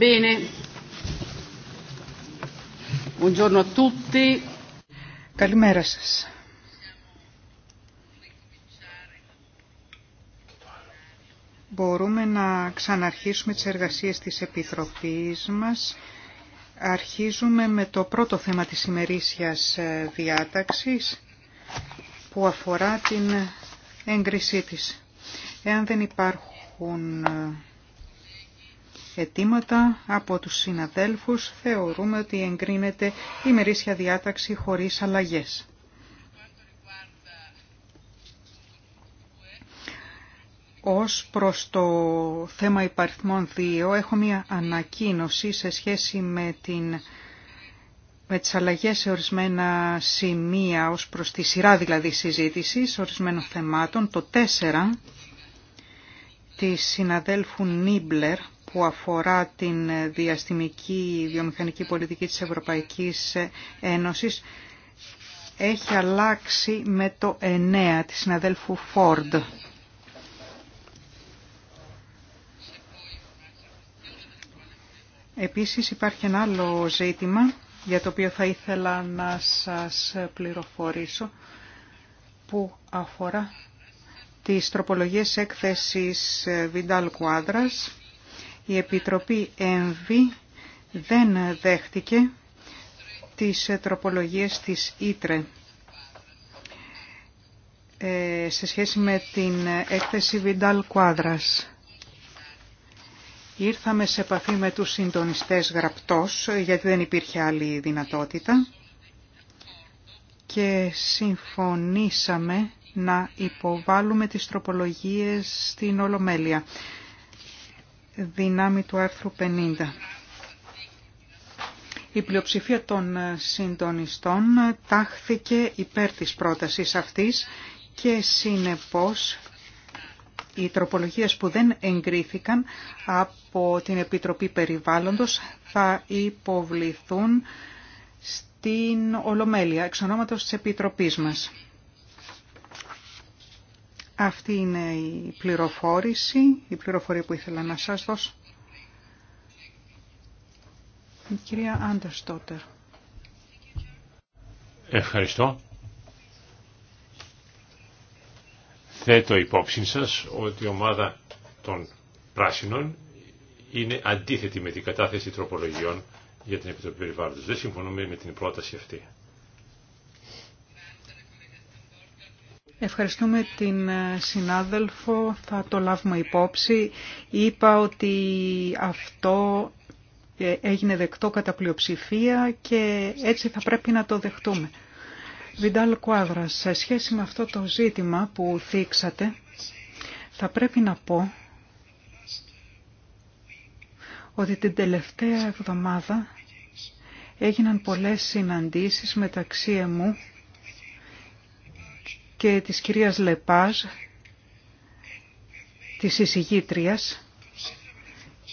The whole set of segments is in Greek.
Bene. Buongiorno a tutti. Καλημέρα σας. Μπορούμε να ξαναρχίσουμε τις εργασίες της Επιτροπής μας. Αρχίζουμε με το πρώτο θέμα της ημερήσιας ε, διάταξης που αφορά την έγκρισή της. Εάν δεν υπάρχουν ε, αιτήματα από τους συναδέλφους θεωρούμε ότι εγκρίνεται η μερίσια διάταξη χωρίς αλλαγές. Ως προς το θέμα υπαριθμών 2 έχω μία ανακοίνωση σε σχέση με, την, με τις αλλαγές σε ορισμένα σημεία ως προς τη σειρά δηλαδή συζήτησης ορισμένων θεμάτων. Το 4 της συναδέλφου Νίμπλερ που αφορά την διαστημική βιομηχανική πολιτική της Ευρωπαϊκής Ένωσης έχει αλλάξει με το 9 της συναδέλφου Φόρντ. Επίσης υπάρχει ένα άλλο ζήτημα για το οποίο θα ήθελα να σας πληροφορήσω που αφορά τις τροπολογίες έκθεσης Βιντάλ Κουάδρας η Επιτροπή ΕΜΒΗ δεν δέχτηκε τις τροπολογίες της Ήτρε ε, σε σχέση με την έκθεση Βιντάλ Κουάδρας. Ήρθαμε σε επαφή με τους συντονιστές γραπτός, γιατί δεν υπήρχε άλλη δυνατότητα και συμφωνήσαμε να υποβάλουμε τις τροπολογίες στην Ολομέλεια δυνάμει του άρθρου 50. Η πλειοψηφία των συντονιστών τάχθηκε υπέρ της πρότασης αυτής και συνεπώς οι τροπολογίες που δεν εγκρίθηκαν από την Επιτροπή Περιβάλλοντος θα υποβληθούν στην Ολομέλεια, εξ ονόματος της Επιτροπής μας. Αυτή είναι η πληροφόρηση, η πληροφορία που ήθελα να σας δώσω. Η κυρία Στότερ. Ευχαριστώ. Θέτω υπόψη σας ότι η ομάδα των πράσινων είναι αντίθετη με την κατάθεση τροπολογιών για την Επιτροπή Περιβάλλοντος. Δεν συμφωνούμε με την πρόταση αυτή. Ευχαριστούμε την ε, συνάδελφο, θα το λάβουμε υπόψη. Είπα ότι αυτό ε, έγινε δεκτό κατά πλειοψηφία και έτσι θα πρέπει να το δεχτούμε. Βιντάλ Κουάδρα, σε σχέση με αυτό το ζήτημα που θίξατε, θα πρέπει να πω ότι την τελευταία εβδομάδα έγιναν πολλές συναντήσεις μεταξύ μου και της κυρίας Λεπάζ, της εισηγήτριας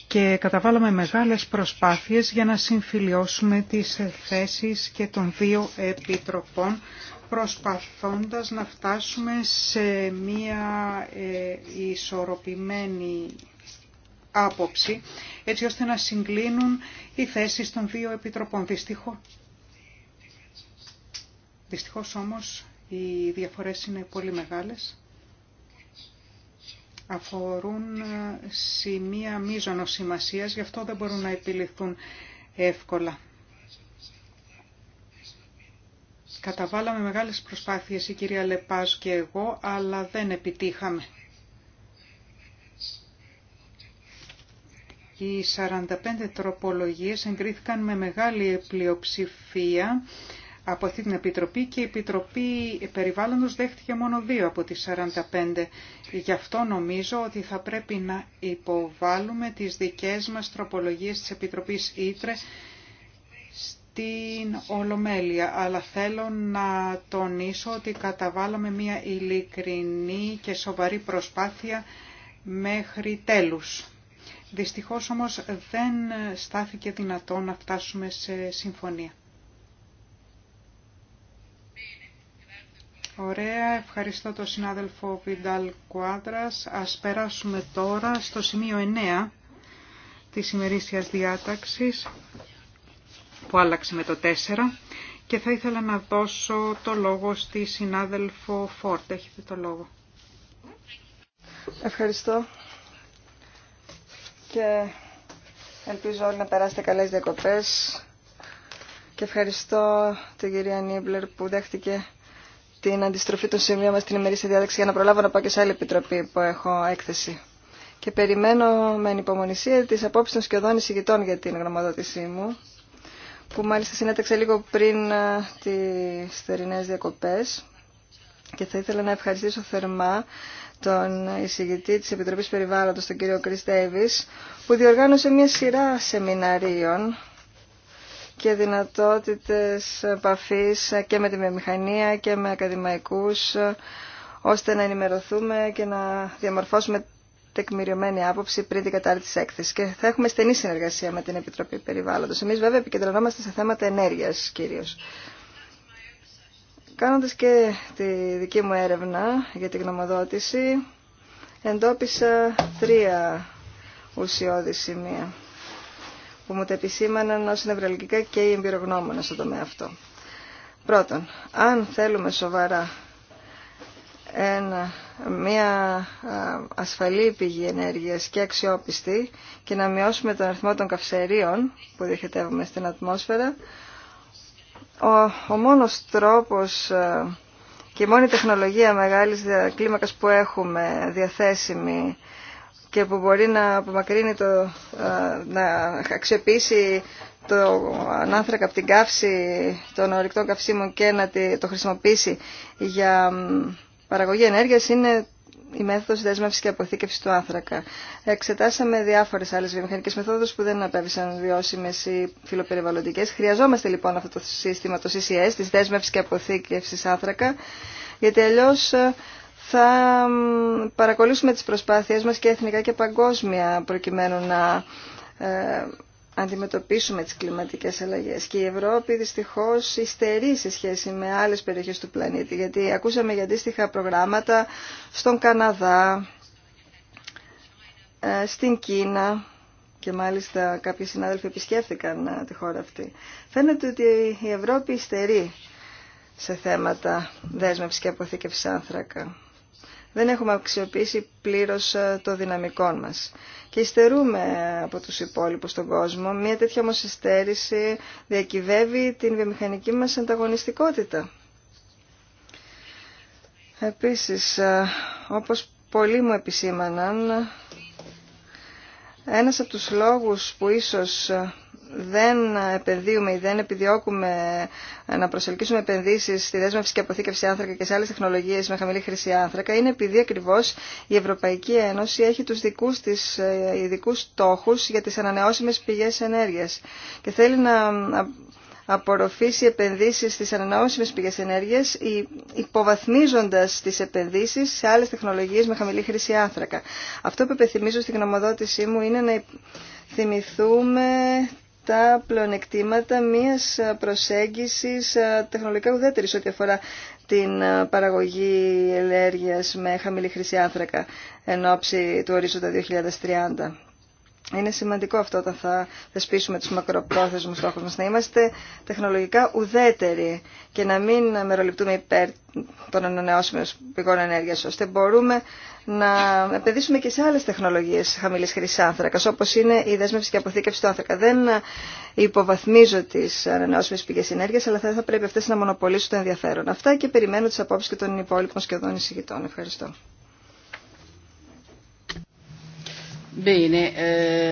και καταβάλαμε μεγάλες προσπάθειες για να συμφιλιώσουμε τις θέσεις και των δύο επιτροπών προσπαθώντας να φτάσουμε σε μία ε, ισορροπημένη άποψη έτσι ώστε να συγκλίνουν οι θέσεις των δύο επιτροπών. Δυστυχώς, δυστυχώς όμως οι διαφορές είναι πολύ μεγάλες. Αφορούν ε, σημεία μείζωνος σημασίας, γι' αυτό δεν μπορούν να επιληθούν εύκολα. Καταβάλαμε μεγάλες προσπάθειες η κυρία Λεπάζ και εγώ, αλλά δεν επιτύχαμε. Οι 45 τροπολογίες εγκρίθηκαν με μεγάλη πλειοψηφία από αυτή την Επιτροπή και η Επιτροπή Περιβάλλοντος δέχτηκε μόνο δύο από τις 45. Γι' αυτό νομίζω ότι θα πρέπει να υποβάλουμε τις δικές μας τροπολογίες της Επιτροπής Ήτρε στην Ολομέλεια, αλλά θέλω να τονίσω ότι καταβάλαμε μια ειλικρινή και σοβαρή προσπάθεια μέχρι τέλους. Δυστυχώς όμως δεν στάθηκε δυνατό να φτάσουμε σε συμφωνία. Ωραία, ευχαριστώ τον συνάδελφο Βιντάλ Κουάδρας. Ας περάσουμε τώρα στο σημείο 9 της ημερήσιας διάταξης που άλλαξε με το 4 και θα ήθελα να δώσω το λόγο στη συνάδελφο Φόρτ. Έχετε το λόγο. Ευχαριστώ και ελπίζω όλοι να περάσετε καλές διακοπές και ευχαριστώ την κυρία Νίμπλερ που δέχτηκε την αντιστροφή των σημείων μα στην ημερήσια διάταξη για να προλάβω να πάω και σε άλλη επιτροπή που έχω έκθεση. Και περιμένω με ανυπομονησία τις απόψεις των σχεδόν εισηγητών για την γνωμοδότησή μου, που μάλιστα συνέταξε λίγο πριν τι θερινέ διακοπέ. Και θα ήθελα να ευχαριστήσω θερμά τον εισηγητή της Επιτροπής Περιβάλλοντος, τον κύριο Κρίς Ντέιβις, που διοργάνωσε μια σειρά σεμιναρίων και δυνατότητες επαφή και με τη βιομηχανία και με ακαδημαϊκούς ώστε να ενημερωθούμε και να διαμορφώσουμε τεκμηριωμένη άποψη πριν την κατάρτιση της έκθεση. Και θα έχουμε στενή συνεργασία με την Επιτροπή Περιβάλλοντος. Εμείς βέβαια, επικεντρωνόμαστε σε θέματα ενέργειας κυρίως. Κάνοντας και τη δική μου έρευνα για την γνωμοδότηση, εντόπισα τρία ουσιώδη σημεία που μου τα επισήμαναν ως νευραλγικά και οι εμπειρογνώμονες στον τομέα αυτό. Πρώτον, αν θέλουμε σοβαρά ένα, μια ασφαλή πηγή ενέργειας και αξιόπιστη και να μειώσουμε τον αριθμό των καυσερίων που διοχετεύουμε στην ατμόσφαιρα, ο, ο μόνος τρόπος και η μόνη τεχνολογία μεγάλης κλίμακας που έχουμε διαθέσιμη και που μπορεί να απομακρύνει το, να ξεπίσει το ανάθρακα από την καύση των ορυκτών καυσίμων και να το χρησιμοποιήσει για παραγωγή ενέργειας είναι η μέθοδος δέσμευσης και αποθήκευσης του άνθρακα. Εξετάσαμε διάφορες άλλες βιομηχανικές μεθόδους που δεν απέβησαν βιώσιμες ή φιλοπεριβαλλοντικές. Χρειαζόμαστε λοιπόν αυτό το σύστημα, το CCS, της δέσμευσης και αποθήκευσης άνθρακα, γιατί αλλιώ θα παρακολουθήσουμε τις προσπάθειές μας και εθνικά και παγκόσμια προκειμένου να ε, αντιμετωπίσουμε τις κλιματικές αλλαγές. Και η Ευρώπη δυστυχώς υστερεί σε σχέση με άλλες περιοχές του πλανήτη, γιατί ακούσαμε για αντίστοιχα προγράμματα στον Καναδά, ε, στην Κίνα και μάλιστα κάποιοι συνάδελφοι επισκέφθηκαν ε, τη χώρα αυτή. Φαίνεται ότι η Ευρώπη υστερεί σε θέματα δέσμευσης και αποθήκευσης άνθρακα δεν έχουμε αξιοποιήσει πλήρως ε, το δυναμικό μας. Και υστερούμε ε, από τους υπόλοιπους στον κόσμο. Μία τέτοια όμως υστέρηση διακυβεύει την βιομηχανική μας ανταγωνιστικότητα. Επίσης, ε, όπως πολλοί μου επισήμαναν, ένας από τους λόγους που ίσως δεν επενδύουμε ή δεν επιδιώκουμε να προσελκύσουμε επενδύσει στη δέσμευση και αποθήκευση άνθρακα και σε άλλε τεχνολογίε με χαμηλή χρήση άνθρακα είναι επειδή ακριβώ η Ευρωπαϊκή Ένωση έχει του δικού τη ε, ειδικού στόχου για τι ανανεώσιμε πηγέ ενέργεια. και θέλει να απορροφήσει επενδύσεις στις ανανεώσιμες πηγές ενέργειας υποβαθμίζοντας τις επενδύσεις σε άλλες τεχνολογίες με χαμηλή χρήση άνθρακα. Αυτό που επιθυμίζω στην γνωμοδότησή μου είναι να θυμηθούμε τα πλεονεκτήματα μιας προσέγγισης ε, τεχνολογικά ουδέτερης ό,τι αφορά την ε, παραγωγή ενέργειας με χαμηλή χρυσή άνθρακα εν ώψη του ορίζοντα 2030. Είναι σημαντικό αυτό όταν θα θεσπίσουμε τους μακροπρόθεσμους στόχους μας, να είμαστε τεχνολογικά ουδέτεροι και να μην μεροληπτούμε υπέρ των ανανεώσιμων πηγών ενέργειας, ώστε μπορούμε να επενδύσουμε και σε άλλες τεχνολογίες χαμηλής χρήσης άνθρακας, όπως είναι η δέσμευση και αποθήκευση του άνθρακα. Δεν υποβαθμίζω τις ανανεώσιμες πηγές ενέργειας, αλλά θα, πρέπει αυτές να μονοπολίσουν το ενδιαφέρον. Αυτά και περιμένω τις απόψεις και των υπόλοιπων σχεδόν εισηγητών. Ευχαριστώ. Bene, ε,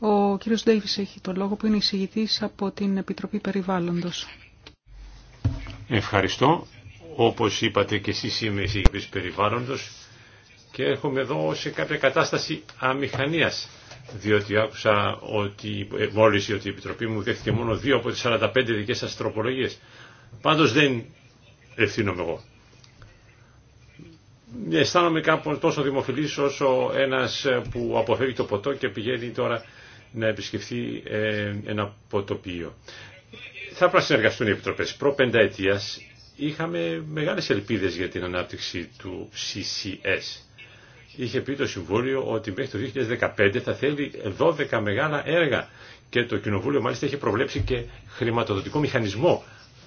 Ο κύριος Ντέιβις έχει το λόγο που είναι εισηγητής από την Επιτροπή Περιβάλλοντος. Ευχαριστώ. Όπως είπατε και εσείς είμαι εισηγητής περιβάλλοντος και έρχομαι εδώ σε κάποια κατάσταση αμηχανίας διότι άκουσα ότι ε, μόλις ότι η Επιτροπή μου δέχτηκε μόνο δύο από τις 45 δικές σας τροπολογίες. Πάντως δεν ευθύνομαι εγώ. Αισθάνομαι κάπως τόσο δημοφιλής όσο ένας που αποφεύγει το ποτό και πηγαίνει τώρα να επισκεφθεί ε, ένα ποτοπίο θα πρέπει να συνεργαστούν οι επιτροπές. Προ πενταετίας είχαμε μεγάλες ελπίδες για την ανάπτυξη του CCS. Είχε πει το Συμβούλιο ότι μέχρι το 2015 θα θέλει 12 μεγάλα έργα και το Κοινοβούλιο μάλιστα είχε προβλέψει και χρηματοδοτικό μηχανισμό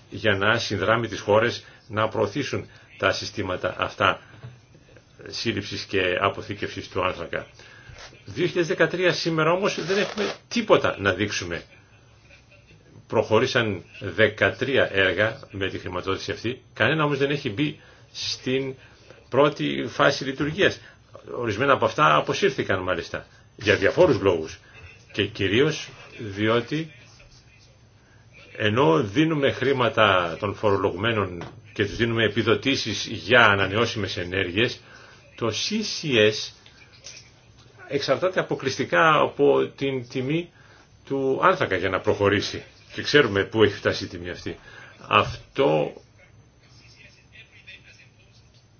για να συνδράμει τις χώρες να προωθήσουν τα συστήματα αυτά σύλληψης και αποθήκευσης του άνθρακα. 2013 σήμερα όμως δεν έχουμε τίποτα να δείξουμε προχωρήσαν 13 έργα με τη χρηματοδότηση αυτή, κανένα όμως δεν έχει μπει στην πρώτη φάση λειτουργίας. Ορισμένα από αυτά αποσύρθηκαν μάλιστα, για διαφόρους λόγους και κυρίως διότι ενώ δίνουμε χρήματα των φορολογουμένων και τους δίνουμε επιδοτήσεις για ανανεώσιμες ενέργειες, το CCS εξαρτάται αποκλειστικά από την τιμή του άνθρακα για να προχωρήσει και ξέρουμε πού έχει φτάσει η τιμή αυτή. Αυτό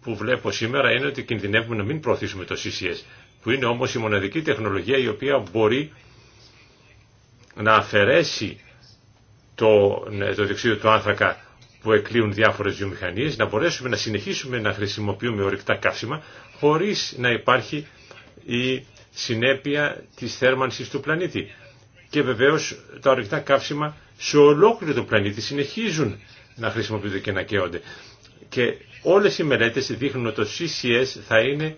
που βλέπω σήμερα είναι ότι κινδυνεύουμε να μην προωθήσουμε το CCS, που είναι όμως η μοναδική τεχνολογία η οποία μπορεί να αφαιρέσει το, ναι, το διοξείδιο του άνθρακα που εκλείουν διάφορες βιομηχανίες, να μπορέσουμε να συνεχίσουμε να χρησιμοποιούμε ορυκτά καύσιμα χωρίς να υπάρχει η συνέπεια της θέρμανσης του πλανήτη. Και βεβαίως τα ορυκτά καύσιμα σε ολόκληρο το πλανήτη συνεχίζουν να χρησιμοποιούνται και να καίονται. Και όλες οι μελέτες δείχνουν ότι το CCS θα είναι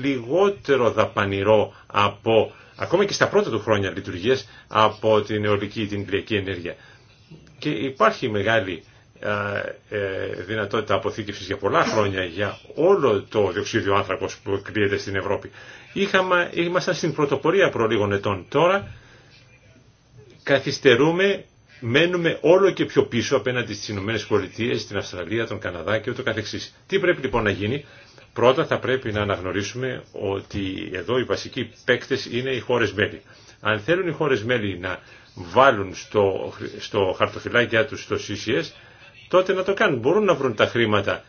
λιγότερο δαπανηρό από, ακόμα και στα πρώτα του χρόνια λειτουργίας, από την αιωλική ή την ηλιακή ενέργεια. Και υπάρχει μεγάλη ε, δυνατότητα αποθήκευσης για πολλά χρόνια για όλο το διοξίδιο άνθρακος που εκκλείεται στην Ευρώπη. Είχαμε, ήμασταν στην πρωτοπορία προ λίγων ετών. Τώρα καθυστερούμε, μένουμε όλο και πιο πίσω απέναντι στις Ηνωμένες Πολιτείες, στην Αυστραλία, τον Καναδά και ούτω καθεξής. Τι πρέπει λοιπόν να γίνει. Πρώτα θα πρέπει να αναγνωρίσουμε ότι εδώ οι βασικοί παίκτες είναι οι χώρες μέλη. Αν θέλουν οι χώρες μέλη να βάλουν στο, στο χαρτοφυλάκια τους το CCS, τότε να το κάνουν. Μπορούν να βρουν τα χρήματα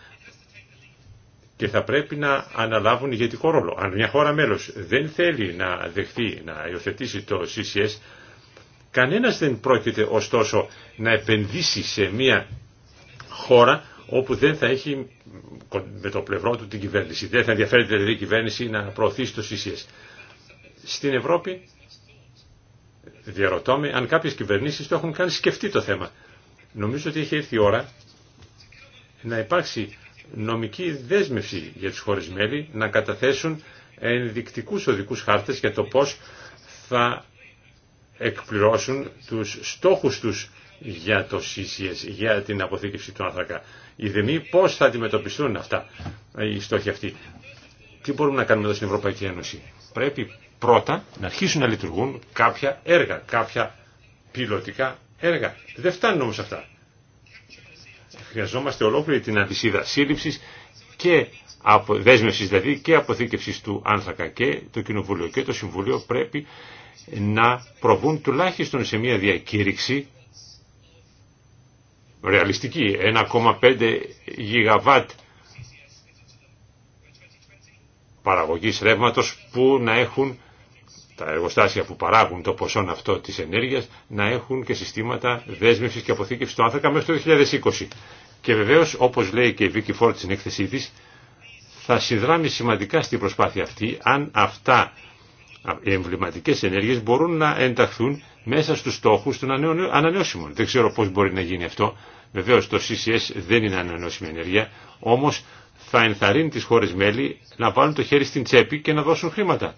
και θα πρέπει να αναλάβουν ηγετικό ρόλο. Αν μια χώρα μέλος δεν θέλει να δεχθεί, να υιοθετήσει το CCS, Κανένας δεν πρόκειται ωστόσο να επενδύσει σε μια χώρα όπου δεν θα έχει με το πλευρό του την κυβέρνηση. Δεν θα ενδιαφέρεται δηλαδή η κυβέρνηση να προωθήσει το CCS. Στην Ευρώπη διαρωτώ αν κάποιες κυβερνήσεις το έχουν κάνει σκεφτεί το θέμα. Νομίζω ότι έχει έρθει η ώρα να υπάρξει νομική δέσμευση για τις χώρες μέλη να καταθέσουν ενδεικτικούς οδικούς χάρτες για το πώς θα εκπληρώσουν τους στόχους τους για το CCS, για την αποθήκευση του άνθρακα. Οι ΔΕΜΗ πώς θα αντιμετωπιστούν αυτά, ε, οι στόχοι αυτοί. Τι μπορούμε να κάνουμε εδώ στην Ευρωπαϊκή Ένωση. Πρέπει πρώτα να αρχίσουν να λειτουργούν κάποια έργα, κάποια πιλωτικά έργα. Δεν φτάνουν όμως αυτά. Χρειαζόμαστε ολόκληρη την αντισίδα σύλληψης και δέσμευση δηλαδή και αποθήκευση του άνθρακα και το Κοινοβούλιο και το Συμβούλιο πρέπει να προβούν τουλάχιστον σε μια διακήρυξη ρεαλιστική 1,5 γιγαβάτ παραγωγής ρεύματος που να έχουν τα εργοστάσια που παράγουν το ποσό αυτό της ενέργειας να έχουν και συστήματα δέσμευσης και αποθήκευσης του άνθρακα μέχρι το 2020. Και βεβαίως, όπως λέει και η Βίκη Φόρτ στην έκθεσή της, θα συνδράμει σημαντικά στην προσπάθεια αυτή αν αυτά οι εμβληματικές ενέργειες μπορούν να ενταχθούν μέσα στους στόχους των ανανεώσιμων. Δεν ξέρω πώς μπορεί να γίνει αυτό. Βεβαίως το CCS δεν είναι ανανεώσιμη ενέργεια, όμως θα ενθαρρύνει τις χώρες μέλη να βάλουν το χέρι στην τσέπη και να δώσουν χρήματα.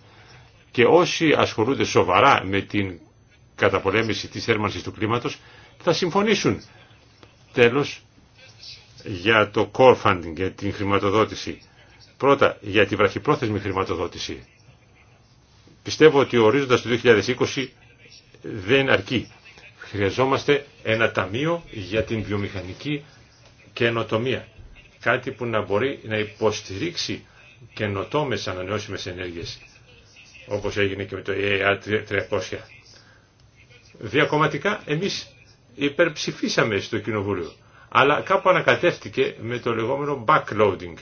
Και όσοι ασχολούνται σοβαρά με την καταπολέμηση της θέρμανσης του κλίματος θα συμφωνήσουν. Τέλος, για το core funding, για την χρηματοδότηση. Πρώτα, για τη βραχυπρόθεσμη χρηματοδότηση. Πιστεύω ότι ο ορίζοντας του 2020 δεν αρκεί. Χρειαζόμαστε ένα ταμείο για την βιομηχανική καινοτομία. Κάτι που να μπορεί να υποστηρίξει καινοτόμες ανανεώσιμε ενέργειες, όπως έγινε και με το EAR ε 300. Διακομματικά εμείς υπερψηφίσαμε στο Κοινοβούλιο, αλλά κάπου ανακατεύτηκε με το λεγόμενο backloading.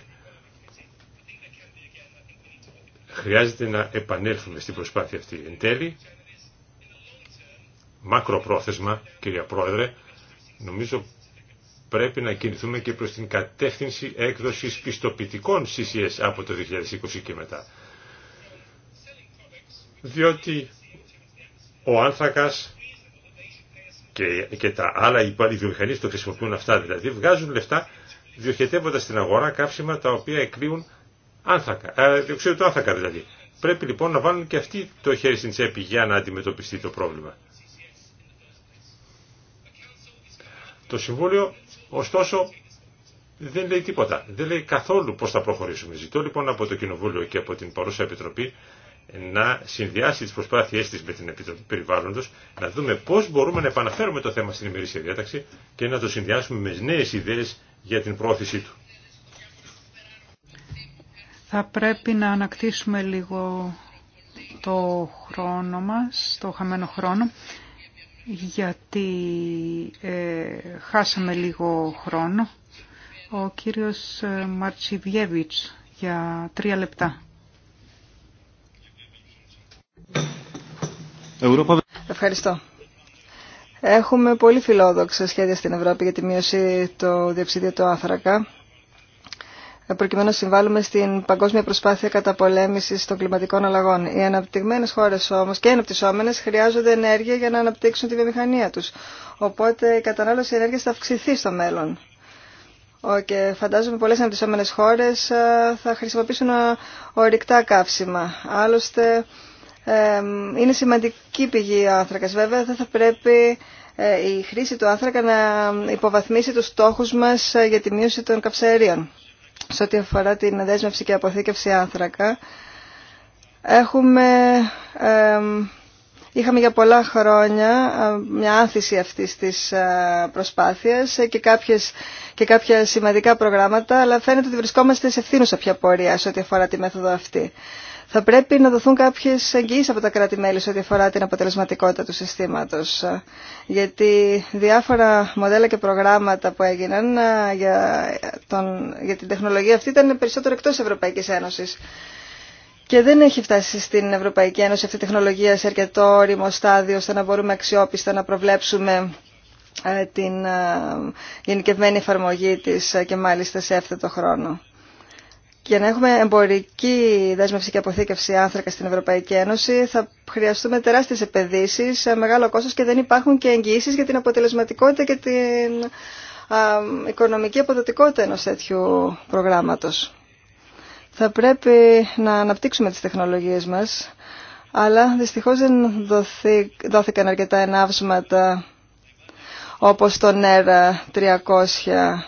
Χρειάζεται να επανέλθουμε στην προσπάθεια αυτή. Εν τέλει, μακροπρόθεσμα, κυρία Πρόεδρε, νομίζω πρέπει να κινηθούμε και προς την κατεύθυνση έκδοσης πιστοποιητικών CCS από το 2020 και μετά. Διότι ο άνθρακας και, και τα άλλα οι βιομηχανίες το χρησιμοποιούν αυτά, δηλαδή βγάζουν λεφτά διοχετεύοντας στην αγορά καύσιμα τα οποία εκλείουν άνθρακα, α, ε, διοξείδιο του άνθρακα δηλαδή. Πρέπει λοιπόν να βάλουν και αυτοί το χέρι στην τσέπη για να αντιμετωπιστεί το πρόβλημα. Το Συμβούλιο ωστόσο δεν λέει τίποτα, δεν λέει καθόλου πώς θα προχωρήσουμε. Ζητώ λοιπόν από το Κοινοβούλιο και από την παρούσα Επιτροπή να συνδυάσει τις προσπάθειές της με την Επιτροπή Περιβάλλοντος, να δούμε πώς μπορούμε να επαναφέρουμε το θέμα στην ημερήσια διάταξη και να το συνδυάσουμε με νέες ιδέες για την πρόθεσή του. Θα πρέπει να ανακτήσουμε λίγο το χρόνο μας, το χαμένο χρόνο, γιατί ε, χάσαμε λίγο χρόνο. Ο κύριος ε, Μαρτσιβιέβιτς για τρία λεπτά. Ευχαριστώ. Έχουμε πολύ φιλόδοξα σχέδια στην Ευρώπη για τη μείωση του διοξιδίου του άθρακα προκειμένου να συμβάλλουμε στην παγκόσμια προσπάθεια καταπολέμησης των κλιματικών αλλαγών. Οι αναπτυγμένε χώρε όμω και οι αναπτυσσόμενε χρειάζονται ενέργεια για να αναπτύξουν τη βιομηχανία του. Οπότε η κατανάλωση ενέργεια θα αυξηθεί στο μέλλον. Και φαντάζομαι πολλέ αναπτυσσόμενε χώρε ε, θα χρησιμοποιήσουν ε, ορυκτά καύσιμα. Άλλωστε ε, είναι σημαντική πηγή άνθρακα, Βέβαια δεν θα πρέπει η χρήση του άνθρακα να υποβαθμίσει του στόχου μα για τη μείωση των καυσαερίων σε ό,τι αφορά την δέσμευση και αποθήκευση άνθρακα. Έχουμε, είχαμε για πολλά χρόνια ε, μια άνθηση αυτής της ε, προσπάθειας ε, και, κάποιες, και κάποια σημαντικά προγράμματα, αλλά φαίνεται ότι βρισκόμαστε σε ευθύνουσα πια πορεία σε ό,τι αφορά τη μέθοδο αυτή. Θα πρέπει να δοθούν κάποιες εγγυήσεις από τα κράτη-μέλη σε ό,τι αφορά την αποτελεσματικότητα του συστήματος. Γιατί διάφορα μοντέλα και προγράμματα που έγιναν ε, για, τον, την τεχνολογία αυτή ήταν περισσότερο εκτός Ευρωπαϊκής Ένωσης. Και δεν έχει φτάσει στην Ευρωπαϊκή Ένωση αυτή η τεχνολογία σε αρκετό όριμο στάδιο ώστε να μπορούμε αξιόπιστα να προβλέψουμε ε, την ε, γενικευμένη εφαρμογή της και μάλιστα σε το χρόνο. Για να έχουμε εμπορική δέσμευση και αποθήκευση άνθρακα στην Ευρωπαϊκή Ένωση θα χρειαστούμε τεράστιες επενδύσεις, ε, μεγάλο κόστος και δεν υπάρχουν και εγγυήσεις για την αποτελεσματικότητα και την οικονομική αποδοτικότητα ενός τέτοιου προγράμματος. Θα πρέπει να αναπτύξουμε τις τεχνολογίες μας, αλλά δυστυχώς δεν δόθηκαν αρκετά ενάυσματα όπως το NER 300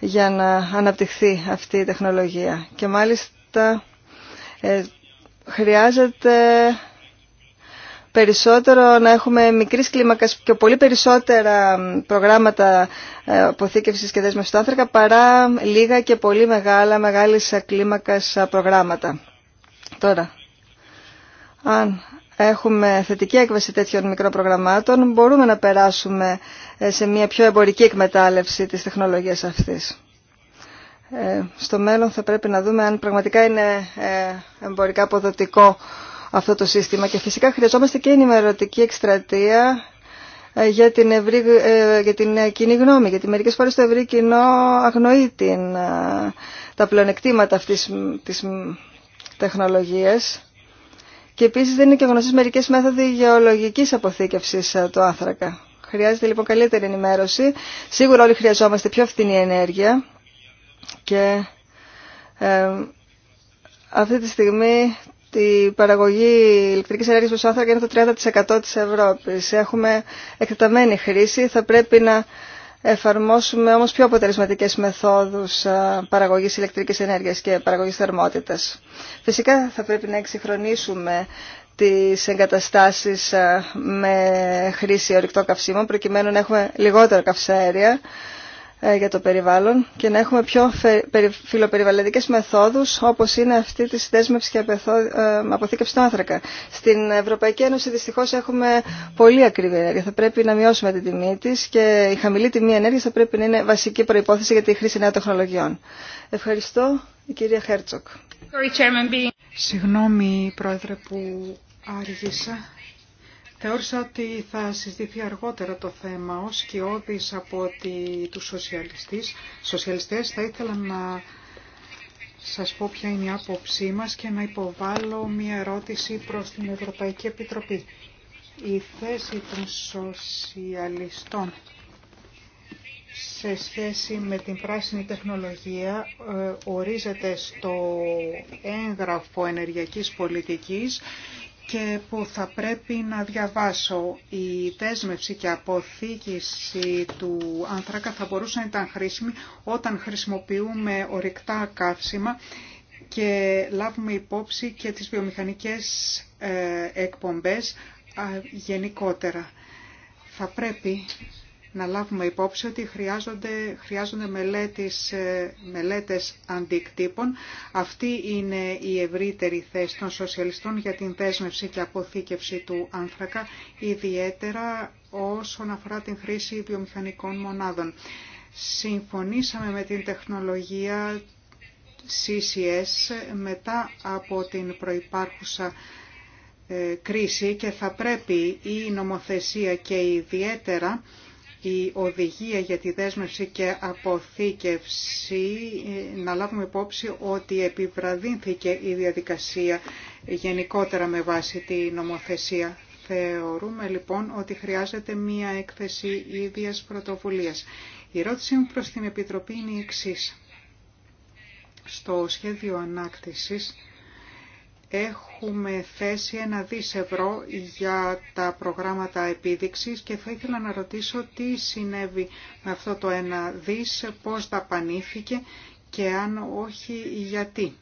για να αναπτυχθεί αυτή η τεχνολογία. Και μάλιστα ε, χρειάζεται περισσότερο να έχουμε μικρής κλίμακας και πολύ περισσότερα προγράμματα ε, αποθήκευσης και δέσμευσης του άνθρακα παρά λίγα και πολύ μεγάλα, μεγάλης κλίμακας προγράμματα. Τώρα, αν έχουμε θετική έκβαση τέτοιων μικρών προγραμμάτων, μπορούμε να περάσουμε σε μια πιο εμπορική εκμετάλλευση της τεχνολογίας αυτής. Ε, στο μέλλον θα πρέπει να δούμε αν πραγματικά είναι ε, εμπορικά αποδοτικό αυτό το σύστημα και φυσικά χρειαζόμαστε και ενημερωτική εκστρατεία ε, για την, για την κοινή γνώμη, γιατί μερικές φορές το ευρύ κοινό αγνοεί την, τα πλεονεκτήματα αυτής της τεχνολογίας και επίσης δεν είναι και γνωστές μερικές μέθοδοι γεωλογικής αποθήκευσης του άνθρακα. Χρειάζεται λοιπόν καλύτερη ενημέρωση. Σίγουρα όλοι χρειαζόμαστε πιο φθηνή ενέργεια και ε, αυτή τη στιγμή η παραγωγή ηλεκτρικής ενέργειας προς άνθρακα είναι το 30% της Ευρώπης. Έχουμε εκτεταμένη χρήση, θα πρέπει να εφαρμόσουμε όμως πιο αποτελεσματικές μεθόδους ε, παραγωγής ηλεκτρικής ενέργειας και παραγωγής θερμότητας. Φυσικά θα πρέπει να εξυγχρονίσουμε τις εγκαταστάσεις ε, με χρήση ορυκτών καυσίμων προκειμένου να έχουμε λιγότερα καυσαέρια ε, για το περιβάλλον και να έχουμε πιο φιλοπεριβαλλοντικές μεθόδους όπως είναι αυτή τη συνδέσμευση και ε, αποθήκευση του άνθρακα. Στην Ευρωπαϊκή Ένωση δυστυχώς έχουμε πολύ ακριβή ενέργεια. Θα πρέπει να μειώσουμε την τιμή της και η χαμηλή τιμή ενέργειας θα πρέπει να είναι βασική προϋπόθεση για τη χρήση νέων τεχνολογιών. Ευχαριστώ, η κυρία Χέρτσοκ. Συγγνώμη, Πρόεδρε, που άργησα. Θεώρησα ότι θα συζητηθεί αργότερα το θέμα. Ως σκιώδης από ότι τους σοσιαλιστές, σοσιαλιστές θα ήθελα να σας πω ποια είναι η άποψή μας και να υποβάλω μια ερώτηση προς την Ευρωπαϊκή Επιτροπή. Η θέση των σοσιαλιστών σε σχέση με την πράσινη τεχνολογία ε, ορίζεται στο έγγραφο ενεργειακής πολιτικής και που θα πρέπει να διαβάσω. Η δέσμευση και αποθήκηση του άνθρακα θα μπορούσε να ήταν χρήσιμη όταν χρησιμοποιούμε ορυκτά καύσιμα και λάβουμε υπόψη και τις βιομηχανικές ε, εκπομπές γενικότερα. Θα πρέπει να λάβουμε υπόψη ότι χρειάζονται, χρειάζονται μελέτες, ε, μελέτες αντικτύπων. Αυτή είναι η ευρύτερη θέση των σοσιαλιστών για την δέσμευση και αποθήκευση του άνθρακα, ιδιαίτερα όσον αφορά την χρήση βιομηχανικών μονάδων. Συμφωνήσαμε με την τεχνολογία CCS μετά από την προϋπάρχουσα ε, κρίση και θα πρέπει η νομοθεσία και ιδιαίτερα η οδηγία για τη δέσμευση και αποθήκευση, να λάβουμε υπόψη ότι επιβραδύνθηκε η διαδικασία γενικότερα με βάση τη νομοθεσία. Θεωρούμε λοιπόν ότι χρειάζεται μία έκθεση ίδιας πρωτοβουλίας. Η ερώτησή μου προς την Επιτροπή είναι η εξής. Στο σχέδιο ανάκτησης Έχουμε θέσει ένα δις ευρώ για τα προγράμματα επίδειξης και θα ήθελα να ρωτήσω τι συνέβη με αυτό το ένα δις, πώς δαπανήθηκε και αν όχι γιατί.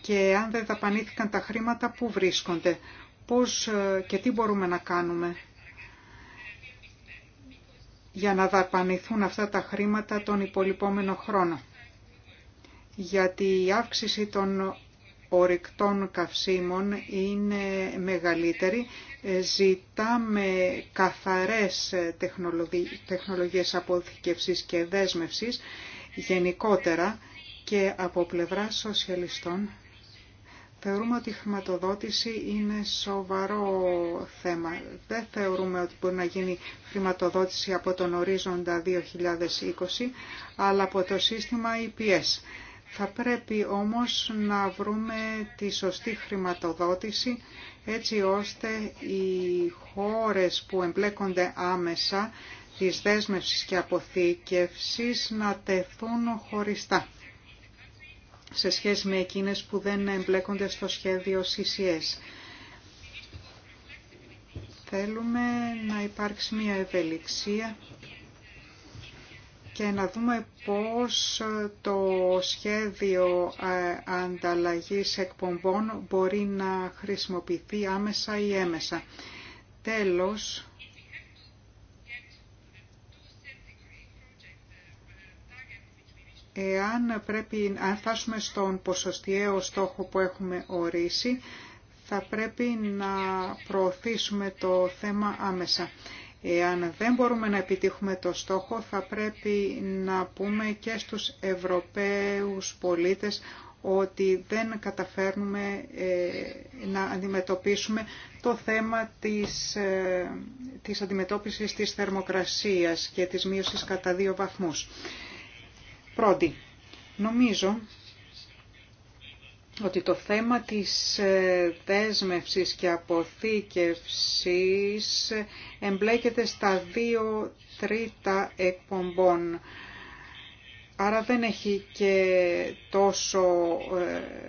Και αν δεν δαπανήθηκαν τα χρήματα, πού βρίσκονται, πώς ε, και τι μπορούμε να κάνουμε για να δαπανηθούν αυτά τα χρήματα τον υπολοιπόμενο χρόνο γιατί η αύξηση των ορυκτών καυσίμων είναι μεγαλύτερη. Ε, ζητάμε καθαρές τεχνολογίες αποθηκευσής και δέσμευσης γενικότερα και από πλευρά σοσιαλιστών θεωρούμε ότι η χρηματοδότηση είναι σοβαρό θέμα. Δεν θεωρούμε ότι μπορεί να γίνει χρηματοδότηση από τον ορίζοντα 2020, αλλά από το σύστημα EPS. Θα πρέπει όμως να βρούμε τη σωστή χρηματοδότηση έτσι ώστε οι χώρες που εμπλέκονται άμεσα της δέσμευσης και αποθήκευσης να τεθούν χωριστά σε σχέση με εκείνες που δεν εμπλέκονται στο σχέδιο CCS. Θέλουμε να υπάρξει μια ευελιξία και να δούμε πώς το σχέδιο ε, ανταλλαγής εκπομπών μπορεί να χρησιμοποιηθεί άμεσα ή έμεσα. Τέλος, εάν πρέπει, αν φτάσουμε στον ποσοστιαίο στόχο που έχουμε ορίσει, θα πρέπει να προωθήσουμε το θέμα άμεσα. Εάν δεν μπορούμε να επιτύχουμε το στόχο θα πρέπει να πούμε και στους Ευρωπαίους πολίτες ότι δεν καταφέρνουμε ε, να αντιμετωπίσουμε το θέμα της, ε, της αντιμετώπισης της θερμοκρασίας και της μείωσης κατά δύο βαθμούς. Πρώτη, νομίζω ότι το θέμα της ε, δέσμευσης και αποθήκευσης εμπλέκεται στα δύο τρίτα εκπομπών. Άρα δεν έχει και τόσο ε,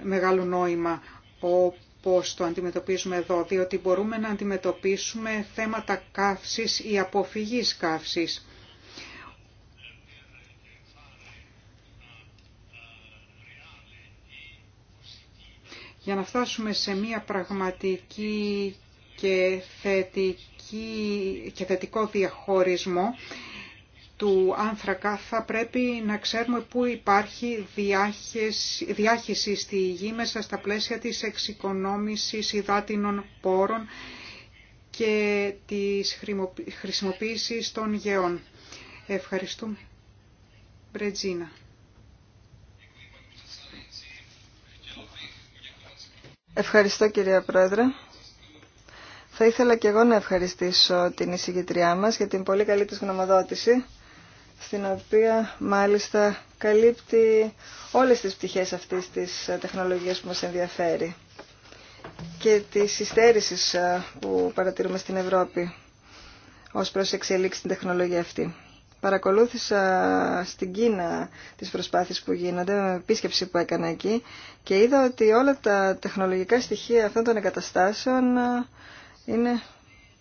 μεγάλο νόημα όπως το αντιμετωπίζουμε εδώ, διότι μπορούμε να αντιμετωπίσουμε θέματα καύσης ή αποφυγής καύσης. για να φτάσουμε σε μια πραγματική και, θετική, και θετικό διαχωρισμό του άνθρακα θα πρέπει να ξέρουμε πού υπάρχει διάχυση, στη γη μέσα στα πλαίσια της εξοικονόμησης υδάτινων πόρων και της χρησιμοποίησης των γεών. Ευχαριστούμε. Μπρετζίνα. Ευχαριστώ κυρία Πρόεδρε. Θα ήθελα και εγώ να ευχαριστήσω την εισηγητριά μας για την πολύ καλή της γνωμοδότηση, στην οποία μάλιστα καλύπτει όλες τις πτυχές αυτής της τεχνολογίας που μας ενδιαφέρει και τη υστέρησης ε, που παρατηρούμε στην Ευρώπη ως προς εξελίξη την τεχνολογία αυτή. Παρακολούθησα στην Κίνα τις προσπάθειες που γίνονται με επίσκεψη που έκανα εκεί και είδα ότι όλα τα τεχνολογικά στοιχεία αυτών των εγκαταστάσεων ε, είναι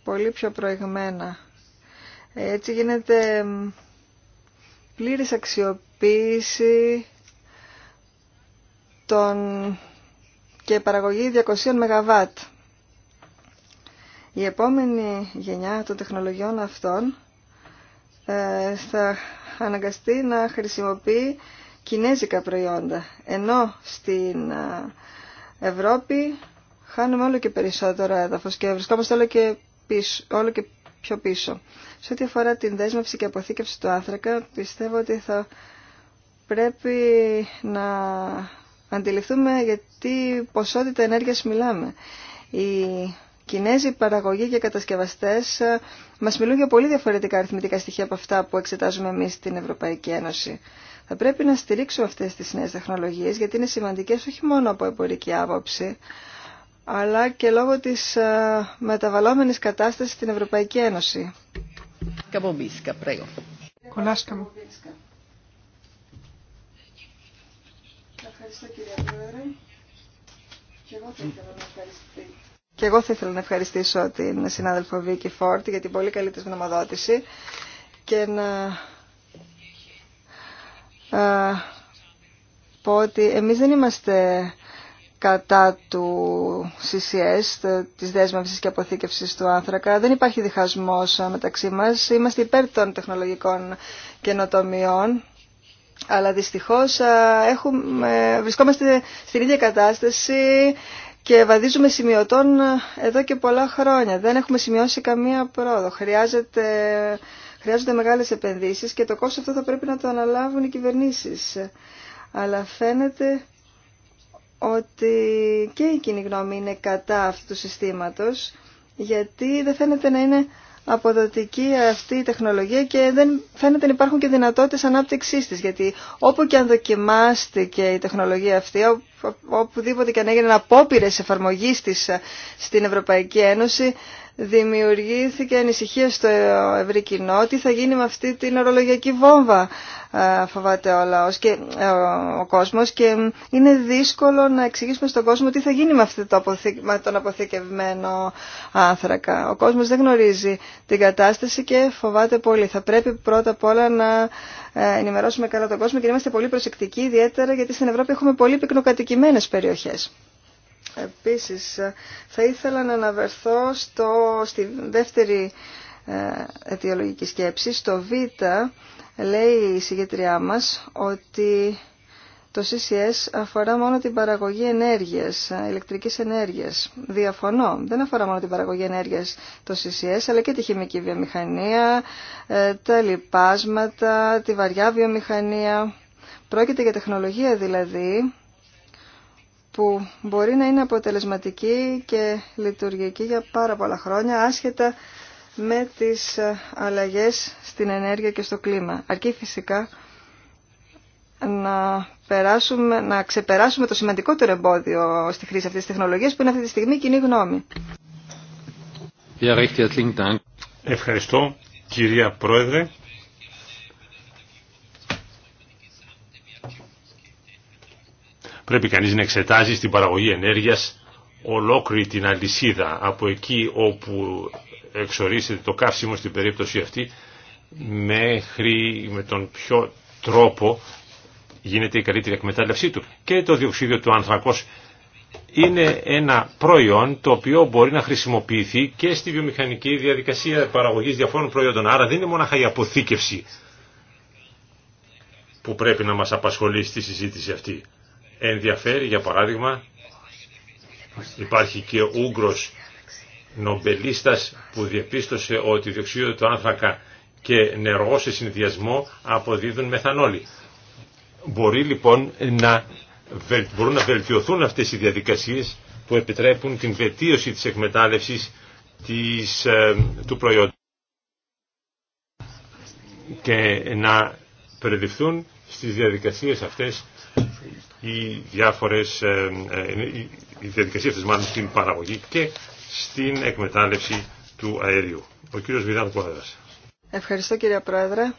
πολύ πιο προηγμένα. Έτσι γίνεται πλήρης αξιοποίηση των και παραγωγή 200 ΜΒ. Η επόμενη γενιά των τεχνολογιών αυτών ε, θα αναγκαστεί να χρησιμοποιεί κινέζικα προϊόντα. Ενώ στην ε, Ευρώπη χάνουμε όλο και περισσότερο έδαφος και βρισκόμαστε όλο και, όλο και πιο πίσω. Σε ό,τι αφορά την δέσμευση και αποθήκευση του άνθρακα, πιστεύω ότι θα πρέπει να αντιληφθούμε γιατί ποσότητα ενέργειας μιλάμε. Η Κινέζοι παραγωγοί και κατασκευαστές ε, μας μιλούν για πολύ διαφορετικά αριθμητικά στοιχεία από αυτά που εξετάζουμε εμείς στην Ευρωπαϊκή Ένωση. Θα πρέπει να στηρίξουμε αυτές τις νέε τεχνολογίες γιατί είναι σημαντικές όχι μόνο από εμπορική άποψη, αλλά και λόγω της ε, μεταβαλλόμενης κατάστασης στην Ευρωπαϊκή Ένωση. Ευχαριστώ κύριε Και εγώ θα ήθελα να ευχαριστήσω και εγώ θα ήθελα να ευχαριστήσω την συνάδελφο Βίκη Φόρτ για την πολύ καλή της γνωμοδότηση και να πω ότι εμείς δεν είμαστε κατά του CCS, της δέσμευσης και αποθήκευσης του άνθρακα. Δεν υπάρχει διχασμός μεταξύ μας. Είμαστε υπέρ των τεχνολογικών καινοτομιών. Αλλά δυστυχώς βρισκόμαστε στην ίδια κατάσταση και βαδίζουμε σημειωτών ε, εδώ και πολλά χρόνια. Δεν έχουμε σημειώσει καμία πρόοδο. Χρειάζεται, χρειάζονται μεγάλες επενδύσεις και το κόστος αυτό θα πρέπει να το αναλάβουν οι κυβερνήσεις. Αλλά φαίνεται ότι και η κοινή γνώμη είναι κατά αυτού του συστήματος, γιατί δεν φαίνεται να είναι αποδοτική αυτή η τεχνολογία και δεν φαίνεται να υπάρχουν και δυνατότητες ανάπτυξής της γιατί όπου και αν δοκιμάστηκε η τεχνολογία αυτή οπουδήποτε και αν έγιναν απόπειρε εφαρμογής της ε, στην Ευρωπαϊκή Ένωση δημιουργήθηκε ανησυχία στο ευρύ κοινό τι θα γίνει με αυτή την ορολογιακή βόμβα ε, φοβάται ο λαός και ε, ο κόσμος και είναι δύσκολο να εξηγήσουμε στον κόσμο τι θα γίνει με, αυτό το τον αποθηκευμένο άνθρακα. Ο κόσμος δεν γνωρίζει την κατάσταση και φοβάται πολύ. Θα πρέπει πρώτα απ' όλα να ε, ενημερώσουμε καλά τον κόσμο και να είμαστε πολύ προσεκτικοί ιδιαίτερα γιατί στην Ευρώπη έχουμε πολύ πυκνοκατοικημένες περιοχές. Επίσης, θα ήθελα να αναβερθώ στο, στη δεύτερη ε, αιτιολογική σκέψη. Στο Β λέει η συγγετριά μας ότι το CCS αφορά μόνο την παραγωγή ενέργειας, ηλεκτρικής ενέργειας. Διαφωνώ. Δεν αφορά μόνο την παραγωγή ενέργειας το CCS, αλλά και τη χημική βιομηχανία, ε, τα λοιπάσματα, τη βαριά βιομηχανία. Πρόκειται για τεχνολογία δηλαδή που μπορεί να είναι αποτελεσματική και λειτουργική για πάρα πολλά χρόνια, άσχετα με τις αλλαγές στην ενέργεια και στο κλίμα. Αρκεί φυσικά να, περάσουμε, να ξεπεράσουμε το σημαντικότερο εμπόδιο στη χρήση αυτής της τεχνολογίας που είναι αυτή τη στιγμή κοινή γνώμη. Ευχαριστώ κυρία Πρόεδρε. Πρέπει κανείς να εξετάζει στην παραγωγή ενέργειας ολόκληρη την αλυσίδα από εκεί όπου εξορίσεται το καύσιμο στην περίπτωση αυτή μέχρι με τον πιο τρόπο γίνεται η καλύτερη εκμετάλλευσή του. Και το διοξίδιο του ανθρακός είναι ένα προϊόν το οποίο μπορεί να χρησιμοποιηθεί και στη βιομηχανική διαδικασία παραγωγής διαφόρων προϊόντων. Άρα δεν είναι μόνο η αποθήκευση που πρέπει να μας απασχολεί στη συζήτηση αυτή ενδιαφέρει για παράδειγμα υπάρχει και ο Ούγκρος νομπελίστας που διαπίστωσε ότι διοξείδιο του άνθρακα και νερό σε συνδυασμό αποδίδουν μεθανόλη. Μπορεί λοιπόν να, μπορούν να βελτιωθούν αυτές οι διαδικασίες που επιτρέπουν την βελτίωση της εκμετάλλευσης της, ε, του προϊόντος και να περιληφθούν στις διαδικασίες αυτές οι διάφορες, ε, ε μάλλον στην παραγωγή και στην εκμετάλλευση του αέριου. Ο κύριος Βιδάν Προέδρας. Ευχαριστώ κύριε Πρόεδρε.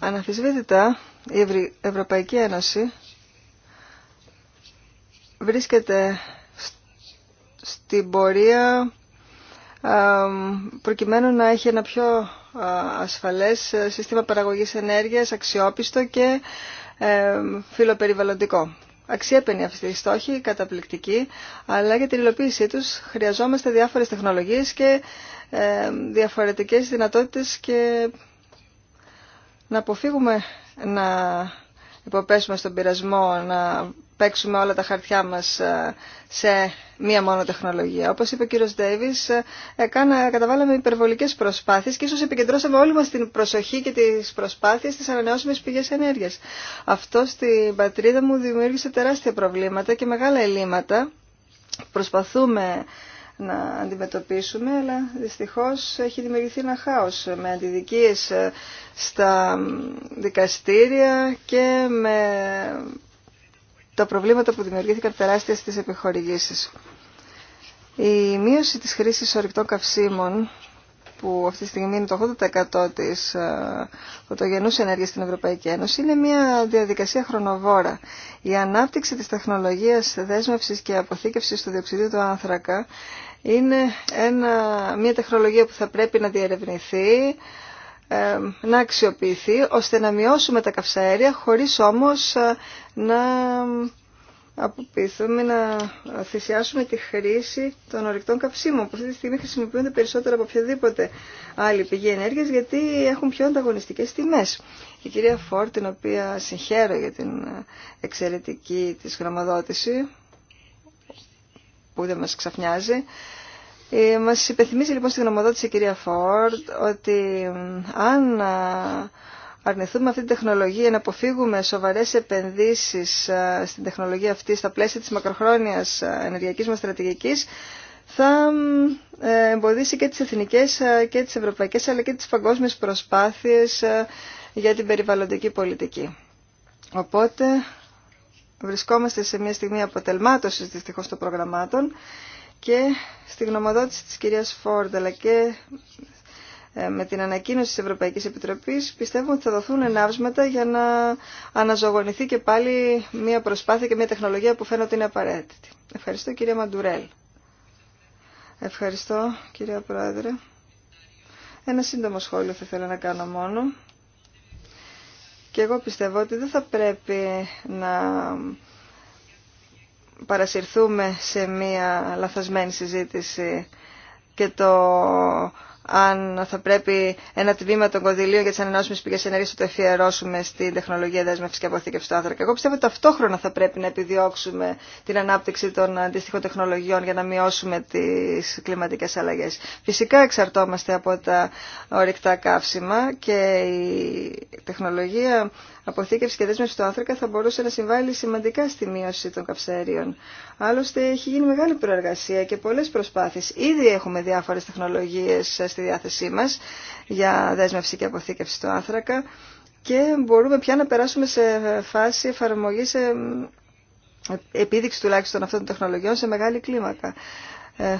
Αναφυσβήτητα η Ευρωπαϊκή Ένωση βρίσκεται στην πορεία προκειμένου να έχει ένα πιο ασφαλές ε, σύστημα παραγωγής ενέργειας, αξιόπιστο και ε, φιλοπεριβαλλοντικό. Αξιέπαινοι αυτή η στόχοι, καταπληκτική, αλλά για την υλοποίησή τους χρειαζόμαστε διάφορες τεχνολογίες και ε, διαφορετικές δυνατότητες και να αποφύγουμε να υποπέσουμε στον πειρασμό να παίξουμε όλα τα χαρτιά μας ε, σε μία μόνο τεχνολογία. Όπως είπε ο κύριος Ντέιβις, ε, καταβάλαμε υπερβολικές προσπάθειες και ίσως επικεντρώσαμε όλοι μας την προσοχή και τις προσπάθειες στις ανανεώσιμες πηγές ενέργειας. Αυτό στην πατρίδα μου δημιούργησε τεράστια προβλήματα και μεγάλα ελλείμματα. Προσπαθούμε να αντιμετωπίσουμε, αλλά δυστυχώς έχει δημιουργηθεί ένα χάος με αντιδικίες ε, στα δικαστήρια και με τα προβλήματα που δημιουργήθηκαν τεράστια στις επιχορηγήσεις. Η μείωση της χρήσης ορυκτών καυσίμων που αυτή τη στιγμή είναι το 80% της ε, φωτογενούς ενέργειας στην Ευρωπαϊκή Ένωση, είναι μια διαδικασία χρονοβόρα. Η ανάπτυξη της τεχνολογίας δέσμευσης και αποθήκευσης του διοξιδίου του άνθρακα είναι ένα, μια τεχνολογία που θα πρέπει να διερευνηθεί, να αξιοποιηθεί ώστε να μειώσουμε τα καυσαέρια χωρίς όμως ε, να αποποιηθούμε, να θυσιάσουμε τη χρήση των ορυκτών καυσίμων που αυτή τη στιγμή χρησιμοποιούνται περισσότερο από οποιαδήποτε άλλη πηγή ενέργειας γιατί έχουν πιο ανταγωνιστικές τιμές. Η κυρία Φόρ, την οποία συγχαίρω για την ε, εξαιρετική της γραμμαδότηση που δεν μας ξαφνιάζει, ε, μας υπενθυμίζει λοιπόν στη γνωμοδότηση η κυρία Φόρτ ότι αν αρνηθούμε αυτή τη τεχνολογία να αποφύγουμε σοβαρές επενδύσεις στην τεχνολογία αυτή στα πλαίσια της μακροχρόνιας ενεργειακής μας στρατηγικής θα ε, εμποδίσει και τις εθνικές και τις ευρωπαϊκές αλλά και τις παγκόσμιες προσπάθειες για την περιβαλλοντική πολιτική. Οπότε βρισκόμαστε σε μια στιγμή αποτελμάτωσης δυστυχώς των προγραμμάτων και στη γνωμοδότηση της κυρίας Φόρντ αλλά και ε, με την ανακοίνωση της Ευρωπαϊκής Επιτροπής πιστεύω ότι θα δοθούν ενάυσματα για να αναζωογονηθεί και πάλι μια προσπάθεια και μια τεχνολογία που φαίνεται είναι απαραίτητη. Ευχαριστώ κυρία Μαντουρέλ. Ευχαριστώ κυρία Πρόεδρε. Ένα σύντομο σχόλιο θα ήθελα να κάνω μόνο. Και εγώ πιστεύω ότι δεν θα πρέπει να παρασυρθούμε σε μία λαθασμένη συζήτηση και το αν θα πρέπει ένα τμήμα των κονδυλίων για τι ανανεώσιμε πηγέ ενέργεια να το εφιερώσουμε στην τεχνολογία δέσμευση και αποθήκευση του άνθρακα. Εγώ πιστεύω ότι ταυτόχρονα θα πρέπει να επιδιώξουμε την ανάπτυξη των αντίστοιχων τεχνολογιών για να μειώσουμε τι κλιματικέ αλλαγέ. Φυσικά εξαρτώμαστε από τα ορυκτά καύσιμα και η τεχνολογία αποθήκευση και δέσμευση του άνθρακα θα μπορούσε να συμβάλλει σημαντικά στη μείωση των καυσαίριων. Άλλωστε έχει γίνει μεγάλη προεργασία και πολλέ προσπάθειε. Ήδη έχουμε διάφορε τεχνολογίε στη διάθεσή μας για δέσμευση και αποθήκευση του άνθρακα και μπορούμε πια να περάσουμε σε φάση εφαρμογή σε επίδειξη τουλάχιστον αυτών των τεχνολογιών σε μεγάλη κλίμακα. Ε,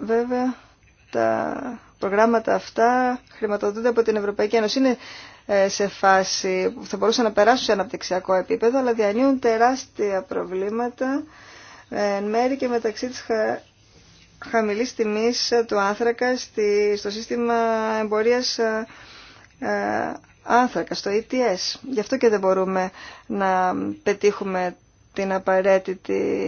βέβαια, τα προγράμματα αυτά χρηματοδοτούνται από την Ευρωπαϊκή Ένωση. Είναι ε, σε φάση που θα μπορούσαν να περάσουν σε αναπτυξιακό επίπεδο, αλλά διανύουν τεράστια προβλήματα ε, εν μέρη και μεταξύ της χαμηλής τιμής του άνθρακα στο σύστημα εμπορίας ε, ε, άνθρακα, στο ETS. Γι' αυτό και δεν μπορούμε να πετύχουμε την απαραίτητη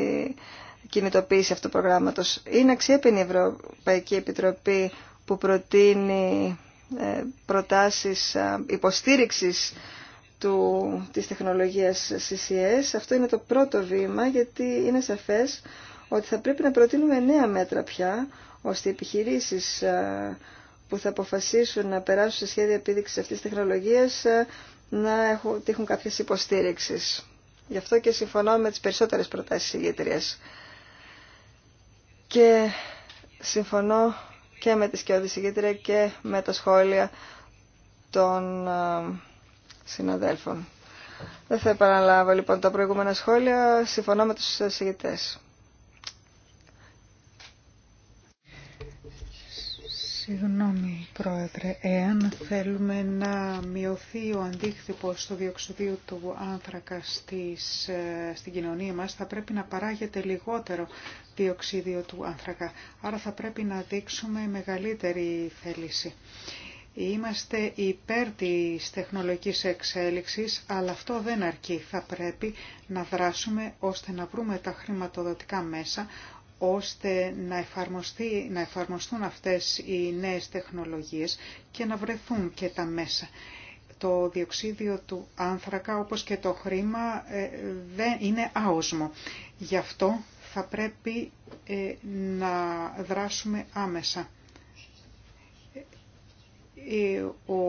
κινητοποίηση αυτού του προγράμματος. Είναι αξιέπινη η Ευρωπαϊκή Επιτροπή που προτείνει ε, προτάσεις υποστήριξης του, της τεχνολογίας CCS. Αυτό είναι το πρώτο βήμα γιατί είναι σαφές ότι θα πρέπει να προτείνουμε νέα μέτρα πια, ώστε οι επιχειρήσεις ε, που θα αποφασίσουν να περάσουν σε σχέδια επίδειξης αυτής της τεχνολογίας ε, να έχουν, τύχουν κάποιες υποστήριξεις. Γι' αυτό και συμφωνώ με τις περισσότερες προτάσεις ηγετρίας. Και συμφωνώ και με τη σκιώδη ηγετρία και με τα σχόλια των ε, συναδέλφων. Δεν θα επαναλάβω λοιπόν τα προηγούμενα σχόλια. Συμφωνώ με τους συγητές. Συγγνώμη, Πρόεδρε, εάν θέλουμε να μειωθεί ο αντίκτυπος του διοξιδίου του άνθρακα στις, ε, στην κοινωνία μας, θα πρέπει να παράγεται λιγότερο διοξίδιο του άνθρακα. Άρα θα πρέπει να δείξουμε μεγαλύτερη θέληση. Είμαστε υπέρ της τεχνολογικής εξέλιξης, αλλά αυτό δεν αρκεί. Θα πρέπει να δράσουμε ώστε να βρούμε τα χρηματοδοτικά μέσα, ώστε να, εφαρμοστεί, να εφαρμοστούν αυτές οι νέες τεχνολογίες και να βρεθούν και τα μέσα. Το διοξίδιο του άνθρακα όπως και το χρήμα ε, δεν είναι άοσμο. Γι' αυτό θα πρέπει ε, να δράσουμε άμεσα. Ε, ο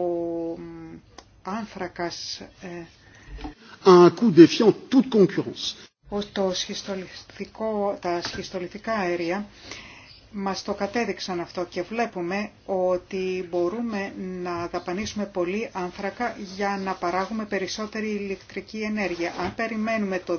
άνθρακας... Un coup défiant το τα σχιστολιθικά αέρια μας το κατέδειξαν αυτό και βλέπουμε ότι μπορούμε να δαπανίσουμε πολύ άνθρακα για να παράγουμε περισσότερη ηλεκτρική ενέργεια. Αν περιμένουμε το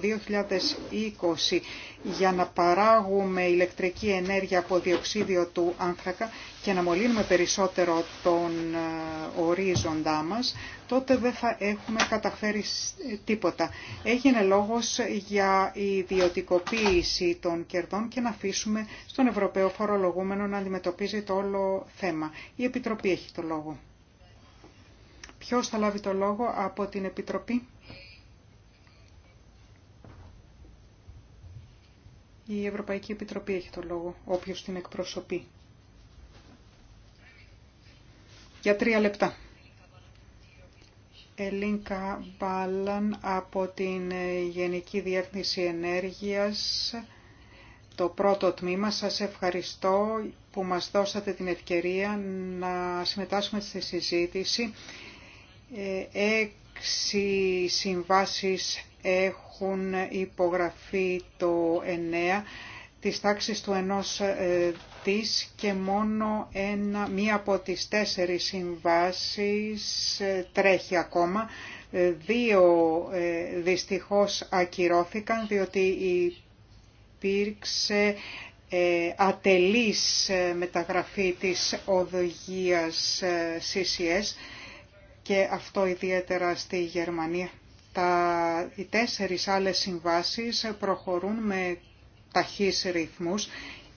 2020 για να παράγουμε ηλεκτρική ενέργεια από διοξίδιο του άνθρακα, και να μολύνουμε περισσότερο τον ε, ορίζοντά μας, τότε δεν θα έχουμε καταφέρει ε, τίποτα. Έγινε λόγος για ιδιωτικοποίηση των κερδών και να αφήσουμε στον Ευρωπαίο φορολογούμενο να αντιμετωπίζει το όλο θέμα. Η Επιτροπή έχει το λόγο. Ποιος θα λάβει το λόγο από την Επιτροπή. Η Ευρωπαϊκή Επιτροπή έχει το λόγο, όποιος την εκπροσωπεί για τρία λεπτά. Ελίνκα Μπάλαν από την Γενική Διεύθυνση Ενέργειας, το πρώτο τμήμα. Σας ευχαριστώ που μας δώσατε την ευκαιρία να συμμετάσχουμε στη συζήτηση. Ε, έξι συμβάσεις έχουν υπογραφεί το 9 της τάξης του ενός ε, της και μόνο ένα, μία από τις τέσσερις συμβάσεις ε, τρέχει ακόμα. Ε, δύο δυστυχώς ακυρώθηκαν διότι υπήρξε ατελής μεταγραφή της οδηγίας CCS και αυτό ιδιαίτερα στη Γερμανία. Τα, οι τέσσερις άλλες συμβάσεις προχωρούν με ταχύς ρυθμούς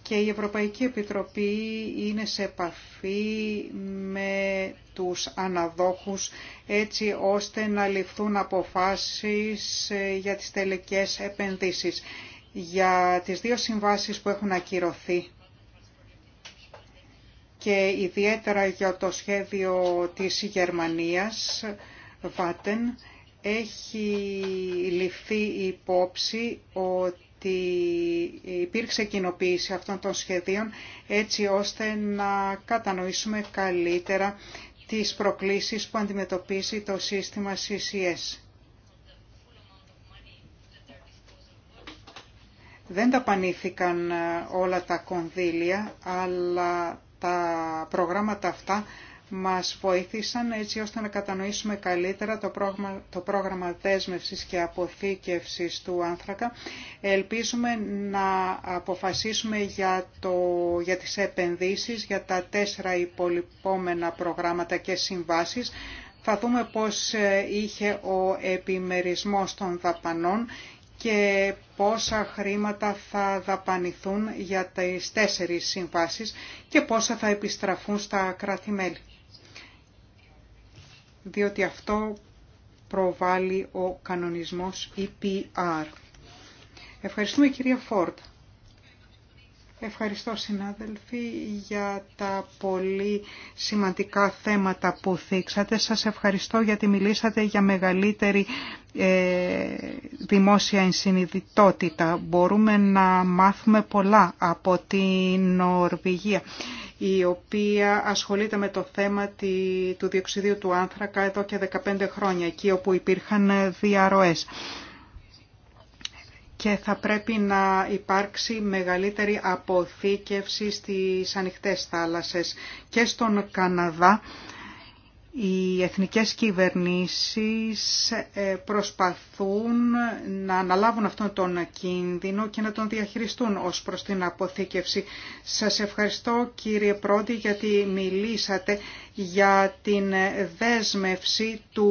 και η Ευρωπαϊκή Επιτροπή είναι σε επαφή με τους αναδόχους έτσι ώστε να ληφθούν αποφάσεις ε, για τις τελικές επενδύσεις. Για τις δύο συμβάσεις που έχουν ακυρωθεί και ιδιαίτερα για το σχέδιο της Γερμανίας, Βάτεν, έχει ληφθεί υπόψη ότι ότι υπήρξε κοινοποίηση αυτών των σχεδίων έτσι ώστε να κατανοήσουμε καλύτερα τις προκλήσεις που αντιμετωπίζει το σύστημα CCS. Δεν ταπανήθηκαν ε, όλα τα κονδύλια, αλλά τα προγράμματα αυτά μας βοήθησαν έτσι ώστε να κατανοήσουμε καλύτερα το πρόγραμμα, το πρόγραμμα δέσμευσης και αποθήκευσης του άνθρακα. Ελπίζουμε να αποφασίσουμε για, το, για τις επενδύσεις, για τα τέσσερα υπολοιπόμενα προγράμματα και συμβάσεις. Θα δούμε πώς ε, είχε ο επιμερισμός των δαπανών και πόσα χρήματα θα δαπανηθούν για τις τέσσερις συμβάσεις και πόσα θα επιστραφούν στα κρατη διότι αυτό προβάλλει ο κανονισμός EPR. Ευχαριστούμε κυρία Φόρτ. Ευχαριστώ συνάδελφοι για τα πολύ σημαντικά θέματα που θίξατε. Σας ευχαριστώ γιατί μιλήσατε για μεγαλύτερη ε, δημόσια ενσυνειδητότητα. Μπορούμε να μάθουμε πολλά από την Νορβηγία η οποία ασχολείται με το θέμα του διοξιδίου του άνθρακα εδώ και 15 χρόνια, εκεί όπου υπήρχαν διαρροές. Και θα πρέπει να υπάρξει μεγαλύτερη αποθήκευση στις ανοιχτές θάλασσες. Και στον Καναδά οι εθνικές κυβερνήσεις ε, προσπαθούν να αναλάβουν αυτόν τον κίνδυνο και να τον διαχειριστούν ως προς την αποθήκευση. Σας ευχαριστώ κύριε Πρόντι γιατί μιλήσατε για την δέσμευση του,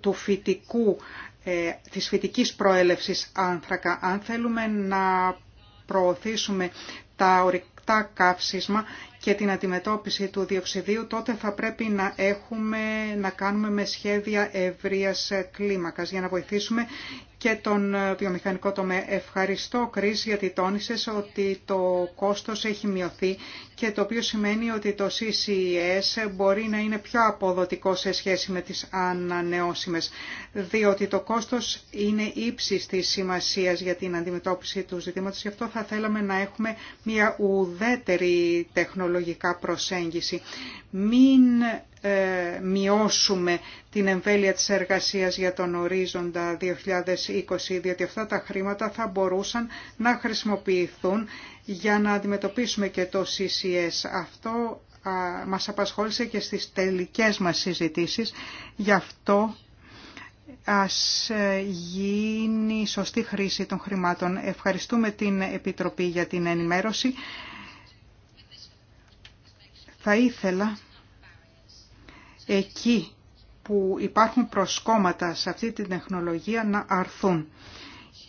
του φυτικού, ε, της φυτικής προέλευσης άνθρακα. Αν θέλουμε να προωθήσουμε τα ορυκτά καύσισμα και την αντιμετώπιση του διοξιδίου, τότε θα πρέπει να, έχουμε, να κάνουμε με σχέδια ευρεία κλίμακας για να βοηθήσουμε και τον βιομηχανικό τομέα. Ευχαριστώ, Κρίς, γιατί τόνισες ότι το κόστος έχει μειωθεί και το οποίο σημαίνει ότι το CCS μπορεί να είναι πιο αποδοτικό σε σχέση με τις ανανεώσιμες, διότι το κόστος είναι ύψης της σημασίας για την αντιμετώπιση του ζητήματος. Γι' αυτό θα θέλαμε να έχουμε μια ουδέτερη τεχνολογία προσέγγιση. Μην ε, μειώσουμε την εμβέλεια της εργασίας για τον ορίζοντα 2020, διότι αυτά τα χρήματα θα μπορούσαν να χρησιμοποιηθούν για να αντιμετωπίσουμε και το CCS. Αυτό μας απασχόλησε και στις τελικές μας συζητήσεις. Γι' αυτό ας ε, γίνει σωστή χρήση των χρημάτων. Ευχαριστούμε την Επιτροπή για την ενημέρωση. Θα ήθελα εκεί που υπάρχουν προσκόμματα σε αυτή την τεχνολογία να αρθούν.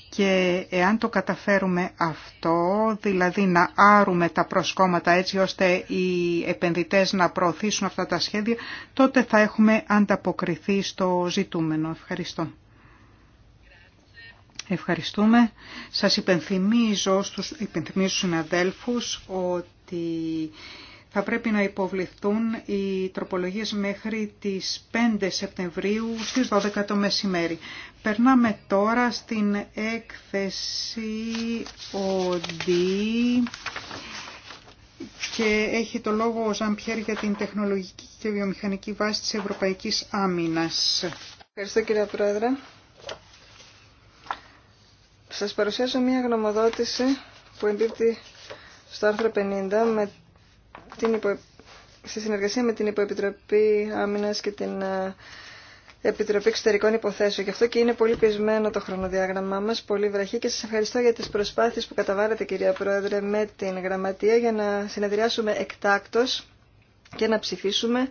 Και εάν το καταφέρουμε αυτό, δηλαδή να άρουμε τα προσκόμματα έτσι ώστε οι επενδυτές να προωθήσουν αυτά τα σχέδια, τότε θα έχουμε ανταποκριθεί στο ζητούμενο. Ευχαριστώ. Ευχαριστούμε. Σας υπενθυμίζω στους, υπενθυμίζω στους συναδέλφους ότι θα πρέπει να υποβληθούν οι τροπολογίες μέχρι τις 5 Σεπτεμβρίου στις 12 το μεσημέρι. Περνάμε τώρα στην έκθεση ΟΔΙ και έχει το λόγο ο Ζαμπιέρ για την τεχνολογική και βιομηχανική βάση της Ευρωπαϊκής Άμυνας. Ευχαριστώ κύριε Πρόεδρε. Σας παρουσιάζω μια γνωμοδότηση που εμπίπτει στο άρθρο 50 με την υπο... σε συνεργασία με την Υποεπιτροπή Άμυνας και την ε, Επιτροπή Εξωτερικών Υποθέσεων. Γι' αυτό και είναι πολύ πεισμένο το χρονοδιάγραμμά μας, πολύ βραχή και σας ευχαριστώ για τις προσπάθειες που καταβάλλατε κυρία Πρόεδρε με την Γραμματεία για να συνεδριάσουμε εκτάκτως και να ψηφίσουμε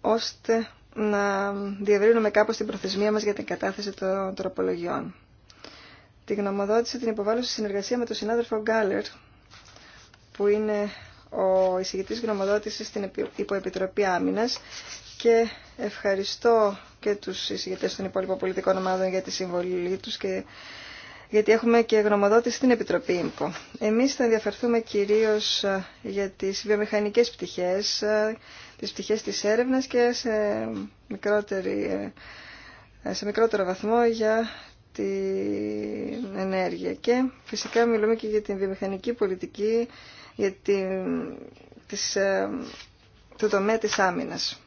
ώστε να διαβρύνουμε κάπως την προθεσμία μας για την κατάθεση των τροπολογιών. Την γνωμοδότηση την υποβάλλω στη συνεργασία με τον συνάδελφο Γκάλερ, που είναι ο εισηγητής γνωμοδότησης στην Υποεπιτροπή Άμυνας και ευχαριστώ και τους εισηγητές των υπόλοιπων πολιτικών ομάδων για τη συμβολή τους και γιατί έχουμε και γνωμοδότηση στην Επιτροπή ΙΜΚΟ. Εμείς θα ενδιαφερθούμε κυρίως ε, για τις βιομηχανικές πτυχές, ε, τις πτυχές της έρευνας και σε, μικρότερη, ε, σε μικρότερο βαθμό για την ενέργεια. Και φυσικά μιλούμε και για την βιομηχανική πολιτική για της, ε, το τομέα της άμυνας.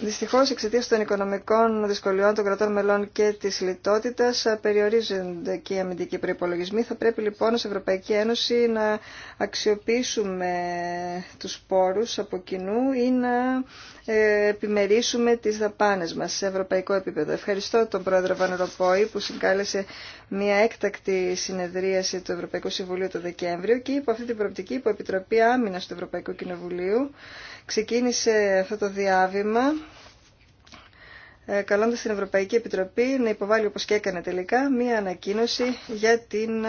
Δυστυχώς εξαιτία των οικονομικών δυσκολιών των κρατών μελών και της λιτότητας ε, περιορίζονται και οι αμυντικοί προπολογισμοί. Θα πρέπει λοιπόν ως Ευρωπαϊκή Ένωση να αξιοποιήσουμε τους πόρους από κοινού ή να επιμερίσουμε τις δαπάνες μας σε ευρωπαϊκό επίπεδο. Ευχαριστώ τον πρόεδρο Βανεροπόη που συγκάλεσε μια έκτακτη συνεδρίαση του Ευρωπαϊκού Συμβουλίου το Δεκέμβριο και υπό αυτή την προοπτική υπό Επιτροπή Άμυνας του Ευρωπαϊκού Κοινοβουλίου ξεκίνησε αυτό το διάβημα ε, καλώντας την Ευρωπαϊκή Επιτροπή να υποβάλει όπως και έκανε τελικά μία ανακοίνωση για την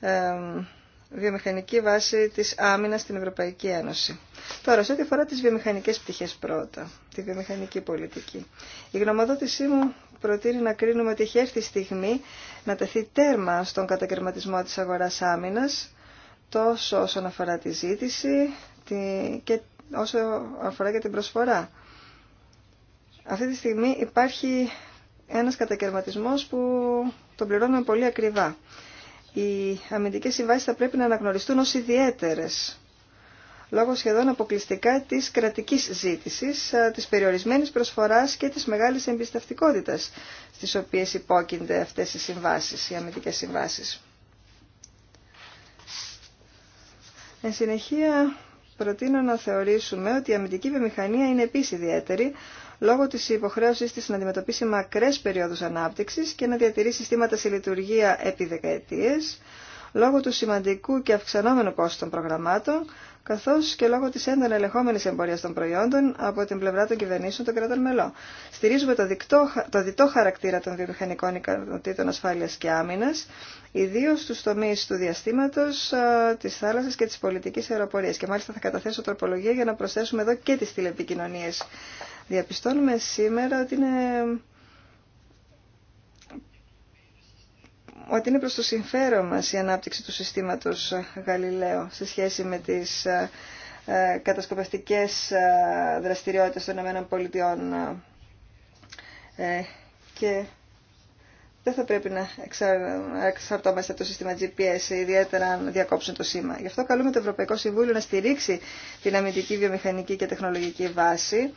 ε, βιομηχανική βάση της άμυνας στην Ευρωπαϊκή Ένωση. Τώρα, σε ό,τι αφορά τις βιομηχανικές πτυχές πρώτα, τη βιομηχανική πολιτική, η γνωμοδότησή μου προτείνει να κρίνουμε ότι έχει έρθει η στιγμή να τεθεί τέρμα στον κατακαιρματισμό της αγοράς άμυνας, τόσο όσον αφορά τη ζήτηση και όσο αφορά και την προσφορά. Αυτή τη στιγμή υπάρχει ένας κατακαιρματισμός που τον πληρώνουμε πολύ ακριβά οι αμυντικές συμβάσεις θα πρέπει να αναγνωριστούν ως ιδιαίτερες λόγω σχεδόν αποκλειστικά της κρατικής ζήτησης, της περιορισμένης προσφοράς και της μεγάλης εμπιστευτικότητας στις οποίες υπόκεινται αυτές οι συμβάσεις, οι αμυντικές συμβάσεις. Εν συνεχεία, προτείνω να θεωρήσουμε ότι η αμυντική βιομηχανία είναι επίσης ιδιαίτερη, λόγω τη υποχρέωση τη να αντιμετωπίσει μακρέ περιοδου ανάπτυξη και να διατηρεί συστήματα σε λειτουργία επί δεκαετίε, λόγω του σημαντικού και αυξανόμενου κόστου των προγραμμάτων, καθώ και λόγω τη έντονα ελεγχόμενη εμπορία των προϊόντων από την πλευρά των κυβερνήσεων των κρατών μελών. Στηρίζουμε το, δικτό, το διτό χαρακτήρα των βιομηχανικών ικανοτήτων ασφάλεια και άμυνα, ιδίω στους τομεί του διαστήματο, τη θάλασσα και τη πολιτική αεροπορία. Και μάλιστα θα καταθέσω τροπολογία για να προσθέσουμε εδώ και τι τηλεπικοινωνίε Διαπιστώνουμε σήμερα ότι είναι ότι είναι προς το συμφέρον μας η ανάπτυξη του συστήματος Γαλιλαίο σε σχέση με τις ε, ε, κατασκοπευτικές ε, δραστηριότητες των ΗΠΑ και δεν θα πρέπει να εξαρτώμαστε από το σύστημα GPS, ιδιαίτερα αν διακόψουν το σήμα. Γι' αυτό καλούμε το Ευρωπαϊκό Συμβούλιο να στηρίξει την αμυντική βιομηχανική και τεχνολογική βάση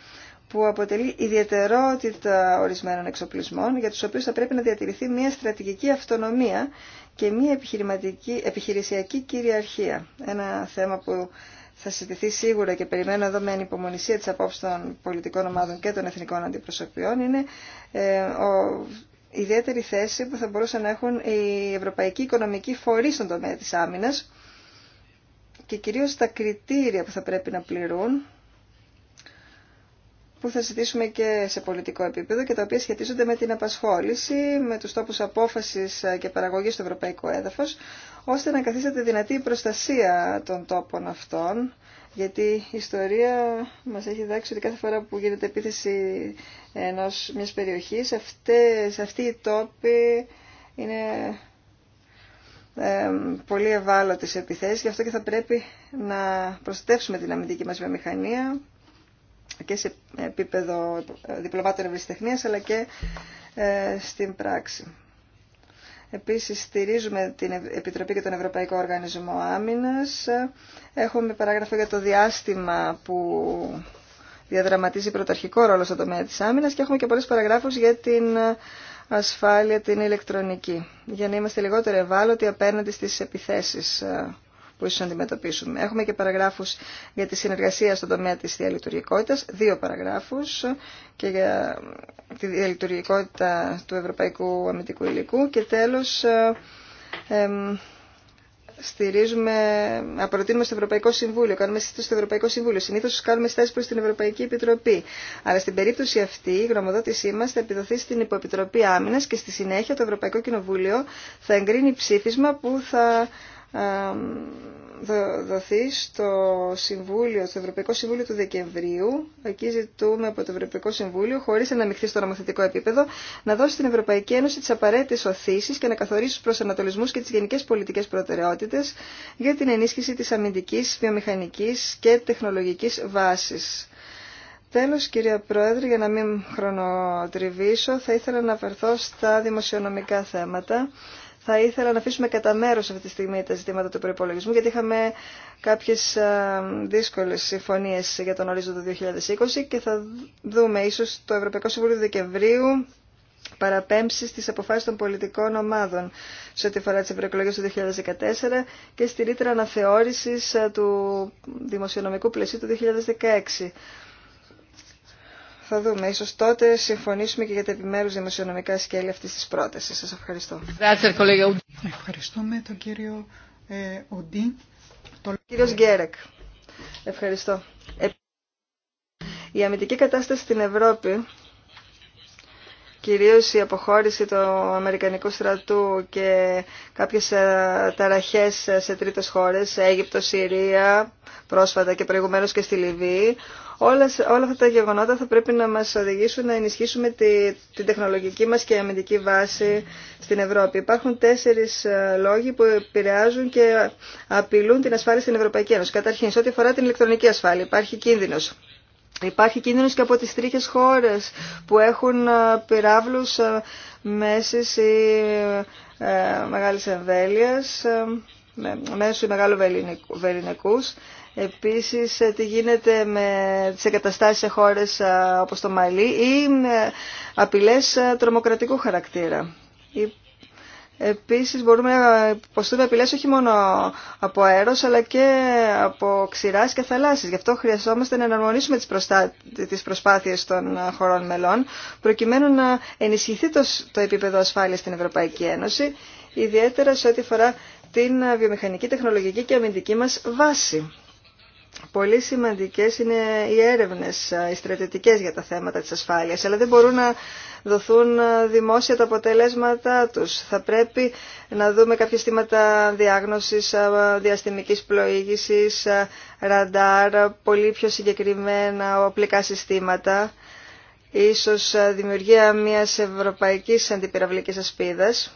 που αποτελεί ιδιαιτερότητα ορισμένων εξοπλισμών για τους οποίους θα πρέπει να διατηρηθεί μια στρατηγική αυτονομία και μια επιχειρηματική, επιχειρησιακή κυριαρχία. Ένα θέμα που θα συζητηθεί σίγουρα και περιμένω εδώ με ανυπομονησία της απόψης των πολιτικών ομάδων και των εθνικών αντιπροσωπιών είναι ε, η ιδιαίτερη θέση που θα μπορούσαν να έχουν οι ευρωπαϊκοί οικονομικοί φορείς στον τομέα της άμυνας και κυρίως τα κριτήρια που θα πρέπει να πληρούν που θα συζητήσουμε και σε πολιτικό επίπεδο και τα οποία σχετίζονται με την απασχόληση, με τους τόπους απόφασης και παραγωγής του ευρωπαϊκό έδαφος, ώστε να καθίσετε δυνατή η προστασία των τόπων αυτών, γιατί η ιστορία μας έχει δάξει ότι κάθε φορά που γίνεται επίθεση ενός μιας περιοχής, αυτές, αυτοί οι τόποι είναι πολύ ευάλωτες επιθέσεις, γι' αυτό και θα πρέπει να προστατεύσουμε την αμυντική μας βιομηχανία, και σε επίπεδο ε, διπλωμάτων ευρεσιτεχνίας αλλά και ε, στην πράξη. Επίσης στηρίζουμε την Επιτροπή και τον Ευρωπαϊκό Οργανισμό Άμυνας. Έχουμε παράγραφο για το διάστημα που διαδραματίζει πρωταρχικό ρόλο στον τομέα της άμυνας και έχουμε και πολλές παραγράφους για την ασφάλεια την ηλεκτρονική, για να είμαστε λιγότερο ευάλωτοι απέναντι στις επιθέσεις ε, που ίσω αντιμετωπίσουμε. Έχουμε και παραγράφου για τη συνεργασία στον τομέα τη διαλειτουργικότητας, δύο παραγράφου και για τη διαλειτουργικότητα του ευρωπαϊκού αμυντικού υλικού και τέλος στηρίζουμε, απροτείνουμε στο Ευρωπαϊκό Συμβούλιο, κάνουμε συστήσεις στο Ευρωπαϊκό Συμβούλιο. Συνήθω κάνουμε στάσει προ την Ευρωπαϊκή Επιτροπή. Αλλά στην περίπτωση αυτή η γνωμοδότησή μας θα επιδοθεί στην Υποεπιτροπή Άμυνα και στη συνέχεια το Ευρωπαϊκό Κοινοβούλιο θα εγκρίνει ψήφισμα που θα δοθεί στο, Συμβούλιο, στο Ευρωπαϊκό Συμβούλιο του Δεκεμβρίου. Εκεί ζητούμε από το Ευρωπαϊκό Συμβούλιο, χωρί να μειχθεί στο νομοθετικό επίπεδο, να δώσει στην Ευρωπαϊκή Ένωση τι απαραίτητε οθήσει και να καθορίσει του προσανατολισμού και τι γενικέ πολιτικέ προτεραιότητε για την ενίσχυση τη αμυντική, βιομηχανική και τεχνολογική βάση. Τέλο, κυρία Πρόεδρε, για να μην χρονοτριβήσω, θα ήθελα να αφαιρθώ στα δημοσιονομικά θέματα θα ήθελα να αφήσουμε κατά μέρο αυτή τη στιγμή τα ζητήματα του προπολογισμού, γιατί είχαμε κάποιε δύσκολε συμφωνίε για τον ορίζοντα του 2020 και θα δούμε ίσω το Ευρωπαϊκό Συμβούλιο του Δεκεμβρίου παραπέμψει στις αποφάσεις των πολιτικών ομάδων σε ό,τι αφορά τις ευρωεκλογές του 2014 και στη ρήτρα αναθεώρησης του δημοσιονομικού πλαισίου του 2016. Θα δούμε. Ίσως τότε συμφωνήσουμε και για τα επιμέρους δημοσιονομικά σκέλη αυτής της πρότασης. Σας ευχαριστώ. Ευχαριστούμε τον κύριο ε, Οντί. Το... κύριο Γκέρεκ. Ευχαριστώ. Ε, η αμυντική κατάσταση στην Ευρώπη κυρίως η αποχώρηση του Αμερικανικού στρατού και κάποιες ε, ταραχές σε τρίτες χώρες, Αίγυπτο, Συρία, πρόσφατα και προηγουμένως και στη Λιβύη, όλα, όλα αυτά τα γεγονότα θα πρέπει να μας οδηγήσουν να ενισχύσουμε τη, την τεχνολογική μας και αμυντική βάση στην Ευρώπη. Υπάρχουν τέσσερις ε, λόγοι που επηρεάζουν και απειλούν την ασφάλεια στην Ευρωπαϊκή Ένωση. Καταρχήν, σε ό,τι αφορά την ηλεκτρονική ασφάλεια, υπάρχει κίνδυνος Υπάρχει κίνδυνος και από τις τρίχες χώρες που έχουν ε, πυράβλους ε, μέσα ή ε, μεγάλες εμβέλειας, μέσου ή μεγάλου βεληνικούς. Επίσης, τι γίνεται με τις εγκαταστάσεις σε χώρες όπως το Μαλί ή με απειλές τρομοκρατικού χαρακτήρα. Επίσης μπορούμε να υποστούμε απειλές όχι μόνο από αέρος αλλά και από ξηράς και θαλάσσης. Γι' αυτό χρειαζόμαστε να εναρμονίσουμε τις, προστά... τις προσπάθειες των χωρών μελών προκειμένου να ενισχυθεί το, το επίπεδο ασφάλειας στην Ευρωπαϊκή Ένωση ιδιαίτερα σε ό,τι αφορά την βιομηχανική, τεχνολογική και αμυντική μας βάση. Πολύ σημαντικές είναι οι έρευνες, ε, οι στρατιωτικές για τα θέματα της ασφάλειας, αλλά δεν μπορούν να δοθούν ε, δημόσια τα αποτελέσματά τους. Θα πρέπει να δούμε κάποια στήματα διάγνωσης, ε, διαστημικής πλοήγησης, ε, ραντάρ, πολύ πιο συγκεκριμένα οπλικά συστήματα, ίσως δημιουργία μιας ευρωπαϊκής αντιπυραυλικής ασπίδας.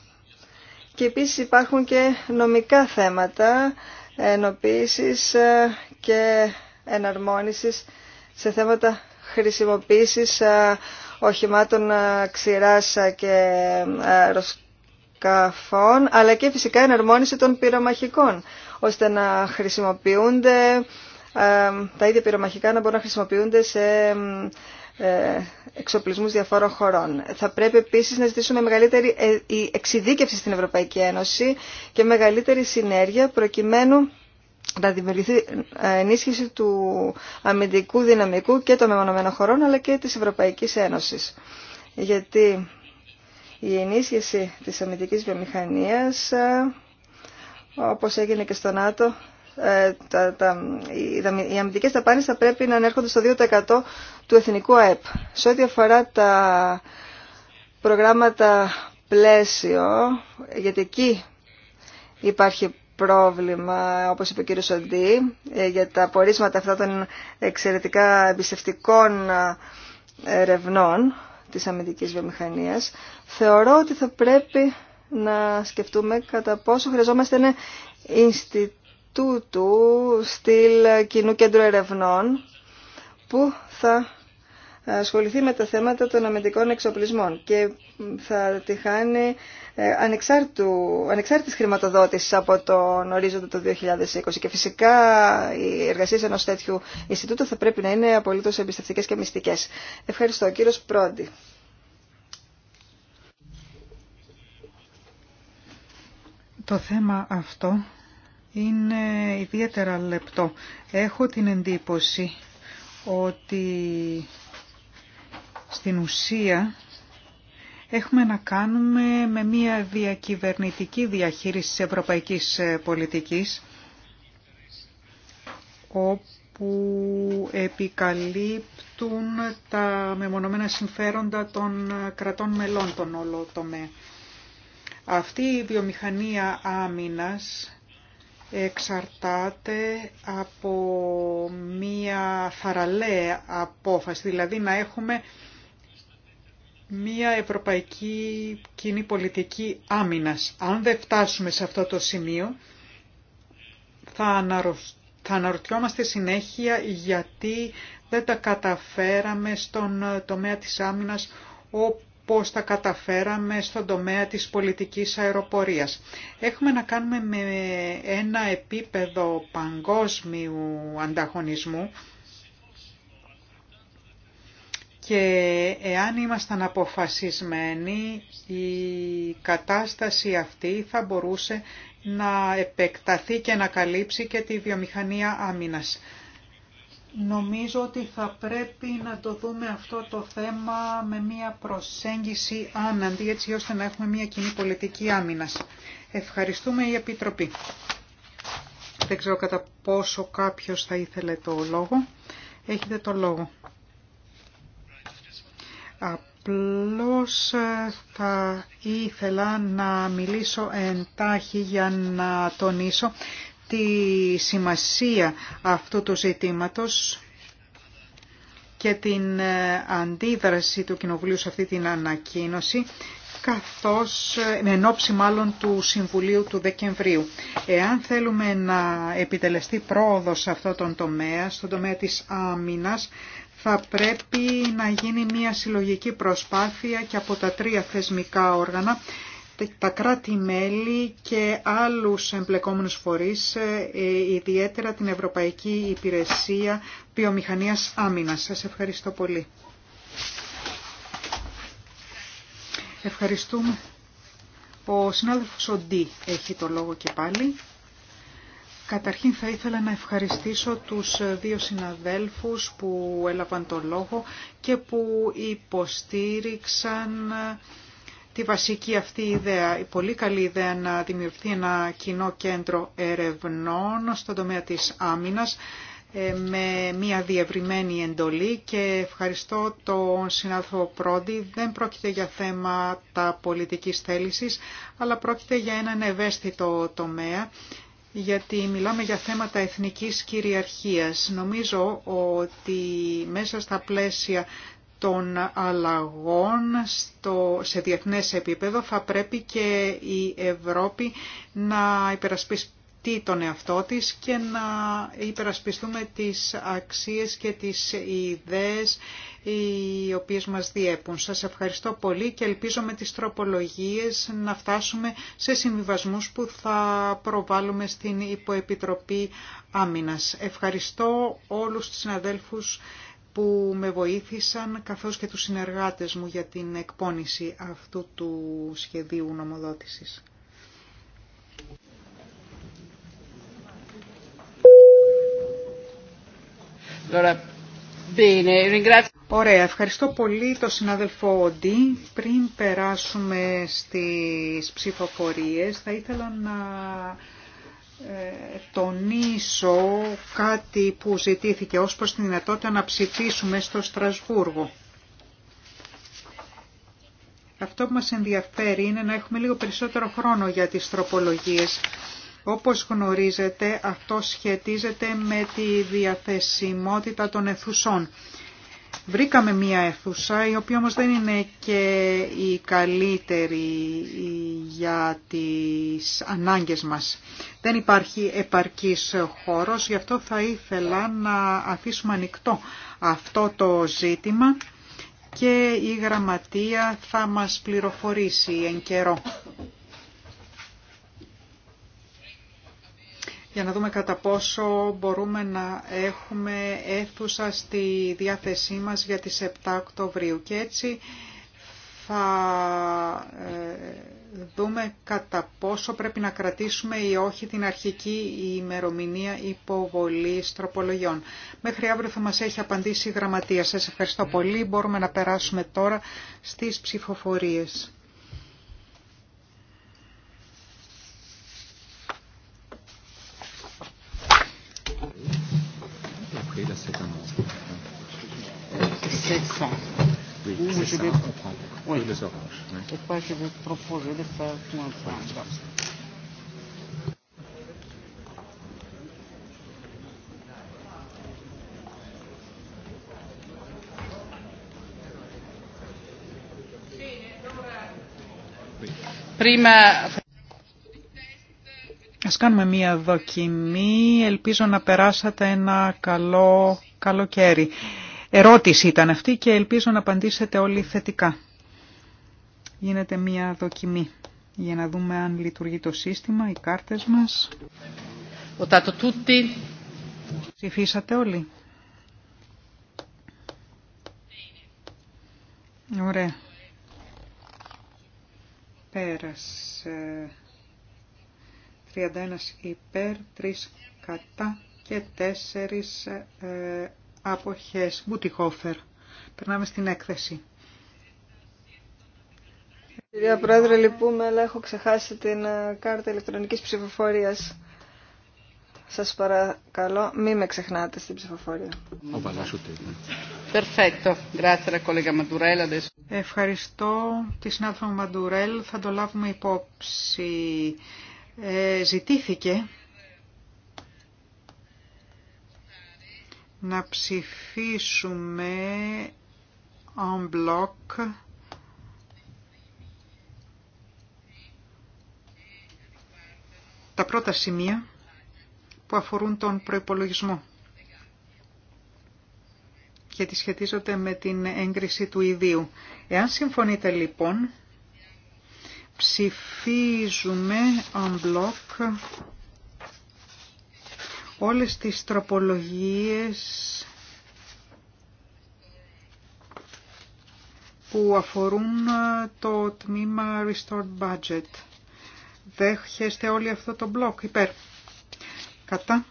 Και επίσης υπάρχουν και νομικά θέματα ενοποίησης και εναρμόνισης σε θέματα χρησιμοποίησης οχημάτων ε, ξηράς ε, και ε, ροσκαφών, αλλά και φυσικά εναρμόνιση των πυρομαχικών, ώστε να χρησιμοποιούνται τα ίδια πυρομαχικά να μπορούν να χρησιμοποιούνται σε εξοπλισμούς διαφόρων χωρών. Θα πρέπει επίσης να ζητήσουμε μεγαλύτερη εξειδίκευση στην Ευρωπαϊκή Ένωση και μεγαλύτερη συνέργεια προκειμένου να δημιουργηθεί ενίσχυση του αμυντικού δυναμικού και των μεμονωμένων χωρών αλλά και της Ευρωπαϊκής Ένωσης. Γιατί η ενίσχυση της αμυντικής βιομηχανίας, όπως έγινε και στο ΝΑΤΟ, ε, τα, τα, οι αμυντικές ταπάνες θα πρέπει να ανέρχονται στο 2% του εθνικού ΑΕΠ. Σε ό,τι αφορά τα προγράμματα πλαίσιο, γιατί εκεί υπάρχει πρόβλημα, όπως είπε ο κύριος Σοντή, ε, για τα απορίσματα αυτά των εξαιρετικά εμπιστευτικών ε, ερευνών της αμυντικής βιομηχανίας, θεωρώ ότι θα πρέπει να σκεφτούμε κατά πόσο χρειαζόμαστε ένα Ινστιτούτου στυλ Κοινού Κέντρου Ερευνών που θα ασχοληθεί με τα θέματα των αμυντικών εξοπλισμών και θα τη χάνει ε, ανεξάρτητης χρηματοδότησης από τον ορίζοντα το 2020 και φυσικά οι εργασίες ενός τέτοιου Ινστιτούτου θα πρέπει να είναι απολύτως εμπιστευτικές και μυστικές. Ευχαριστώ. Κύριος Πρόντι. Το θέμα αυτό είναι ιδιαίτερα λεπτό. Έχω την εντύπωση ότι στην ουσία Έχουμε να κάνουμε με μια διακυβερνητική διαχείριση της ευρωπαϊκής ε, πολιτικής όπου επικαλύπτουν τα μεμονωμένα συμφέροντα των ε, κρατών μελών των όλο τομέα. Αυτή η βιομηχανία άμυνας εξαρτάται από μία θαραλέα απόφαση, δηλαδή να έχουμε μία ευρωπαϊκή κοινή πολιτική άμυνας. Αν δεν φτάσουμε σε αυτό το σημείο, θα, θα αναρωτιόμαστε συνέχεια γιατί δεν τα καταφέραμε στον ε, τομέα της άμυνας όπως τα καταφέραμε στον τομέα της πολιτικής αεροπορίας. Έχουμε να κάνουμε με ένα επίπεδο παγκόσμιου ανταγωνισμού και εάν ήμασταν αποφασισμένοι η κατάσταση αυτή θα μπορούσε να επεκταθεί και να καλύψει και τη βιομηχανία άμυνας. Νομίζω ότι θα πρέπει να το δούμε αυτό το θέμα με μια προσέγγιση άναντι, έτσι ώστε να έχουμε μια κοινή πολιτική άμυνας. Ευχαριστούμε η Επιτροπή. Δεν ξέρω κατά πόσο κάποιος θα ήθελε το λόγο. Έχετε το λόγο. Απλώς ε, θα ήθελα να μιλήσω εντάχει για να τονίσω τη σημασία αυτού του ζητήματος και την ε, αντίδραση του Κοινοβουλίου σε αυτή την ανακοίνωση καθώς ε, εν μάλλον του Συμβουλίου του Δεκεμβρίου. Εάν θέλουμε να επιτελεστεί πρόοδος σε αυτό τον τομέα, στον τομέα της άμυνας, θα πρέπει να γίνει μια συλλογική προσπάθεια και από τα τρία θεσμικά όργανα, τα κράτη-μέλη και άλλους εμπλεκόμενους φορείς, ε, ιδιαίτερα την Ευρωπαϊκή Υπηρεσία Βιομηχανίας Άμυνας. Σας ευχαριστώ πολύ. Ευχαριστούμε. Ο συνάδελφος Οντί έχει το λόγο και πάλι. Καταρχήν θα ήθελα να ευχαριστήσω τους δύο συναδέλφους που έλαβαν το λόγο και που υποστήριξαν τη βασική αυτή ιδέα, η πολύ καλή ιδέα να δημιουργηθεί ένα κοινό κέντρο ερευνών στον τομέα της άμυνας ε, με μια διευρυμένη εντολή και ευχαριστώ τον συνάδελφο Πρόντι. Δεν πρόκειται για θέματα πολιτικής θέλησης, αλλά πρόκειται για έναν ευαίσθητο τομέα γιατί μιλάμε για θέματα εθνικής κυριαρχίας. Νομίζω ότι μέσα στα πλαίσια των αλλαγών στο, σε διεθνές επίπεδο θα πρέπει και η Ευρώπη να υπερασπίσει τι τον εαυτό της και να υπερασπιστούμε τις αξίες και τις ιδέες οι οποίες μας διέπουν. Σας ευχαριστώ πολύ και ελπίζω με τις τροπολογίες να φτάσουμε σε συμβιβασμούς που θα προβάλλουμε στην Υποεπιτροπή Άμυνας. Ευχαριστώ όλους τους συναδέλφους που με βοήθησαν καθώς και τους συνεργάτες μου για την εκπόνηση αυτού του σχεδίου νομοδότησης. Ωραία, ευχαριστώ πολύ τον συνάδελφο Όντι. Πριν περάσουμε στις ψηφοφορίες, θα ήθελα να ε, τονίσω κάτι που ζητήθηκε ως προς τη δυνατότητα να ψηφίσουμε στο Στρασβούργο. Αυτό που μας ενδιαφέρει είναι να έχουμε λίγο περισσότερο χρόνο για τις τροπολογίες όπως γνωρίζετε, αυτό σχετίζεται με τη διαθεσιμότητα των αιθουσών. Βρήκαμε μία αιθούσα, η οποία όμως δεν είναι και η καλύτερη για τις ανάγκες μας. Δεν υπάρχει επαρκής χώρος, γι' αυτό θα ήθελα να αφήσουμε ανοιχτό αυτό το ζήτημα και η γραμματεία θα μας πληροφορήσει εν καιρό. για να δούμε κατά πόσο μπορούμε να έχουμε αίθουσα στη διάθεσή μας για τις 7 Οκτωβρίου. Και έτσι θα ε, δούμε κατά πόσο πρέπει να κρατήσουμε ή όχι την αρχική ημερομηνία υποβολής τροπολογιών. Μέχρι αύριο θα μας έχει απαντήσει η γραμματεία. Σας ευχαριστώ ναι. πολύ. Μπορούμε να περάσουμε τώρα στις ψηφοφορίες. Oui, pas, je vais proposer de Prima Ας κάνουμε μία δοκιμή. Ελπίζω να περάσατε ένα καλό καλοκαίρι. Ερώτηση ήταν αυτή και ελπίζω να απαντήσετε όλοι θετικά. Γίνεται μία δοκιμή για να δούμε αν λειτουργεί το σύστημα, οι κάρτες μας. Ψηφίσατε όλοι. Ωραία. Πέρασε. 31 υπέρ, 3 κατά και 4 ε, αποχές. Μπουτιχόφερ. Περνάμε στην έκθεση. Κυρία Πρόεδρε, λυπούμε, αλλά έχω ξεχάσει την ε, κάρτα ηλεκτρονικής ψηφοφορίας. Σας παρακαλώ, μην με ξεχνάτε στην ψηφοφορία. Ευχαριστώ τη συνάδελφα Μαντουρέλ. Θα το λάβουμε υπόψη. Ε, ζητήθηκε να ψηφίσουμε en bloc τα πρώτα σημεία που αφορούν τον προϋπολογισμό γιατί σχετίζονται με την έγκριση του ιδίου. Εάν συμφωνείτε λοιπόν, Ψηφίζουμε on block όλες τις τροπολογίες που αφορούν ε, το τμήμα Restored Budget. Δέχεστε όλοι αυτό το μπλοκ υπέρ. Κατά.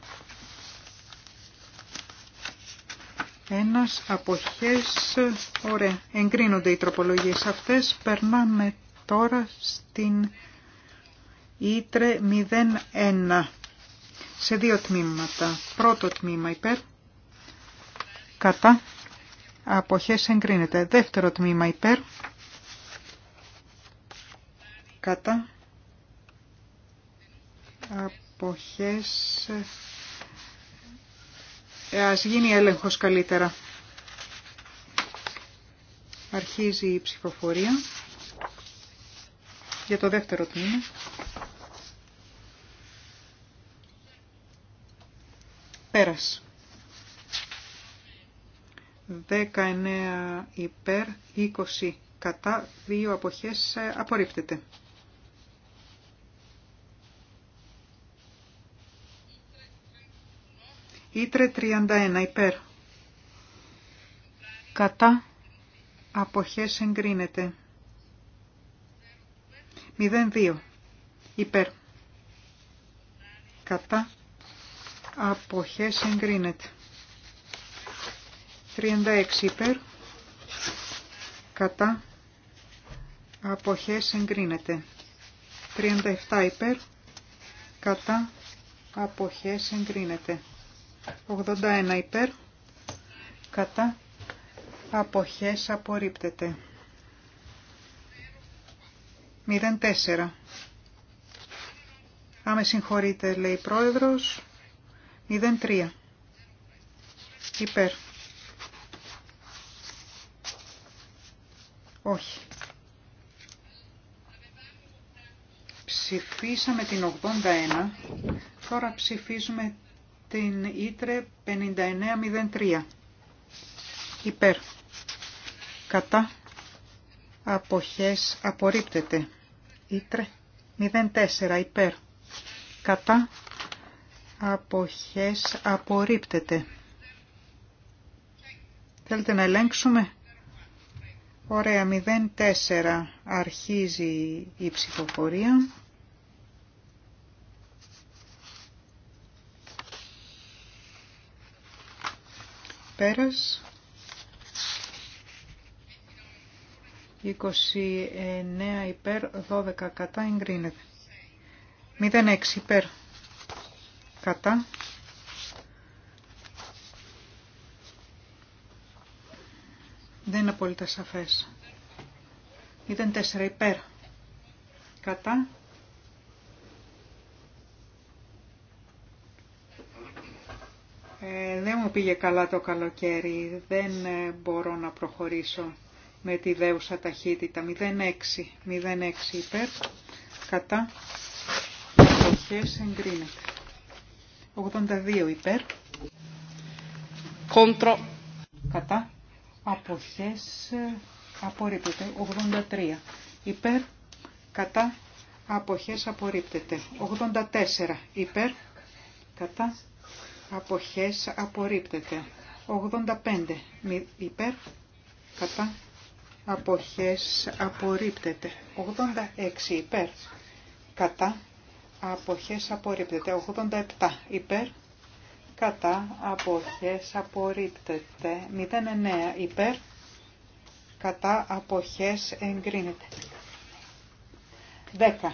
Ένας αποχές. Ωραία. Εγκρίνονται οι τροπολογίες αυτές. Περνάμε τώρα στην Ήτρε 01 σε δύο τμήματα. Πρώτο τμήμα υπέρ, κατά, αποχές εγκρίνεται. Δεύτερο τμήμα υπέρ, κατά, αποχές, ε, ας γίνει έλεγχος καλύτερα. Αρχίζει η ψηφοφορία για το δεύτερο τμήμα. Πέρας. 19 υπέρ, 20 κατά, 2 αποχές ε, απορρίπτεται. Ήτρε 31 υπέρ. Κατά αποχές εγκρίνεται. 02 υπέρ κατά απόχέ εγκρίνεται 36 υπέρ κατά απόχέ εγκρίνεται 37 υπέρ κατά απόχέ εγκρίνεται 81 υπέρ κατά αποχές απορρίπτεται 04. Άμε συγχωρείτε, λέει πρόεδρος. 03. Υπέρ. Όχι. Ψηφίσαμε την 81. Τώρα ψηφίζουμε την Ήτρε 5903. Υπέρ. Κατά αποχές απορρίπτεται. Ήτρε 04 υπέρ. Κατά αποχές απορρίπτεται. Θέλετε να ελέγξουμε. Ωραία, 04 αρχίζει η ψηφοφορία. Πέρας. 29 υπέρ, 12 κατά εγκρίνεται. 06 υπέρ, κατά. Δεν είναι απόλυτα σαφές. Ήταν 4 υπέρ, κατά. Ε, δεν μου πήγε καλά το καλοκαίρι, δεν ε, μπορώ να προχωρήσω με τη δέουσα ταχύτητα. 06, 06 υπέρ, κατά, αποχές εγκρίνεται. 82 υπέρ, κόντρο, κατά, αποχές απορρίπτεται. 83 υπέρ, κατά, αποχές απορρίπτεται. 84 υπέρ, κατά, αποχές απορρίπτεται. 85 υπέρ, κατά, αποχές απορρίπτεται. 86 υπέρ κατά αποχές απορρίπτεται. 87 υπέρ κατά αποχές απορρίπτεται. 09 υπέρ κατά αποχές εγκρίνεται. 10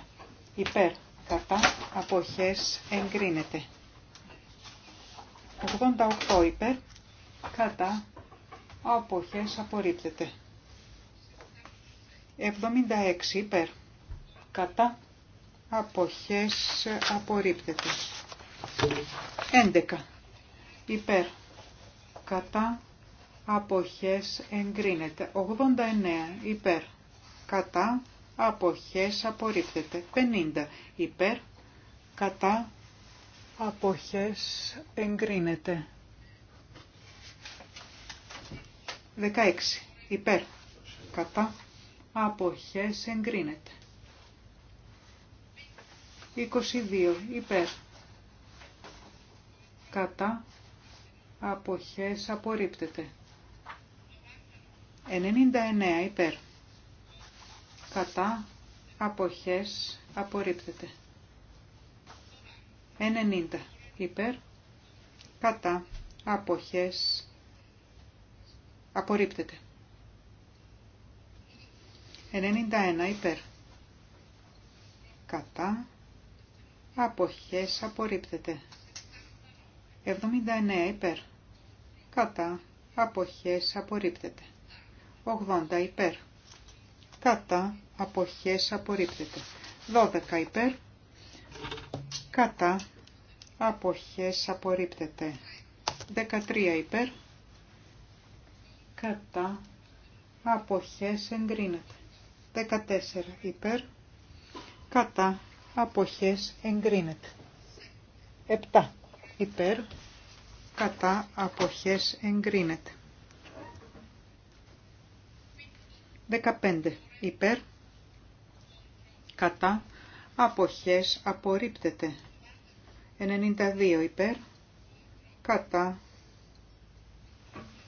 υπέρ κατά αποχές εγκρίνεται. 88 υπέρ κατά αποχές απορρίπτεται. 76 υπέρ. Κατά αποχές απορρίπτεται. 11 υπέρ. Κατά αποχές εγκρίνεται. 89 υπέρ. Κατά αποχές απορρίπτεται. 50 υπέρ. Κατά αποχές εγκρίνεται. 16 υπέρ. Κατά αποχές εγκρίνεται. 22 υπέρ κατά αποχές απορρίπτεται. 99 υπέρ κατά αποχές απορρίπτεται. 90 υπέρ κατά αποχές απορρίπτεται. 91 υπέρ. Κατά. Αποχές απορρίπτεται. 79 υπέρ. Κατά. Αποχές απορρίπτεται. 80 υπέρ. Κατά. Αποχές απορρίπτεται. 12 υπέρ. Κατά. Αποχές απορρίπτεται. 13 υπέρ. Κατά. Αποχές εγκρίνεται. 14 υπέρ κατά αποχές εγκρίνεται. 7 υπέρ κατά αποχές εγκρίνεται. 15 υπέρ κατά αποχές απορρίπτεται. 92 υπέρ κατά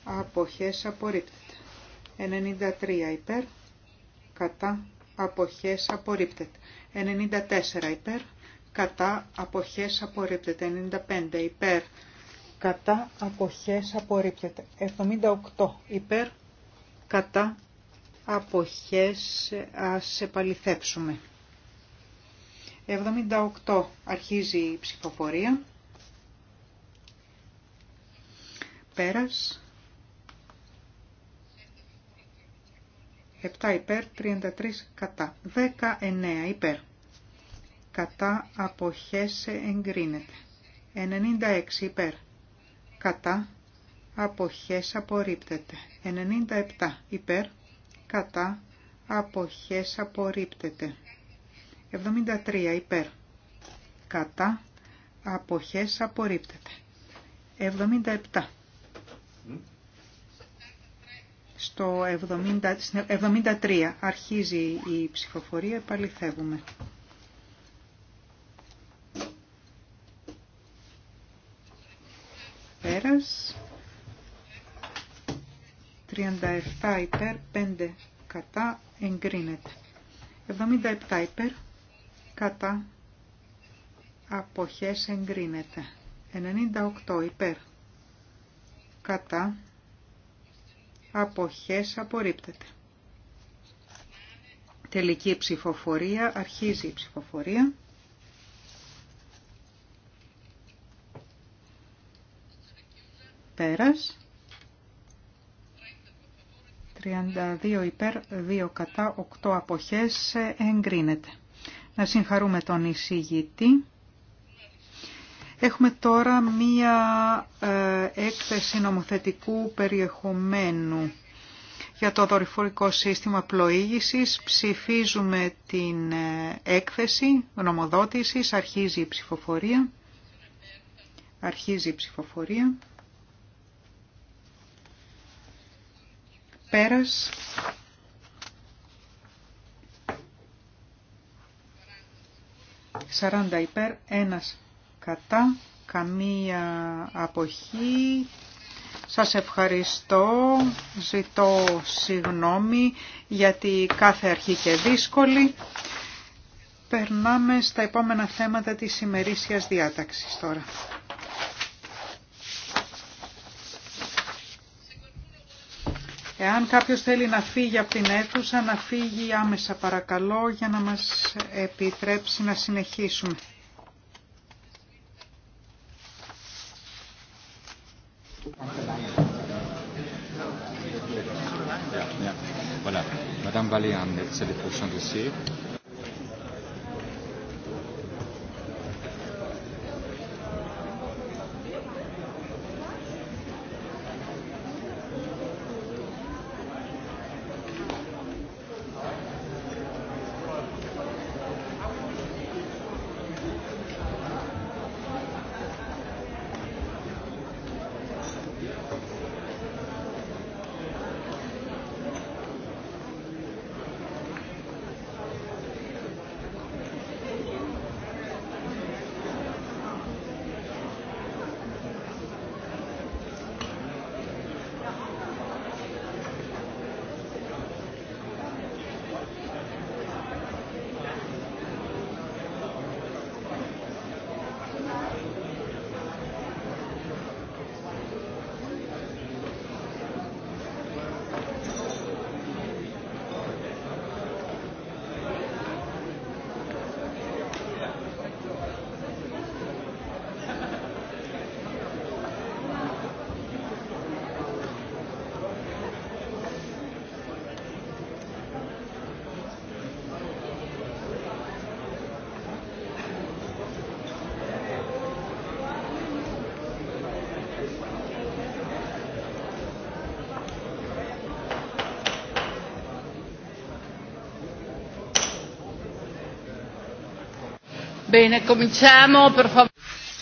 αποχές απορρίπτεται. 93 υπέρ κατά αποχές απορρίπτεται. 94 υπέρ, κατά αποχές απορρίπτεται. 95 υπέρ, κατά αποχές απορρίπτεται. 78 υπέρ, κατά αποχές ας επαληθέψουμε. 78 αρχίζει η ψηφοφορία. Πέρας 7 υπέρ, 33 κατά. 19 υπέρ. Κατά αποχές εγκρίνεται. 96 υπέρ. Κατά αποχές απορρίπτεται. 97 υπέρ. Κατά αποχές απορρίπτεται. 73 υπέρ. Κατά αποχές απορρίπτεται. 77 στο 70, 73 αρχίζει η ψηφοφορία, επαληθεύουμε. Πέρας. 37 υπέρ, 5 κατά, εγκρίνεται. 77 υπέρ, κατά, αποχές εγκρίνεται. 98 υπέρ, κατά, αποχές απορρίπτεται. Τελική ψηφοφορία, αρχίζει η ψηφοφορία. Πέρας. 32 υπέρ, 2 κατά, 8 αποχές ε, εγκρίνεται. Να συγχαρούμε τον εισηγητή. Έχουμε τώρα μία ε, έκθεση νομοθετικού περιεχομένου για το δορυφορικό σύστημα πλοήγησης. Ψηφίζουμε την ε, έκθεση νομοδότησης. Αρχίζει η ψηφοφορία. Αρχίζει η ψηφοφορία. Πέρας. 40 υπέρ, 1 κατά, καμία αποχή. Σας ευχαριστώ, ζητώ συγγνώμη γιατί κάθε αρχή και δύσκολη. Περνάμε στα επόμενα θέματα της ημερήσιας διάταξης τώρα. Εάν κάποιος θέλει να φύγει από την αίθουσα, να φύγει άμεσα παρακαλώ για να μας επιτρέψει να συνεχίσουμε. Marianne,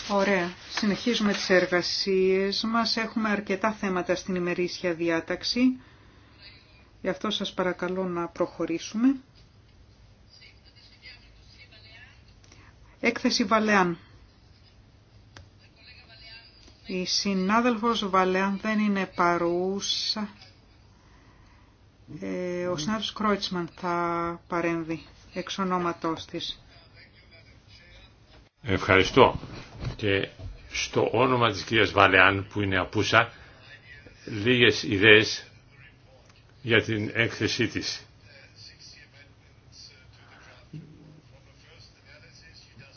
Ωραία. Συνεχίζουμε τις εργασίες μας. Έχουμε αρκετά θέματα στην ημερήσια διάταξη. Γι' αυτό σας παρακαλώ να προχωρήσουμε. Έκθεση Βαλεάν. Η συνάδελφος Βαλεάν δεν είναι παρούσα. Ε, ο συνάδελφος Κρόιτσμαν θα παρέμβει εξ ονόματός της. Ευχαριστώ. Και στο όνομα της κυρίας Βαλεάν που είναι απούσα λίγες ιδέες για την έκθεσή της.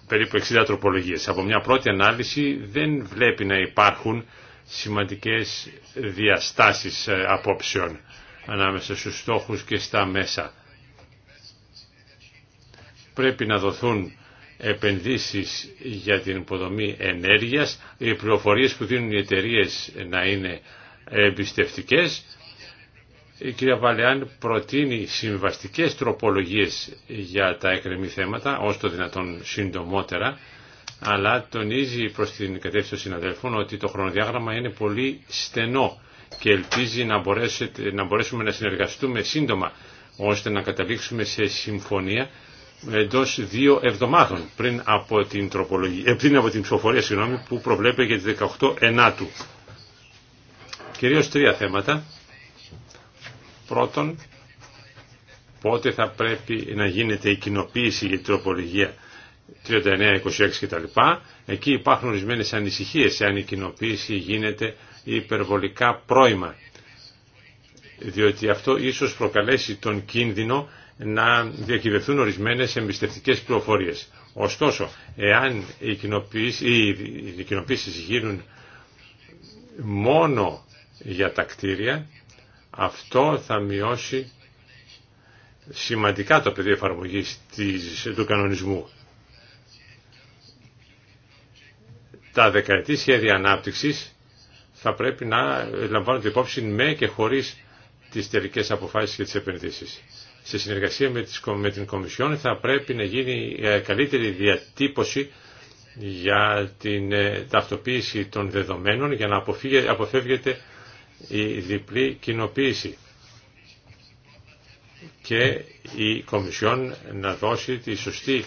Περίπου 60 τροπολογίες. Από μια πρώτη ανάλυση δεν βλέπει να υπάρχουν σημαντικές διαστάσεις ε, απόψεων ανάμεσα στους στόχους και στα μέσα. Πρέπει να δοθούν επενδύσεις για την υποδομή ενέργειας, οι πληροφορίες που δίνουν οι εταιρείε να είναι εμπιστευτικές. Η κυρία Βαλεάν προτείνει συμβαστικές τροπολογίες για τα εκρεμή θέματα, όσο το δυνατόν συντομότερα, αλλά τονίζει προς την κατεύθυνση των συναδέλφων ότι το χρονοδιάγραμμα είναι πολύ στενό και ελπίζει να μπορέσουμε να συνεργαστούμε σύντομα ώστε να καταλήξουμε σε συμφωνία εντός δύο εβδομάδων πριν από την, τροπολογία, ε, πριν από την ψηφοφορία συγγνώμη, που προβλέπει για τις 18 ενάτου. Κυρίως τρία θέματα. Πρώτον, πότε θα πρέπει να γίνεται η κοινοποίηση για την τροπολογία 39, 26 κτλ. Εκεί υπάρχουν ορισμένε ανησυχίες εάν η κοινοποίηση γίνεται υπερβολικά πρόημα διότι αυτό ίσως προκαλέσει τον κίνδυνο να διακυβευτούν ορισμένες εμπιστευτικές πληροφορίες. Ωστόσο, εάν οι κοινοποίησεις γίνουν μόνο για τα κτίρια, αυτό θα μειώσει σημαντικά το πεδίο εφαρμογής του κανονισμού. Τα δεκαετή σχέδια ανάπτυξης θα πρέπει να λαμβάνονται υπόψη με και χωρίς τις τελικές αποφάσεις και τις επενδύσεις σε συνεργασία με, τις, με την Κομισιόν θα πρέπει να γίνει ε, καλύτερη διατύπωση για την ε, ταυτοποίηση των δεδομένων για να αποφεύγεται η διπλή κοινοποίηση και η Κομισιόν να δώσει τη σωστή,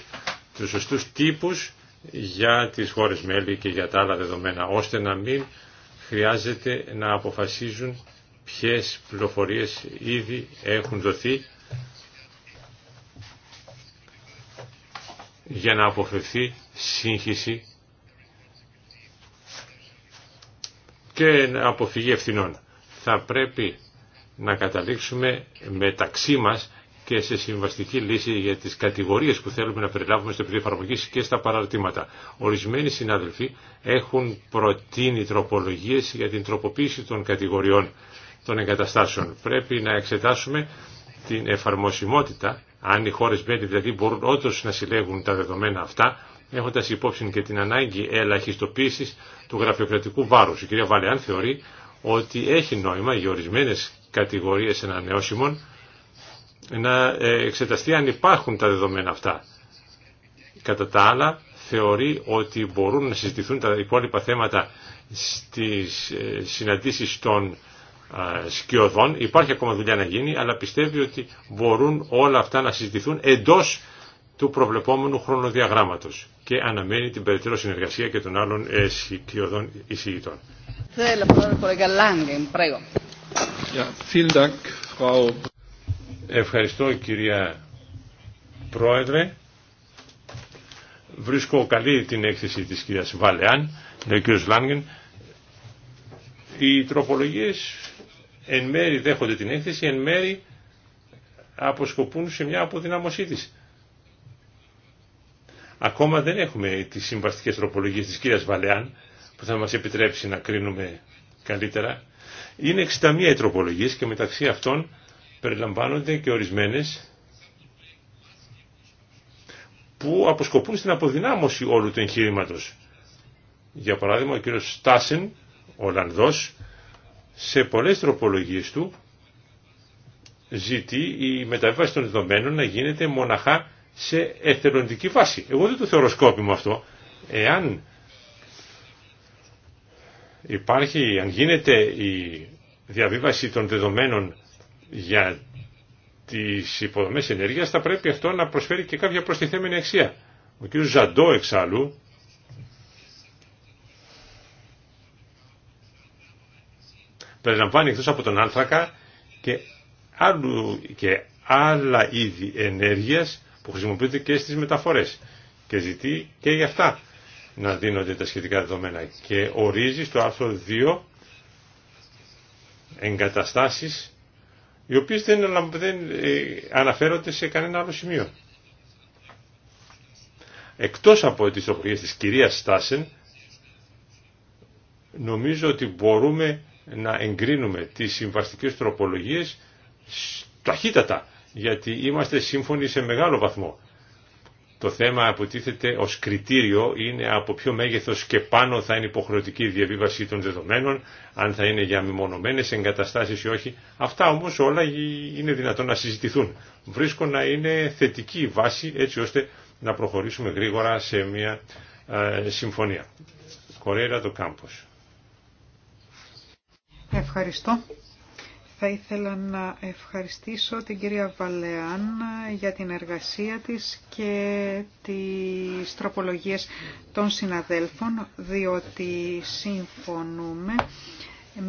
τους σωστούς τύπους για τις χώρες μέλη και για τα άλλα δεδομένα, ώστε να μην χρειάζεται να αποφασίζουν ποιες πληροφορίες ήδη έχουν δοθεί για να αποφευθεί σύγχυση και αποφυγή ευθυνών. Θα πρέπει να καταλήξουμε μεταξύ μας και σε συμβαστική λύση για τις κατηγορίες που θέλουμε να περιλάβουμε στο επίπεδο εφαρμογή και στα παραρτήματα. Ορισμένοι συνάδελφοι έχουν προτείνει τροπολογίες για την τροποποίηση των κατηγοριών των εγκαταστάσεων. Πρέπει να εξετάσουμε την εφαρμοσιμότητα αν οι χώρες μέλη δηλαδή μπορούν όντω να συλλέγουν τα δεδομένα αυτά, έχοντας υπόψη και την ανάγκη ελαχιστοποίησης του γραφειοκρατικού βάρους. Η κυρία Βαλεάν θεωρεί ότι έχει νόημα για ορισμένες κατηγορίες ανανεώσιμων να ε, εξεταστεί αν υπάρχουν τα δεδομένα αυτά. Κατά τα άλλα, θεωρεί ότι μπορούν να συζητηθούν τα υπόλοιπα θέματα στις ε, συναντήσεις των σκιωδών. Υπάρχει ακόμα δουλειά να γίνει, αλλά πιστεύει ότι μπορούν όλα αυτά να συζητηθούν εντός του προβλεπόμενου χρονοδιαγράμματος και αναμένει την περαιτέρω συνεργασία και των άλλων ε, σκιωδών εισηγητών. Ευχαριστώ κυρία Πρόεδρε. Βρίσκω καλή την έκθεση της κυρίας Βαλεάν, ο κύριος Λάνγκεν. Οι τροπολογίες εν μέρη δέχονται την έκθεση, εν μέρη αποσκοπούν σε μια αποδυνάμωσή της. Ακόμα δεν έχουμε τις συμβαστικές τροπολογίες της κυρίας Βαλεάν που θα μας επιτρέψει να κρίνουμε καλύτερα. Είναι 61 οι τροπολογίες και μεταξύ αυτών περιλαμβάνονται και ορισμένες που αποσκοπούν στην αποδυνάμωση όλου του εγχείρηματο. Για παράδειγμα, ο κύριος Στάσεν, Ολλανδός, σε πολλές τροπολογίες του ζητεί η μεταβίβαση των δεδομένων να γίνεται μοναχά σε εθελοντική βάση. Εγώ δεν το θεωρώ σκόπιμο αυτό. Εάν υπάρχει, αν γίνεται η διαβίβαση των δεδομένων για τις υποδομές ενέργειας θα πρέπει αυτό να προσφέρει και κάποια προστιθέμενη αξία. Ο κ. Ζαντό εξάλλου περιλαμβάνει εκτός από τον άνθρακα και, άλλου, και άλλα είδη ενέργειας που χρησιμοποιούνται και στις μεταφορές και ζητεί και για αυτά να δίνονται τα σχετικά δεδομένα και ορίζει στο άρθρο 2 εγκαταστάσεις οι οποίες δεν, δεν ε, αναφέρονται σε κανένα άλλο σημείο. Εκτός από τις οποίες της κυρίας Στάσεν νομίζω ότι μπορούμε να εγκρίνουμε τις συμβαστικές τροπολογίες ταχύτατα, γιατί είμαστε σύμφωνοι σε μεγάλο βαθμό. Το θέμα που τίθεται ως κριτήριο είναι από ποιο μέγεθος και πάνω θα είναι υποχρεωτική η διαβίβαση των δεδομένων, αν θα είναι για μεμονωμένες εγκαταστάσεις ή όχι. Αυτά όμως όλα είναι δυνατόν να συζητηθούν. Βρίσκω να είναι θετική η βάση έτσι ώστε να προχωρήσουμε γρήγορα σε μια ε, συμφωνία. Κορέρα το κάμπος. Ευχαριστώ. Θα ήθελα να ευχαριστήσω την κυρία Βαλεάν για την εργασία της και τις τροπολογίες των συναδέλφων, διότι συμφωνούμε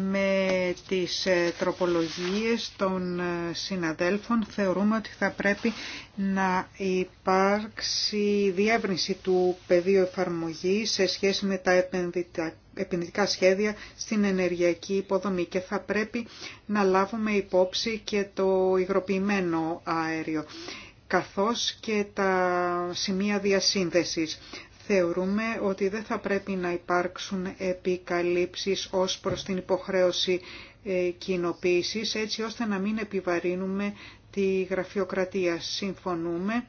με τις ε, τροπολογίες των ε, συναδέλφων θεωρούμε ότι θα πρέπει να υπάρξει διεύρυνση του πεδίου εφαρμογής σε σχέση με τα επενδυτικά επενδυτικά σχέδια στην ενεργειακή υποδομή και θα πρέπει να λάβουμε υπόψη και το υγροποιημένο αέριο καθώς και τα σημεία διασύνδεσης. Θεωρούμε ότι δεν θα πρέπει να υπάρξουν επικαλύψεις ως προς την υποχρέωση ε, κοινοποίησης, έτσι ώστε να μην επιβαρύνουμε τη γραφειοκρατία. Συμφωνούμε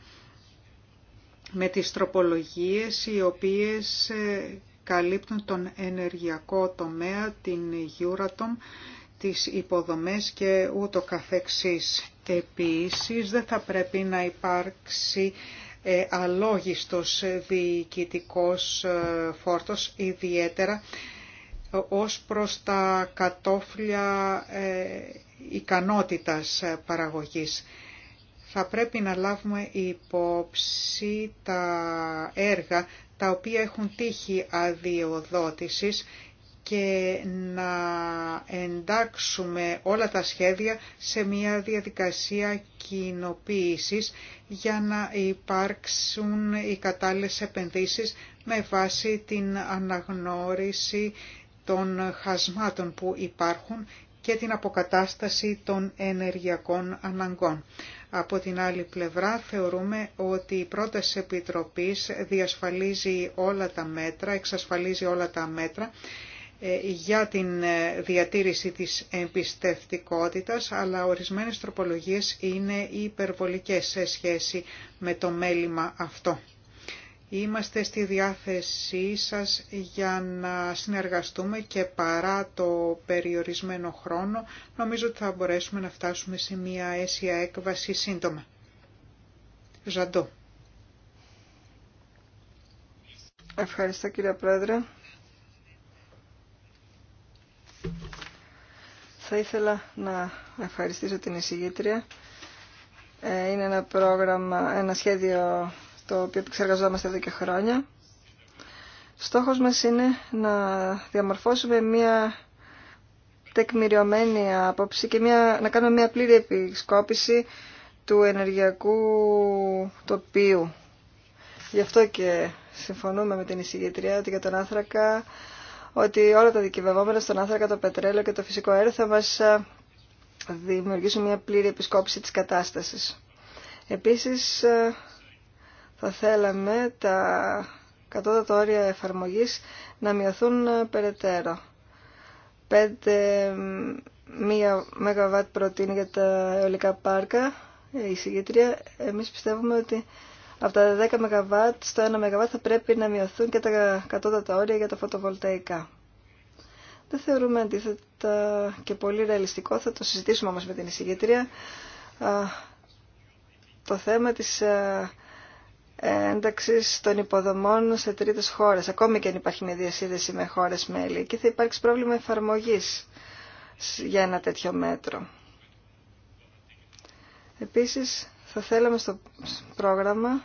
με τις τροπολογίες οι οποίες ε, καλύπτουν τον ενεργειακό τομέα, την Euratom, τις υποδομές και ούτω καθεξής. Επίσης δεν θα πρέπει να υπάρξει ε, αλόγιστος διοικητικός ε, φόρτος, ιδιαίτερα ε, ως προς τα κατόφλια ικανότητας παραγωγής. Θα πρέπει να λάβουμε υπόψη τα έργα τα οποία έχουν τύχει αδειοδότησης και να εντάξουμε όλα τα σχέδια σε μια διαδικασία κοινοποίησης για να υπάρξουν οι κατάλληλες επενδύσεις με βάση την αναγνώριση των χασμάτων που υπάρχουν και την αποκατάσταση των ενεργειακών αναγκών. Από την άλλη πλευρά θεωρούμε ότι η πρόταση Επιτροπής διασφαλίζει όλα τα μέτρα, εξασφαλίζει όλα τα μέτρα ε, για την ε, διατήρηση της εμπιστευτικότητας, αλλά ορισμένες τροπολογίες είναι υπερβολικές σε σχέση με το μέλημα αυτό. Είμαστε στη διάθεσή σας για να συνεργαστούμε και παρά το περιορισμένο χρόνο νομίζω ότι θα μπορέσουμε να φτάσουμε σε μια αίσια έκβαση σύντομα. Ζαντό. Ευχαριστώ κύριε Πρόεδρε. Θα ήθελα να ευχαριστήσω την εισηγήτρια. Ε, είναι ένα πρόγραμμα, ένα σχέδιο το οποίο επεξεργαζόμαστε εδώ και χρόνια. Στόχος μας είναι να διαμορφώσουμε μια τεκμηριωμένη άποψη και μια, να κάνουμε μια πλήρη επισκόπηση του ενεργειακού τοπίου. Γι' αυτό και συμφωνούμε με την εισηγητρία ότι για τον άνθρακα ότι όλα τα δικαιωμένα στον άνθρακα, το πετρέλαιο και το φυσικό αέριο θα μας ε, δημιουργήσουν μια πλήρη επισκόπηση της κατάστασης. Επίσης ε, θα θέλαμε τα κατώτατα όρια εφαρμογής να μειωθούν ε, περαιτέρω. 5 MW ΜΒ προτείνει για τα αιωλικά πάρκα ε, η συγκήτρια. Εμείς πιστεύουμε ότι από τα 10 ΜΒ στο 1 ΜΒ θα πρέπει να μειωθούν και τα κατώτατα όρια για τα φωτοβολταϊκά. Δεν θεωρούμε αντίθετα και πολύ ρεαλιστικό, θα το συζητήσουμε όμως με την εισηγήτρια, το θέμα της ένταξη των υποδομών σε τρίτε χώρε, ακόμη και αν υπάρχει μια διασύνδεση με χώρε μέλη. Και θα υπάρξει πρόβλημα εφαρμογή για ένα τέτοιο μέτρο. Επίσης, θα θέλαμε στο πρόγραμμα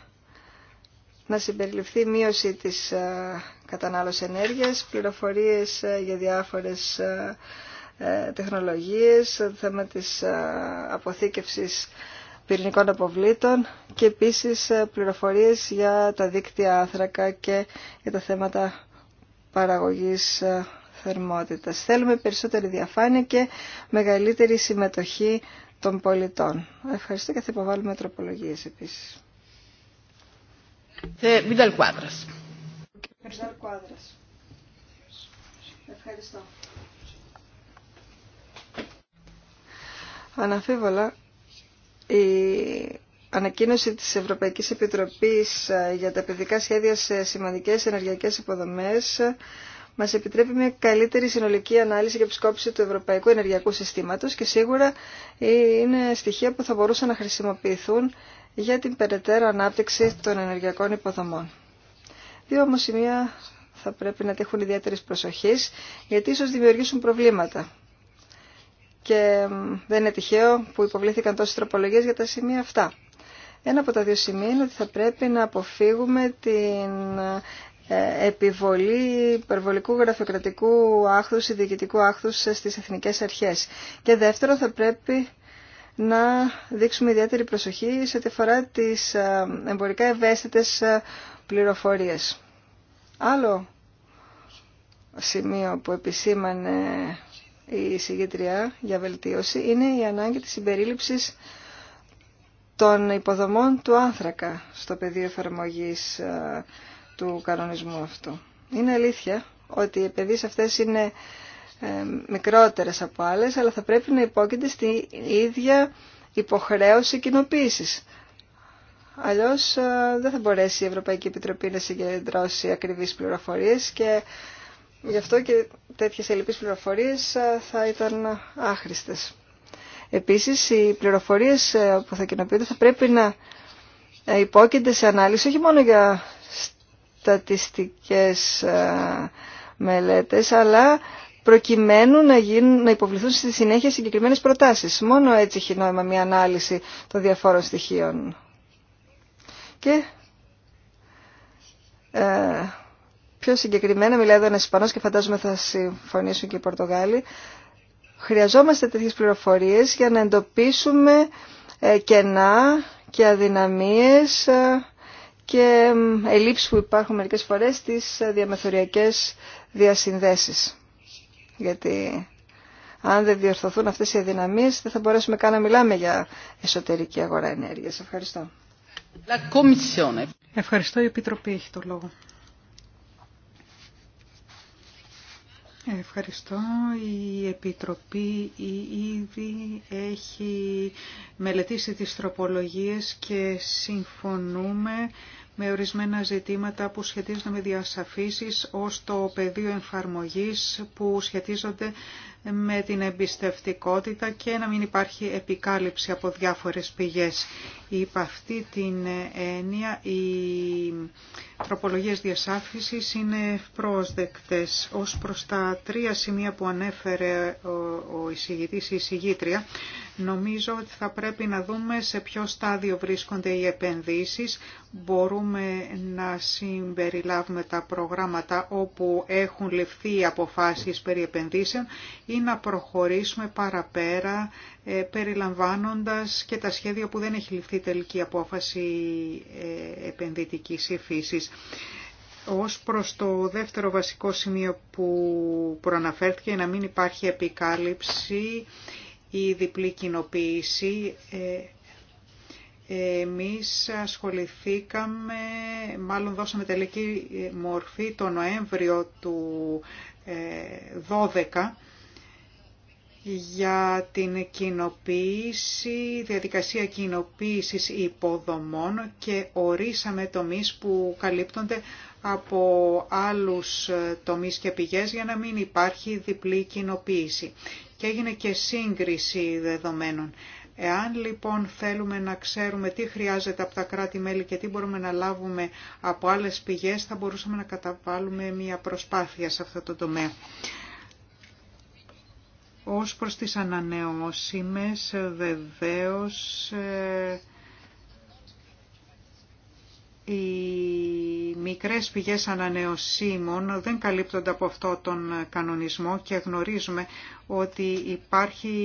να συμπεριληφθεί μείωση της ε, κατανάλωση ενέργειας, πληροφορίες ε, για διάφορες ε, τεχνολογίες, το θέμα της αποθήκευσης πυρηνικών αποβλήτων και επίσης ε, πληροφορίες για τα δίκτυα άθρακα και για τα θέματα παραγωγής ε, θερμότητας. Θέλουμε περισσότερη διαφάνεια και μεγαλύτερη συμμετοχή των πολιτών. Ευχαριστώ και θα υποβάλουμε τροπολογίες επίσης. Ε, Ευχαριστώ. Αναφίβολα, η ανακοίνωση της Ευρωπαϊκής Επιτροπής ε, για τα παιδικά σχέδια σε σημαντικές ενεργειακές υποδομές ε, μας επιτρέπει μια καλύτερη συνολική ανάλυση και επισκόπηση του ευρωπαϊκού ενεργειακού συστήματος και σίγουρα ε, είναι στοιχεία που θα μπορούσαν να χρησιμοποιηθούν για την περαιτέρω ανάπτυξη των ενεργειακών υποδομών. Δύο όμως σημεία θα πρέπει να τέχουν ιδιαίτερης προσοχής γιατί ίσως δημιουργήσουν προβλήματα και δεν είναι τυχαίο που υποβλήθηκαν τόσες τροπολογίες για τα σημεία αυτά. Ένα από τα δύο σημεία είναι ότι θα πρέπει να αποφύγουμε την ε, επιβολή υπερβολικού γραφειοκρατικού άχθους ή διοικητικού άχθους στις εθνικέ αρχές. Και δεύτερο θα πρέπει να δείξουμε ιδιαίτερη προσοχή σε ό,τι αφορά τι ε, εμπορικά ευαίσθητε πληροφορίε. Άλλο σημείο που επισήμανε η συγκεντριά για βελτίωση είναι η ανάγκη της συμπερίληψης των υποδομών του άνθρακα στο πεδίο εφαρμογής ε, του κανονισμού αυτού. Είναι αλήθεια ότι οι επενδύσεις αυτές είναι ε, μικρότερες από άλλες, αλλά θα πρέπει να υπόκεινται στην ίδια υποχρέωση κοινοποίηση. Αλλιώς ε, δεν θα μπορέσει η Ευρωπαϊκή Επιτροπή να συγκεντρώσει ακριβείς πληροφορίες και Γι' αυτό και τέτοιες ελληνικέ πληροφορίες ε, θα ήταν άχρηστες. Επίσης, οι πληροφορίες ε, που θα κοινοποιούνται θα πρέπει να ε, υπόκεινται σε ανάλυση όχι μόνο για στατιστικές μελέτες, αλλά προκειμένου να, γίνουν, να υποβληθούν στη συνέχεια συγκεκριμένες προτάσεις. Μόνο έτσι έχει νόημα μια ανάλυση των διαφόρων στοιχείων. Και Πιο συγκεκριμένα, μιλάει εδώ ένα Ισπανό και φαντάζομαι θα συμφωνήσουν και οι Πορτογάλοι. Χρειαζόμαστε τέτοιε πληροφορίε για να εντοπίσουμε ε, κενά και αδυναμίες ε, και ελλείψεις που υπάρχουν μερικές φορές στις ε, διαμεθοριακές διασυνδέσεις. Γιατί αν δεν διορθωθούν αυτές οι αδυναμίες δεν θα μπορέσουμε καν να μιλάμε για εσωτερική αγορά ενέργειας. Ευχαριστώ. Ευχαριστώ. Η Επιτροπή έχει το λόγο. Ευχαριστώ. Η Επιτροπή ήδη έχει μελετήσει τις τροπολογίες και συμφωνούμε με ορισμένα ζητήματα που σχετίζονται με διασαφήσεις ως το πεδίο εμφαρμογής που σχετίζονται με την εμπιστευτικότητα και να μην υπάρχει επικάλυψη από διάφορες πηγές. Υπ' αυτή την έννοια οι τροπολογίες διασάφησης είναι πρόσδεκτες. Ως προς τα τρία σημεία που ανέφερε ο εισηγητής ή η εισηγήτρια, νομίζω ότι θα πρέπει να δούμε σε ποιο στάδιο βρίσκονται οι επενδύσεις. Μπορούμε να συμπεριλάβουμε τα προγράμματα όπου έχουν ληφθεί αποφάσεις περί επενδύσεων ή να προχωρήσουμε παραπέρα ε, περιλαμβάνοντας και τα σχέδια που δεν έχει ληφθεί τελική απόφαση ε, επενδυτικής υφήσης. Ως προς το δεύτερο βασικό σημείο που προαναφέρθηκε, να μην υπάρχει επικάλυψη ή διπλή κοινοποίηση, ε, εμείς ασχοληθήκαμε, μάλλον δώσαμε τελική μορφή το Νοέμβριο του 12 για την κοινοποίηση, διαδικασία κοινοποίησης υποδομών και ορίσαμε τομείς που καλύπτονται από άλλους τομείς και πηγές για να μην υπάρχει διπλή κοινοποίηση. Και έγινε και σύγκριση δεδομένων. Εάν λοιπόν θέλουμε να ξέρουμε τι χρειάζεται από τα κράτη-μέλη και τι μπορούμε να λάβουμε από άλλες πηγές, θα μπορούσαμε να καταβάλουμε μια προσπάθεια σε αυτό το τομέα. Ως προς τις ανανεώσιμες βεβαίως ε, οι μικρές πηγές ανανεωσίμων δεν καλύπτονται από αυτό τον κανονισμό και γνωρίζουμε ότι υπάρχει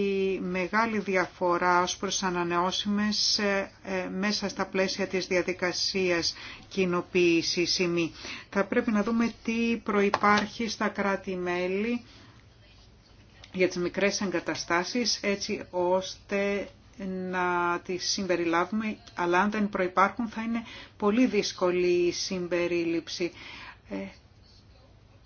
μεγάλη διαφορά ως προς ανανεώσιμες ε, ε, μέσα στα πλαίσια της διαδικασίας κοινοποίησης μη. Θα πρέπει να δούμε τι προϋπάρχει στα κράτη-μέλη για τις μικρές εγκαταστάσεις έτσι ώστε να τις συμπεριλάβουμε, αλλά αν δεν προϋπάρχουν θα είναι πολύ δύσκολη η συμπερίληψη. Ε,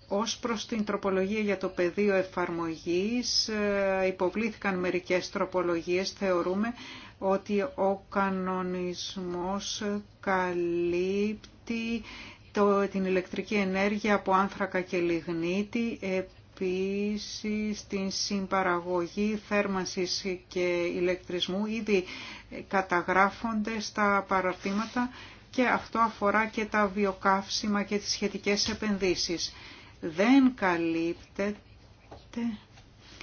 ως προς την τροπολογία για το πεδίο εφαρμογής, ε, υποβλήθηκαν μερικές τροπολογίες, θεωρούμε ότι ο κανονισμός καλύπτει το, την ηλεκτρική ενέργεια από άνθρακα και λιγνίτη, ε, κινητοποίηση στην συμπαραγωγή θέρμανσης και ηλεκτρισμού ήδη καταγράφονται στα παραρτήματα και αυτό αφορά και τα βιοκαύσιμα και τις σχετικές επενδύσεις. Δεν καλύπτεται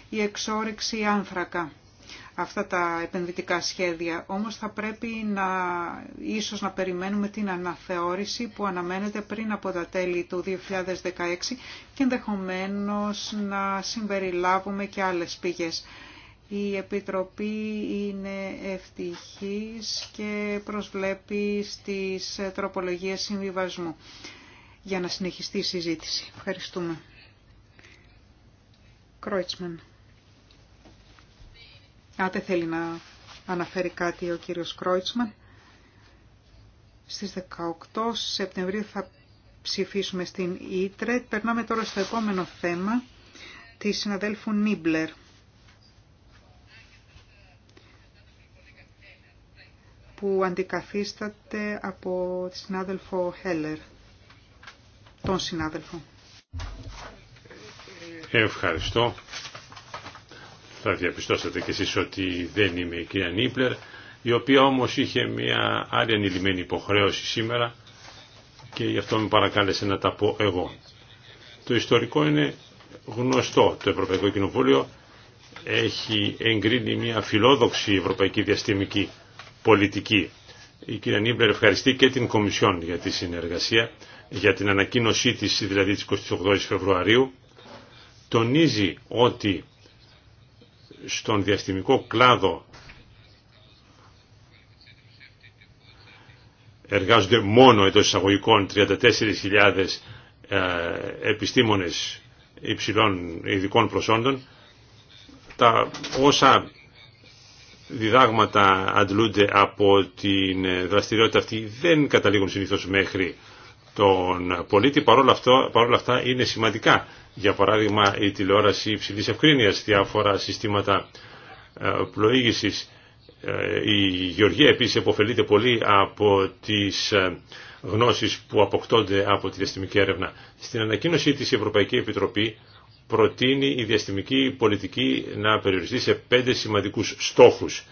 η εξόριξη άνθρακα αυτά τα επενδυτικά σχέδια. Όμως θα πρέπει να, ίσως να περιμένουμε την αναθεώρηση που αναμένεται πριν από τα τέλη του 2016 και ενδεχομένως να συμπεριλάβουμε και άλλες πηγές. Η Επιτροπή είναι ευτυχής και προσβλέπει στις τροπολογίες συμβιβασμού για να συνεχιστεί η συζήτηση. Ευχαριστούμε. Κρόιτσμαν. Αν θέλει να αναφέρει κάτι ο κύριος Κρόιτσμαν. Στις 18 Σεπτεμβρίου θα ψηφίσουμε στην Ήτρε. Περνάμε τώρα στο επόμενο θέμα τη συναδέλφου Νίμπλερ. που αντικαθίσταται από τη συνάδελφο Χέλλερ, τον συνάδελφο. Ευχαριστώ θα διαπιστώσατε κι εσείς ότι δεν είμαι η κυρία Νίπλερ, η οποία όμως είχε μια άλλη ανηλυμένη υποχρέωση σήμερα και γι' αυτό με παρακάλεσε να τα πω εγώ. Το ιστορικό είναι γνωστό. Το Ευρωπαϊκό Κοινοβούλιο έχει εγκρίνει μια φιλόδοξη ευρωπαϊκή διαστημική πολιτική. Η κυρία Νίμπλερ ευχαριστεί και την Κομισιόν για τη συνεργασία, για την ανακοίνωσή της, δηλαδή της 28 Φεβρουαρίου. Τονίζει ότι στον διαστημικό κλάδο εργάζονται μόνο εντός εισαγωγικών 34.000 ε, επιστήμονες υψηλών ειδικών προσόντων τα όσα διδάγματα αντλούνται από την δραστηριότητα αυτή δεν καταλήγουν συνήθως μέχρι τον πολίτη. Παρόλα, αυτό, παρόλα αυτά είναι σημαντικά. Για παράδειγμα η τηλεόραση υψηλής ευκρίνειας, διάφορα συστήματα ε, πλοήγησης. Ε, η Γεωργία επίσης επωφελείται πολύ από τις ε, γνώσεις που αποκτώνται από τη διαστημική έρευνα. Στην ανακοίνωσή της Ευρωπαϊκή Επιτροπή προτείνει η διαστημική πολιτική να περιοριστεί σε πέντε σημαντικούς στόχους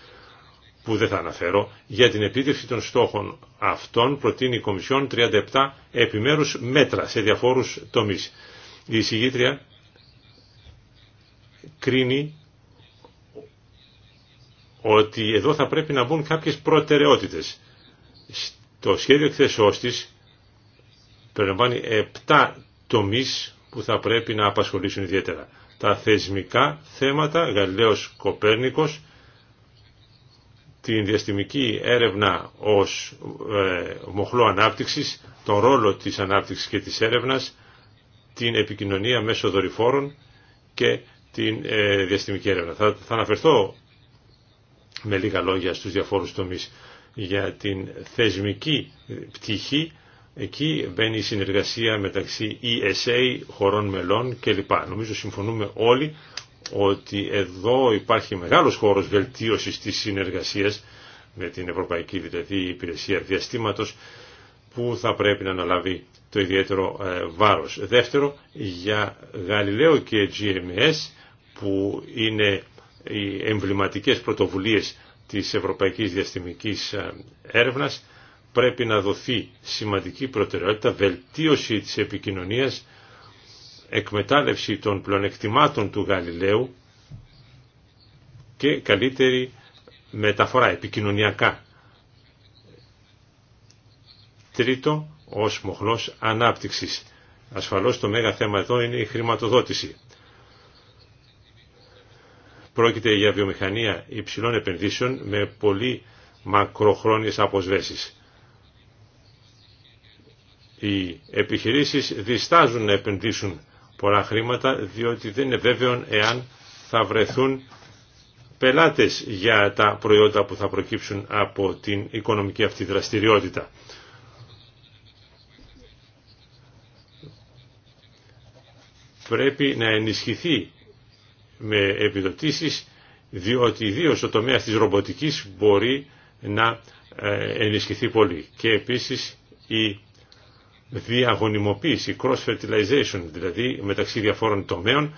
που δεν θα αναφέρω, για την επίτευξη των στόχων αυτών προτείνει η Κομισιόν 37 επιμέρους μέτρα σε διαφόρους τομείς. Η εισηγήτρια κρίνει ότι εδώ θα πρέπει να μπουν κάποιες προτεραιότητες. Το σχέδιο εκθεσός τη, περιλαμβάνει 7 τομείς που θα πρέπει να απασχολήσουν ιδιαίτερα. Τα θεσμικά θέματα, Γαλλίος Κοπέρνικος, την διαστημική έρευνα ως ε, μοχλό ανάπτυξης, τον ρόλο της ανάπτυξης και της έρευνας, την επικοινωνία μέσω δορυφόρων και την ε, διαστημική έρευνα. Θα, αναφερθώ με λίγα λόγια στους διαφόρους τομείς για την θεσμική πτυχή. Εκεί μπαίνει η συνεργασία μεταξύ ESA, χωρών μελών κλπ. Νομίζω συμφωνούμε όλοι ότι εδώ υπάρχει μεγάλος χώρος βελτίωσης της συνεργασίας με την Ευρωπαϊκή δηλαδή, Υπηρεσία Διαστήματος που θα πρέπει να αναλάβει το ιδιαίτερο ε, βάρος. Δεύτερο, για Γαλιλαίο και GMS που είναι οι εμβληματικές πρωτοβουλίες της Ευρωπαϊκής Διαστημικής ε, Έρευνας πρέπει να δοθεί σημαντική προτεραιότητα, βελτίωση της επικοινωνίας εκμετάλλευση των πλονεκτημάτων του Γαλιλαίου και καλύτερη μεταφορά επικοινωνιακά. Τρίτο, ως μοχλός ανάπτυξης. Ασφαλώς το μέγα θέμα εδώ είναι η χρηματοδότηση. Πρόκειται για βιομηχανία υψηλών επενδύσεων με πολύ μακροχρόνιες αποσβέσεις. Οι επιχειρήσεις διστάζουν να επενδύσουν πολλά χρήματα διότι δεν είναι βέβαιο εάν θα βρεθούν πελάτες για τα προϊόντα που θα προκύψουν από την οικονομική αυτή δραστηριότητα. Πρέπει να ενισχυθεί με επιδοτήσεις διότι ιδίω ο τομέα της ρομποτικής μπορεί να ε, ενισχυθεί πολύ. Και επίσης η διαγωνιμοποίηση, cross-fertilization, δηλαδή μεταξύ διαφόρων τομέων,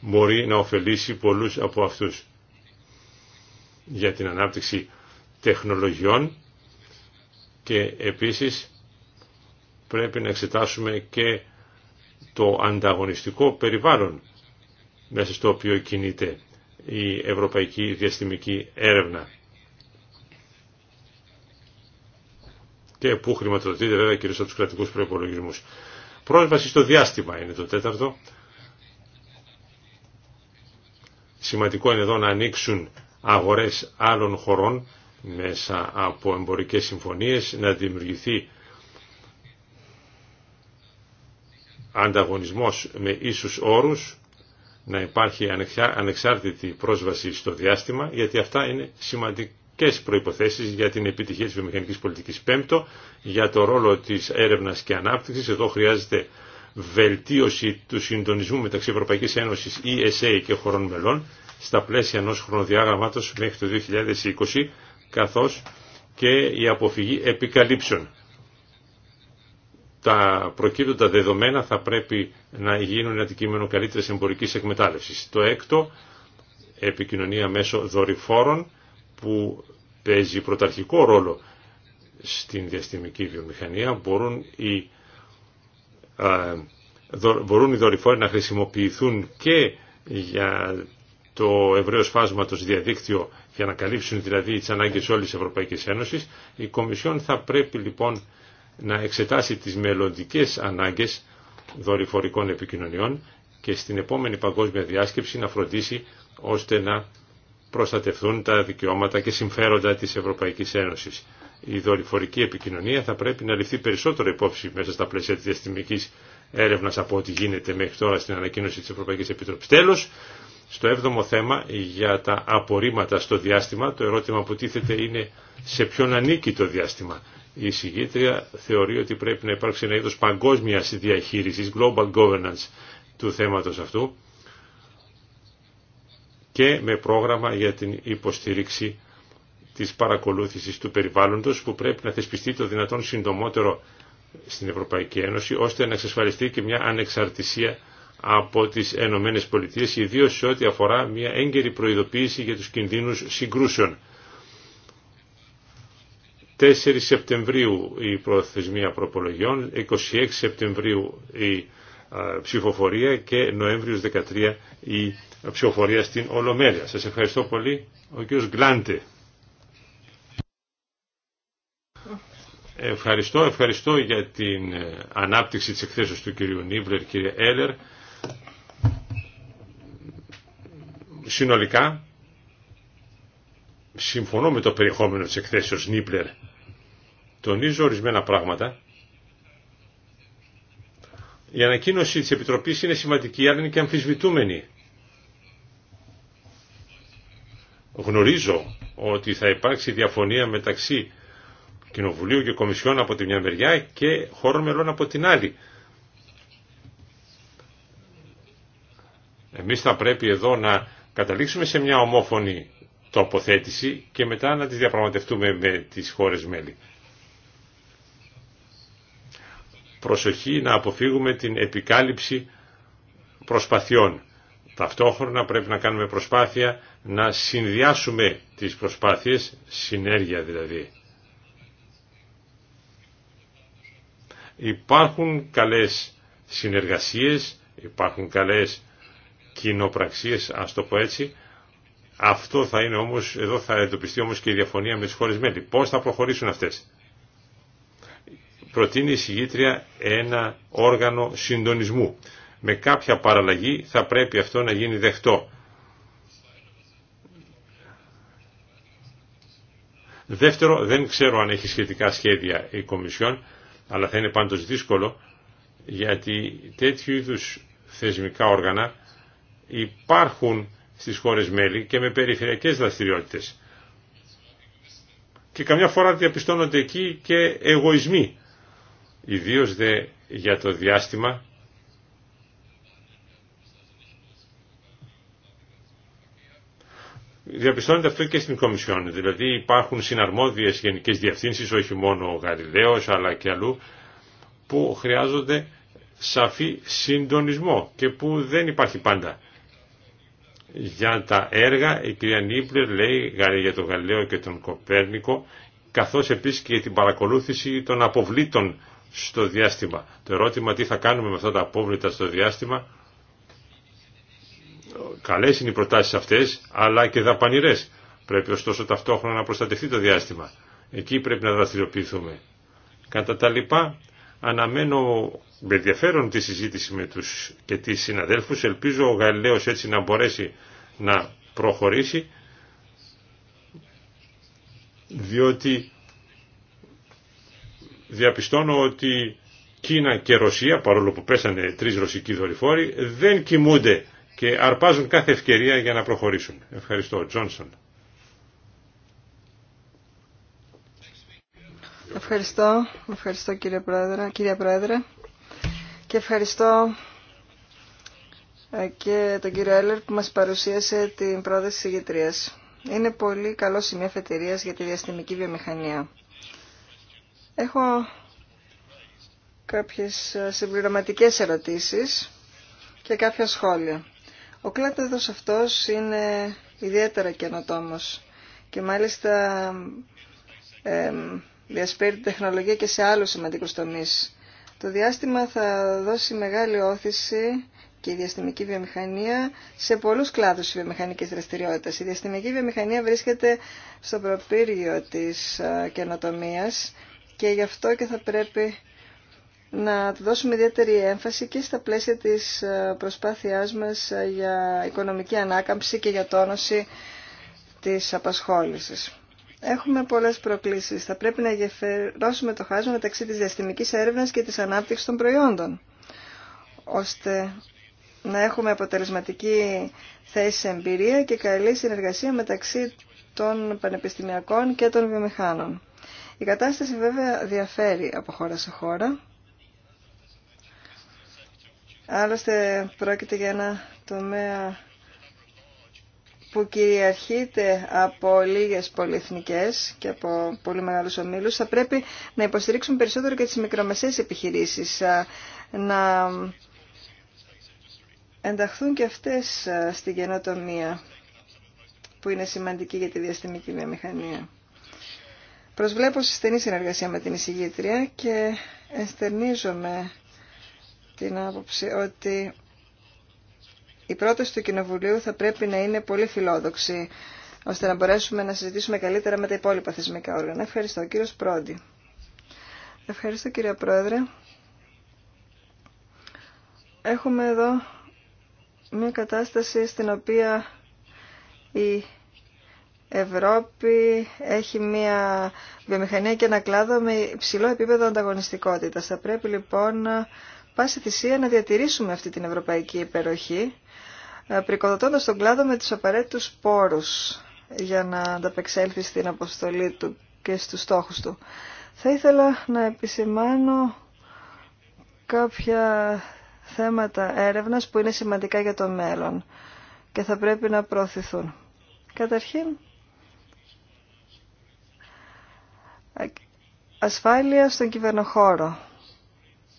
μπορεί να ωφελήσει πολλούς από αυτούς για την ανάπτυξη τεχνολογιών και επίσης πρέπει να εξετάσουμε και το ανταγωνιστικό περιβάλλον μέσα στο οποίο κινείται η Ευρωπαϊκή Διαστημική Έρευνα. και που χρηματοδοτείται βέβαια κυρίως από τους κρατικούς προϋπολογισμούς. Πρόσβαση στο διάστημα είναι το τέταρτο. Σημαντικό είναι εδώ να ανοίξουν αγορές άλλων χωρών μέσα από εμπορικές συμφωνίες, να δημιουργηθεί ανταγωνισμός με ίσους όρους, να υπάρχει ανεξάρτητη πρόσβαση στο διάστημα, γιατί αυτά είναι σημαντικά. Και στις προϋποθέσεις για την επιτυχία της βιομηχανικής πολιτικής. Πέμπτο, για το ρόλο της έρευνας και ανάπτυξης. Εδώ χρειάζεται βελτίωση του συντονισμού μεταξύ Ευρωπαϊκής Ένωσης, ESA και χωρών μελών στα πλαίσια ενός χρονοδιάγραμματος μέχρι το 2020, καθώς και η αποφυγή επικαλύψεων. Τα προκύπτοντα δεδομένα θα πρέπει να γίνουν αντικείμενο καλύτερης εμπορικής εκμετάλλευσης. Το έκτο, επικοινωνία μέσω δορυφόρων που παίζει πρωταρχικό ρόλο στην διαστημική βιομηχανία μπορούν οι, μπορούν οι δορυφόροι να χρησιμοποιηθούν και για το ευρέω φάσματο διαδίκτυο για να καλύψουν δηλαδή τι ανάγκε όλη τη Ευρωπαϊκή Ένωση. Η Κομισιόν θα πρέπει λοιπόν να εξετάσει τι μελλοντικέ ανάγκε δορυφορικών επικοινωνιών και στην επόμενη παγκόσμια διάσκεψη να φροντίσει ώστε να προστατευτούν τα δικαιώματα και συμφέροντα της Ευρωπαϊκής Ένωσης. Η δορυφορική επικοινωνία θα πρέπει να ληφθεί περισσότερο υπόψη μέσα στα πλαίσια της διαστημικής έρευνας από ό,τι γίνεται μέχρι τώρα στην ανακοίνωση της Ευρωπαϊκής Επιτροπής. Τέλος, στο έβδομο θέμα για τα απορρίμματα στο διάστημα, το ερώτημα που τίθεται είναι σε ποιον ανήκει το διάστημα. Η συγγήτρια θεωρεί ότι πρέπει να υπάρξει ένα είδος παγκόσμιας διαχείρισης, global governance του θέματος αυτού και με πρόγραμμα για την υποστήριξη της παρακολούθησης του περιβάλλοντος που πρέπει να θεσπιστεί το δυνατόν συντομότερο στην Ευρωπαϊκή Ένωση ώστε να εξασφαλιστεί και μια ανεξαρτησία από τις Ενωμένες Πολιτείες ιδίως σε ό,τι αφορά μια έγκαιρη προειδοποίηση για τους κινδύνους συγκρούσεων. 4 Σεπτεμβρίου η προθεσμία προπολογιών, 26 Σεπτεμβρίου η ψηφοφορία και Νοέμβριος 13 η ψηφοφορία στην Ολομέλεια. Σας ευχαριστώ πολύ. Ο κύριος Γκλάντε. Ευχαριστώ, ευχαριστώ για την ε, ανάπτυξη της εκθέσεως του κυρίου Νίβλερ, κύριε Έλερ. Συνολικά, συμφωνώ με το περιεχόμενο της εκθέσεως Νίπλερ. Τονίζω ορισμένα πράγματα. Η ανακοίνωση της Επιτροπής είναι σημαντική, αλλά είναι και αμφισβητούμενη. γνωρίζω ότι θα υπάρξει διαφωνία μεταξύ Κοινοβουλίου και Κομισιών από τη μια μεριά και χώρων μελών από την άλλη. Εμείς θα πρέπει εδώ να καταλήξουμε σε μια ομόφωνη τοποθέτηση και μετά να τη διαπραγματευτούμε με τις χώρες μέλη. Προσοχή να αποφύγουμε την επικάλυψη προσπαθειών. Ταυτόχρονα πρέπει να κάνουμε προσπάθεια να συνδυάσουμε τις προσπάθειες, συνέργεια δηλαδή. Υπάρχουν καλές συνεργασίες, υπάρχουν καλές κοινοπραξίες, ας το πω έτσι. Αυτό θα είναι όμως, εδώ θα εντοπιστεί όμως και η διαφωνία με τις χώρες μέλη. Πώς θα προχωρήσουν αυτές. Προτείνει η συγγήτρια ένα όργανο συντονισμού με κάποια παραλλαγή θα πρέπει αυτό να γίνει δεχτό. Δεύτερο, δεν ξέρω αν έχει σχετικά σχέδια η Κομισιόν, αλλά θα είναι πάντως δύσκολο, γιατί τέτοιου είδους θεσμικά όργανα υπάρχουν στις χώρες μέλη και με περιφερειακές δραστηριότητες. Και καμιά φορά διαπιστώνονται εκεί και εγωισμοί, ιδίως δε για το διάστημα Διαπιστώνεται αυτό και στην Κομισιόν, δηλαδή υπάρχουν συναρμόδιες γενικές διευθύνσεις, όχι μόνο ο Γαλιλαίος αλλά και αλλού, που χρειάζονται σαφή συντονισμό και που δεν υπάρχει πάντα. Για τα έργα η κυρία Νίπλερ λέει για τον Γαλιλαίο και τον Κοπέρνικο, καθώς επίσης και για την παρακολούθηση των αποβλήτων στο διάστημα. Το ερώτημα τι θα κάνουμε με αυτά τα απόβλητα στο διάστημα Καλές είναι οι προτάσεις αυτές, αλλά και δαπανηρές. Πρέπει ωστόσο ταυτόχρονα να προστατευτεί το διάστημα. Εκεί πρέπει να δραστηριοποιηθούμε. Κατά τα λοιπά, αναμένω με ενδιαφέρον τη συζήτηση με τους και τις συναδέλφους. Ελπίζω ο Γαλλέος έτσι να μπορέσει να προχωρήσει, διότι διαπιστώνω ότι Κίνα και Ρωσία, παρόλο που πέσανε τρεις ρωσικοί δορυφόροι, δεν κοιμούνται και αρπάζουν κάθε ευκαιρία για να προχωρήσουν. Ευχαριστώ. Τζόνσον. Ευχαριστώ. Ευχαριστώ κύριε Πρόεδρε, Και ευχαριστώ ε, και τον κύριο Έλλερ που μας παρουσίασε την πρόταση ηγετρίας. Είναι πολύ καλό σημείο εφετηρίας για τη διαστημική βιομηχανία. Έχω κάποιες ε, συμπληρωματικές ερωτήσεις και κάποια σχόλια. Ο κλάδος αυτός είναι ιδιαίτερα καινοτόμος και μάλιστα ε, διασπέρει τεχνολογία και σε άλλους σημαντικούς τομείς. Το διάστημα θα δώσει μεγάλη όθηση και η διαστημική βιομηχανία σε πολλούς κλάδους της βιομηχανικής δραστηριότητας. Η διαστημική βιομηχανία βρίσκεται στο προπύργιο της ε, καινοτομίας και γι' αυτό και θα πρέπει να του δώσουμε ιδιαίτερη έμφαση και στα πλαίσια της ε, προσπάθειάς μας ε, για οικονομική ανάκαμψη και για τόνωση της απασχόλησης. Έχουμε πολλές προκλήσεις. Θα πρέπει να γεφυρώσουμε το χάσμα μεταξύ της διαστημικής έρευνας και της ανάπτυξης των προϊόντων, ώστε να έχουμε αποτελεσματική θέση εμπειρία και καλή συνεργασία μεταξύ των πανεπιστημιακών και των βιομηχάνων. Η κατάσταση βέβαια διαφέρει από χώρα σε χώρα Άλλωστε πρόκειται για ένα τομέα που κυριαρχείται από λίγες πολυεθνικές και από πολύ μεγάλους ομίλους, θα πρέπει να υποστηρίξουν περισσότερο και τις μικρομεσαίες επιχειρήσεις, να ενταχθούν και αυτές στην καινοτομία που είναι σημαντική για τη διαστημική βιομηχανία. Προσβλέπω στενή συνεργασία με την εισηγήτρια και ενστερνίζομαι την άποψη ότι η πρόταση του Κοινοβουλίου θα πρέπει να είναι πολύ φιλόδοξη, ώστε να μπορέσουμε να συζητήσουμε καλύτερα με τα υπόλοιπα θεσμικά όργανα. Ευχαριστώ, κύριος Πρόντι. Ευχαριστώ, κύριε Πρόεδρε. Έχουμε εδώ μια κατάσταση στην οποία η Ευρώπη έχει μια βιομηχανία και ένα κλάδο με υψηλό επίπεδο ανταγωνιστικότητας. Θα πρέπει λοιπόν πάση θυσία να διατηρήσουμε αυτή την ευρωπαϊκή υπεροχή, ε, πρικοδοτώντας τον κλάδο με τους απαραίτητους πόρους για να ανταπεξέλθει στην αποστολή του και στους στόχους του. Θα ήθελα να επισημάνω κάποια θέματα έρευνας που είναι σημαντικά για το μέλλον και θα πρέπει να προωθηθούν. Καταρχήν, ε, ασφάλεια στον κυβερνοχώρο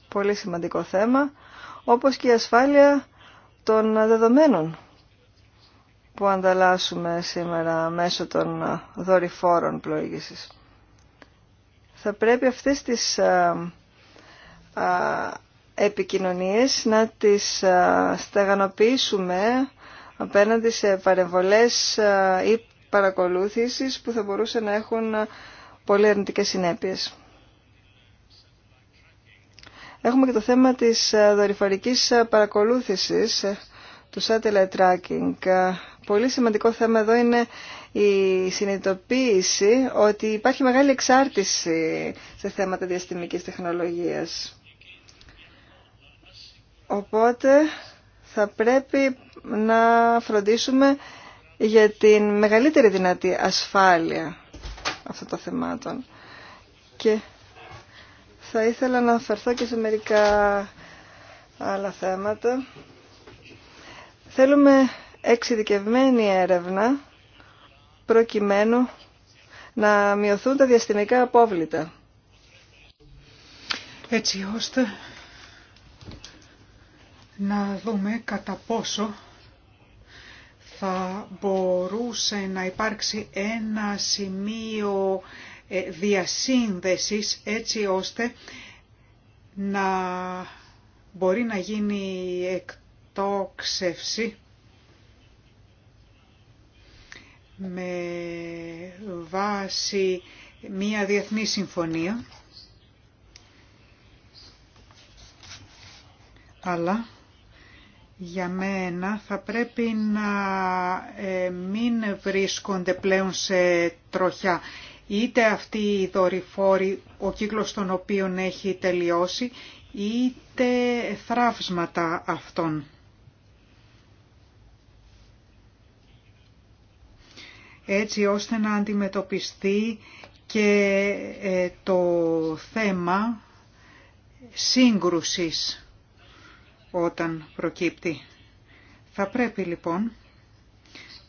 πολύ σημαντικό θέμα, όπως και η ασφάλεια των δεδομένων που ανταλλάσσουμε σήμερα μέσω των δορυφόρων πλοήγησης. Θα πρέπει αυτές τις επικοινωνίες να τις στεγανοποιήσουμε απέναντι σε παρεμβολές ή παρακολούθησης που θα μπορούσαν να έχουν πολύ αρνητικές συνέπειες. Έχουμε και το θέμα της ε, δορυφορικής ε, παρακολούθησης ε, του satellite tracking. Πολύ σημαντικό θέμα εδώ είναι η συνειδητοποίηση ότι υπάρχει μεγάλη εξάρτηση σε θέματα διαστημικής τεχνολογίας. Οπότε θα πρέπει να φροντίσουμε για την μεγαλύτερη δυνατή ασφάλεια αυτών των θεμάτων. Και θα ήθελα να αφαιρθώ και σε μερικά άλλα θέματα. Θέλουμε εξειδικευμένη έρευνα προκειμένου να μειωθούν τα διαστημικά απόβλητα. Έτσι ώστε να δούμε κατά πόσο θα μπορούσε να υπάρξει ένα σημείο ε, διασύνδεσης έτσι ώστε να μπορεί να γίνει εκτόξευση με βάση μία διεθνή συμφωνία, αλλά για μένα θα πρέπει να ε, μην βρίσκονται πλέον σε τροχιά είτε αυτοί οι δορυφόροι, ο κύκλος των οποίων έχει τελειώσει, είτε θράψματα αυτών. έτσι ώστε να αντιμετωπιστεί και ε, το θέμα σύγκρουσης όταν προκύπτει. Θα πρέπει λοιπόν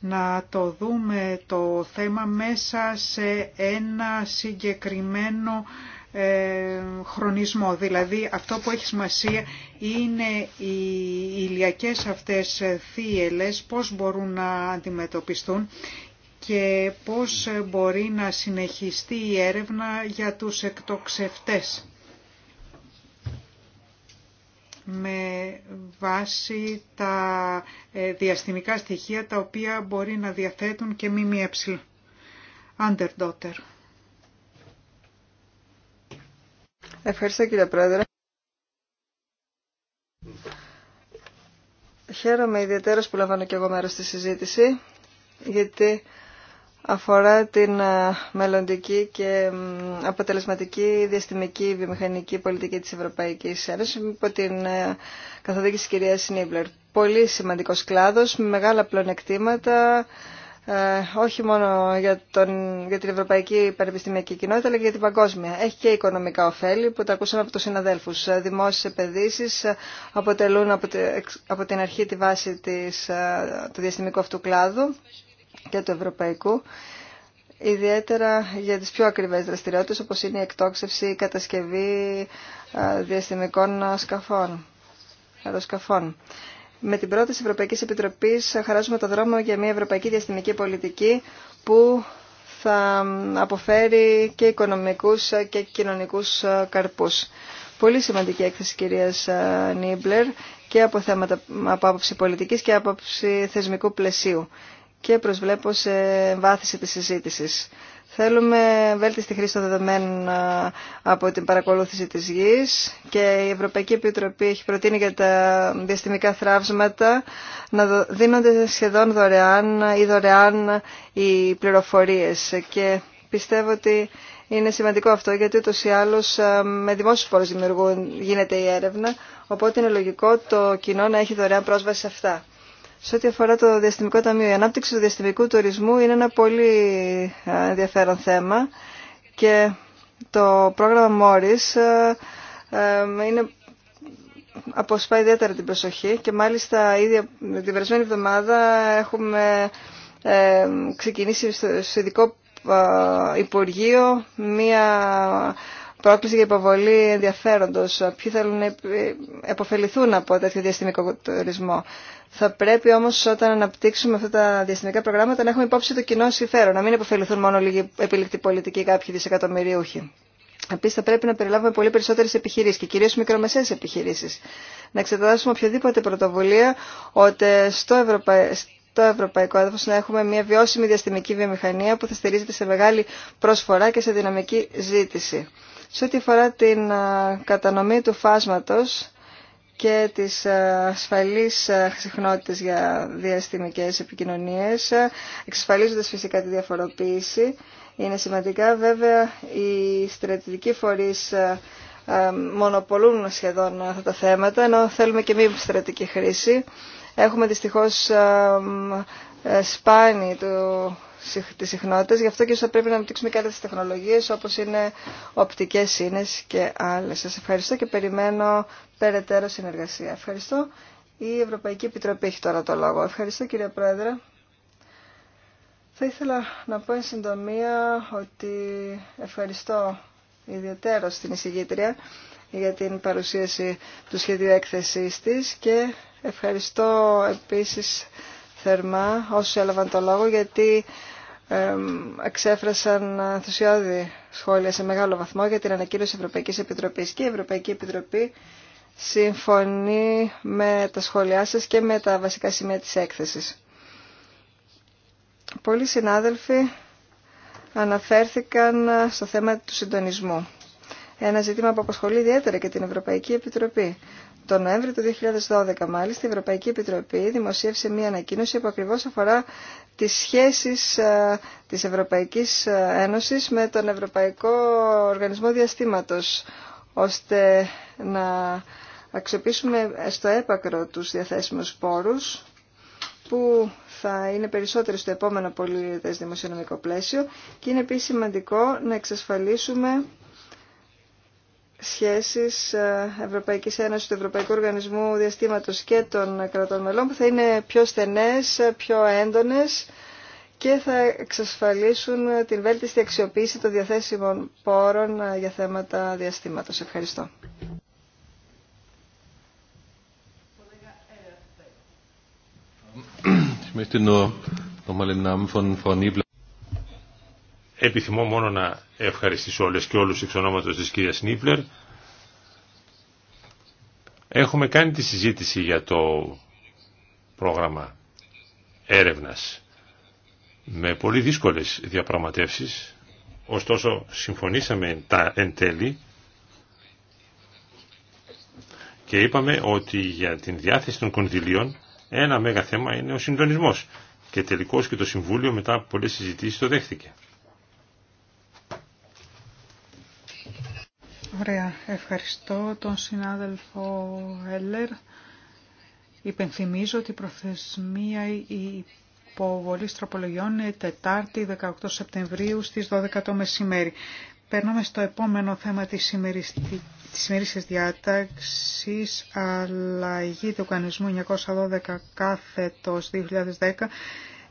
να το δούμε το θέμα μέσα σε ένα συγκεκριμένο ε, χρονισμό. Δηλαδή αυτό που έχει σημασία είναι οι ηλιακές αυτές θύελες, πώς μπορούν να αντιμετωπιστούν και πώς μπορεί να συνεχιστεί η έρευνα για τους εκτοξευτές με βάση τα ε, διαστημικά στοιχεία τα οποία μπορεί να διαθέτουν και μη Underdaughter. Ευχαριστώ κύριε Πρόεδρε. Χαίρομαι ιδιαίτερα που λαμβάνω και εγώ μέρος στη συζήτηση, γιατί αφορά την ε, μελλοντική και αποτελεσματική διαστημική βιομηχανική πολιτική της Ευρωπαϊκής Ένωσης υπό την ε, καθοδήγηση της κυρίας Σνίμπλερ. Πολύ σημαντικός κλάδος με μεγάλα πλονεκτήματα ε, όχι μόνο για, τον, για την Ευρωπαϊκή Πανεπιστημιακή Κοινότητα, αλλά και για την παγκόσμια. Έχει και οικονομικά ωφέλη που τα ακούσαμε από τους συναδέλφους. Δημόσιες επενδύσεις αποτελούν από, την αρχή τη βάση της, του διαστημικού αυτού κλάδου και του ευρωπαϊκού, ιδιαίτερα για τις πιο ακριβές δραστηριότητες όπως είναι η εκτόξευση, η κατασκευή διαστημικών σκαφών, αεροσκαφών. Με την πρόταση Ευρωπαϊκής Επιτροπής χαράζουμε το δρόμο για μια ευρωπαϊκή διαστημική πολιτική που θα αποφέρει και οικονομικούς και κοινωνικούς καρπούς. Πολύ σημαντική έκθεση κυρίας Νίμπλερ και από θέματα από άποψη πολιτικής και άποψη θεσμικού πλαισίου και προσβλέπω σε βάθηση της συζήτησης. Θέλουμε βέλτιστη χρήση των δεδομένων από την παρακολούθηση της γης και η Ευρωπαϊκή Επιτροπή έχει προτείνει για τα διαστημικά θράψματα να δίνονται σχεδόν δωρεάν ή δωρεάν οι πληροφορίες και πιστεύω ότι είναι σημαντικό αυτό γιατί ούτω ή άλλω με δημόσιου φόρου γίνεται η έρευνα. Οπότε είναι λογικό το κοινό να έχει δωρεάν πρόσβαση σε αυτά. Σε ό,τι αφορά το Διαστημικό Ταμείο, η ανάπτυξη του διαστημικού τουρισμού είναι ένα πολύ ε, ενδιαφέρον θέμα και το πρόγραμμα Μόρις ε, ε, είναι αποσπά ιδιαίτερα την προσοχή και μάλιστα ήδη την περασμένη εβδομάδα έχουμε ξεκινήσει στο ειδικό Υπουργείο μία πρόκληση για υποβολή ενδιαφέροντος. Ποιοι θέλουν να επωφεληθούν από τέτοιο διαστημικό τουρισμό. Θα πρέπει όμω όταν αναπτύξουμε αυτά τα διαστημικά προγράμματα να έχουμε υπόψη το κοινό συμφέρον, να μην επωφεληθούν μόνο λίγοι επιλεκτοί πολιτικοί κάποιοι δισεκατομμυρίουχοι. Επίση, θα πρέπει να περιλάβουμε πολύ περισσότερε επιχειρήσει και κυρίω μικρομεσαίε επιχειρήσει. Να εξετάσουμε οποιαδήποτε πρωτοβουλία ότι στο, ευρωπαϊκό έδαφο να έχουμε μια βιώσιμη διαστημική βιομηχανία που θα στηρίζεται σε μεγάλη προσφορά και σε δυναμική ζήτηση. Σε ό,τι αφορά την κατανομή του φάσματος, και της ε, ασφαλής ε, συχνότητε για διαστημικές επικοινωνίες, ε, εξασφαλίζοντας φυσικά τη διαφοροποίηση. Είναι σημαντικά βέβαια οι στρατηγικοί φορείς μονοπολούν σχεδόν αυτά τα θέματα, ενώ θέλουμε και μη στρατηγική χρήση. Έχουμε δυστυχώς σπάνι του τις συχνότητες. Γι' αυτό και θα πρέπει να αναπτύξουμε και άλλες τεχνολογίες όπως είναι οπτικές σύνες και άλλες. Σας ευχαριστώ και περιμένω περαιτέρω συνεργασία. Ευχαριστώ. Η Ευρωπαϊκή Επιτροπή έχει τώρα το λόγο. Ευχαριστώ κύριε Πρόεδρε. Θα ήθελα να πω εν συντομία ότι ευχαριστώ ιδιαίτερο στην εισηγήτρια για την παρουσίαση του σχεδίου έκθεσής της και ευχαριστώ επίσης θερμά όσοι έλαβαν το λόγο γιατί εξέφρασαν ενθουσιώδη σχόλια σε μεγάλο βαθμό για την ανακοίνωση Ευρωπαϊκής Επιτροπής και η Ευρωπαϊκή Επιτροπή συμφωνεί με τα σχόλιά σας και με τα βασικά σημεία της έκθεσης. Πολλοί συνάδελφοι αναφέρθηκαν στο θέμα του συντονισμού. Ένα ζήτημα που απασχολεί ιδιαίτερα και την Ευρωπαϊκή Επιτροπή. Το Νοέμβριο του 2012 μάλιστα η Ευρωπαϊκή Επιτροπή δημοσίευσε μία ανακοίνωση που ακριβώς αφορά τις σχέσεις ε, της Ευρωπαϊκής ε, Ένωσης με τον Ευρωπαϊκό Οργανισμό Διαστήματος ώστε να αξιοποιήσουμε στο έπακρο τους διαθέσιμους πόρους που θα είναι περισσότερο στο επόμενο πολυετές δημοσιονομικό πλαίσιο και είναι επίσης σημαντικό να εξασφαλίσουμε σχέσεις ε, Ευρωπαϊκής Ένωσης, του Ευρωπαϊκού Οργανισμού Διαστήματος και των κρατών μελών που θα είναι πιο στενές, πιο έντονες και θα εξασφαλίσουν την βέλτιστη αξιοποίηση των διαθέσιμων πόρων ε, για θέματα διαστήματος. Ευχαριστώ. Ich möchte nur Επιθυμώ μόνο να ευχαριστήσω όλες και όλους εξ ονόματος της κυρίας Νίπλερ. Έχουμε κάνει τη συζήτηση για το πρόγραμμα έρευνας με πολύ δύσκολες διαπραγματεύσεις, ωστόσο συμφωνήσαμε εν τέλει και είπαμε ότι για την διάθεση των κονδυλίων ένα μέγα θέμα είναι ο συντονισμός και τελικώς και το Συμβούλιο μετά από πολλές συζητήσεις το δέχθηκε. Ωραία. Ευχαριστώ τον συνάδελφο Έλλερ. Υπενθυμίζω ότι η προθεσμία υποβολή τροπολογιών είναι Τετάρτη 18 Σεπτεμβρίου στις 12 το μεσημέρι. Περνάμε στο επόμενο θέμα της σημερινής διάταξης, αλλαγή του κανονισμού 912 κάθετος 2010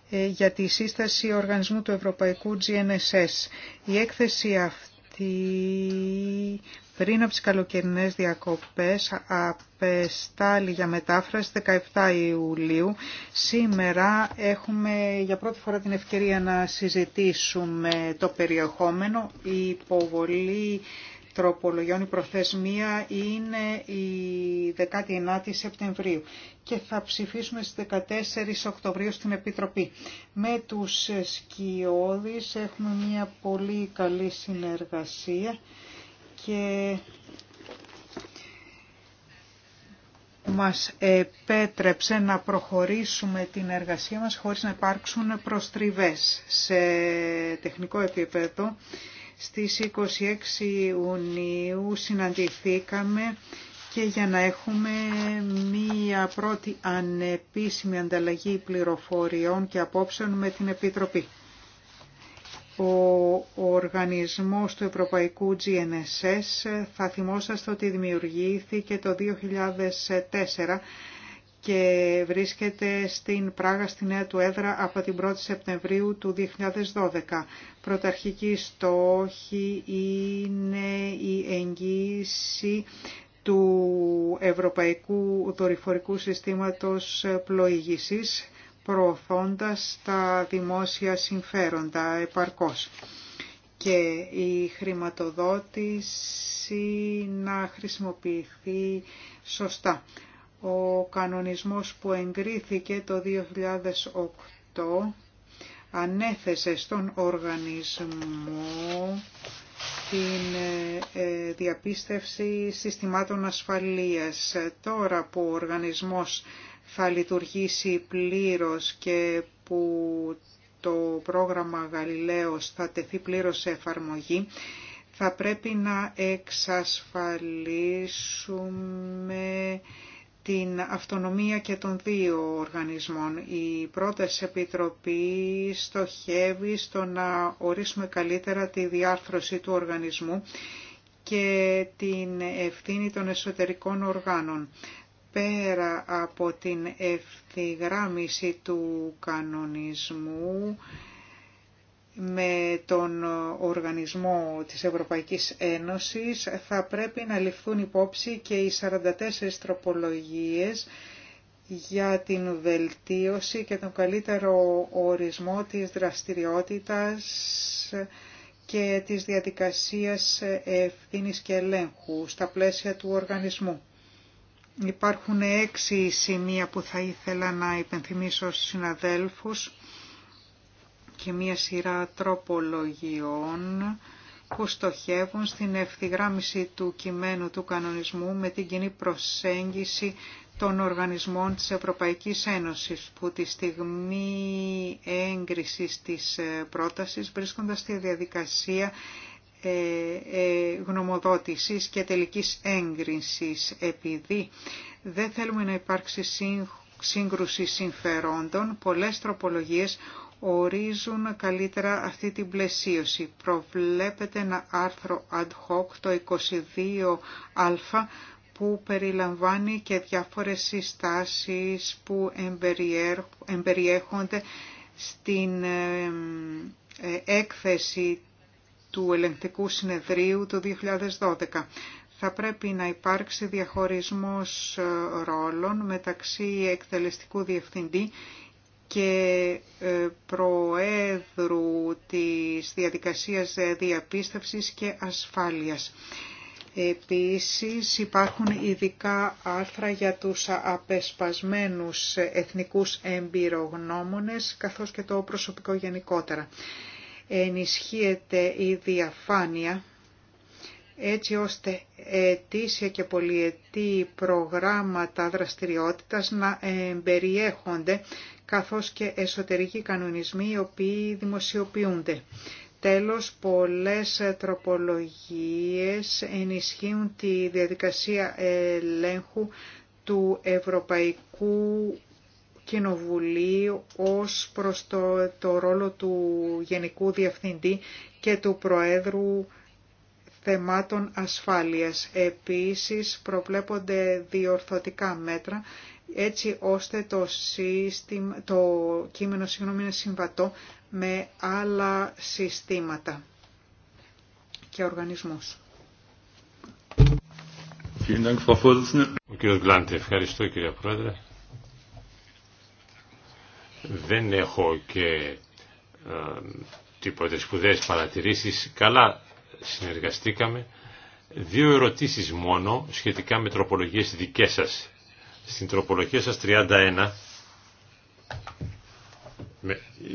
ε, για τη σύσταση οργανισμού του Ευρωπαϊκού GNSS. Η έκθεση αυτή ότι πριν από τις καλοκαιρινές διακοπές απεστάλλει για μετάφραση 17 Ιουλίου. Σήμερα έχουμε για πρώτη φορά την ευκαιρία να συζητήσουμε το περιεχόμενο. Η υποβολή τροπολογιών. Η προθεσμία είναι η 19η Σεπτεμβρίου και θα ψηφίσουμε στις 14 Οκτωβρίου στην Επιτροπή. Με τους σκιώδεις έχουμε μια πολύ καλή συνεργασία και μας επέτρεψε να προχωρήσουμε την εργασία μας χωρίς να υπάρξουν προστριβές σε τεχνικό επίπεδο στις 26 Ιουνίου συναντηθήκαμε και για να έχουμε μία πρώτη ανεπίσημη ανταλλαγή πληροφοριών και απόψεων με την Επιτροπή. Ο οργανισμός του Ευρωπαϊκού GNSS θα θυμόσαστε ότι δημιουργήθηκε το 2004 και βρίσκεται στην Πράγα στη νέα του έδρα από την 1η Σεπτεμβρίου του 2012. Πρωταρχική στόχη είναι η εγγύηση του Ευρωπαϊκού Δορυφορικού Συστήματος Πλοήγησης, προωθώντας τα δημόσια συμφέροντα επαρκώς και η χρηματοδότηση να χρησιμοποιηθεί σωστά. Ο κανονισμός που εγκρίθηκε το 2008 ανέθεσε στον οργανισμό την ε, διαπίστευση συστημάτων ασφαλείας. Τώρα που ο οργανισμός θα λειτουργήσει πλήρως και που το πρόγραμμα Γαλιλαίος θα τεθεί πλήρως σε εφαρμογή, θα πρέπει να εξασφαλίσουμε την αυτονομία και των δύο οργανισμών. Η πρώτη επιτροπή στοχεύει στο να ορίσουμε καλύτερα τη διάρθρωση του οργανισμού και την ευθύνη των εσωτερικών οργάνων. Πέρα από την ευθυγράμμιση του κανονισμού με τον οργανισμό της Ευρωπαϊκής Ένωσης θα πρέπει να ληφθούν υπόψη και οι 44 τροπολογίες για την βελτίωση και τον καλύτερο ορισμό της δραστηριότητας και της διαδικασίας ευθύνης και ελέγχου στα πλαίσια του οργανισμού. Υπάρχουν έξι σημεία που θα ήθελα να υπενθυμίσω στους συναδέλφους και μία σειρά τροπολογιών που στοχεύουν στην ευθυγράμμιση του κειμένου του κανονισμού με την κοινή προσέγγιση των οργανισμών της Ευρωπαϊκής Ένωσης που τη στιγμή έγκρισης της ε, πρότασης βρίσκονται στη διαδικασία ε, ε, γνωμοδότησης και τελικής έγκρισης επειδή δεν θέλουμε να υπάρξει σύγκρουση συμφερόντων, πολλές τροπολογίες ορίζουν καλύτερα αυτή την πλαισίωση. Προβλέπεται ένα άρθρο ad hoc το 22α που περιλαμβάνει και διάφορες συστάσεις που εμπεριέχονται στην ε, ε, έκθεση του ελεγκτικού συνεδρίου του 2012. Θα πρέπει να υπάρξει διαχωρισμός ε, ρόλων μεταξύ εκτελεστικού διευθυντή και ε, προέδρου της διαδικασίας διαπίστευσης και ασφάλειας. Επίσης υπάρχουν ειδικά άρθρα για τους απεσπασμένους εθνικούς εμπειρογνώμονες καθώς και το προσωπικό γενικότερα. Ενισχύεται η διαφάνεια έτσι ώστε ετήσια και πολυετή προγράμματα δραστηριότητας να περιέχονται καθώς και εσωτερικοί κανονισμοί οι οποίοι δημοσιοποιούνται. Τέλος, πολλές τροπολογίες ενισχύουν τη διαδικασία ελέγχου του Ευρωπαϊκού Κοινοβουλίου ως προς το, ρόλο του Γενικού Διευθυντή και του Προέδρου θεμάτων ασφάλειας. Επίσης προβλέπονται διορθωτικά μέτρα έτσι ώστε το, σύστημα, το κείμενο συγγνώμη, είναι συμβατό με άλλα συστήματα και οργανισμούς. Ο κ. Γκλάντε, ευχαριστώ κύριε Πρόεδρε. Δεν έχω και ε, τίποτε σπουδαίε παρατηρήσεις. Καλά συνεργαστήκαμε. Δύο ερωτήσει μόνο σχετικά με τροπολογίες δικέ σα στην τροπολογία σας 31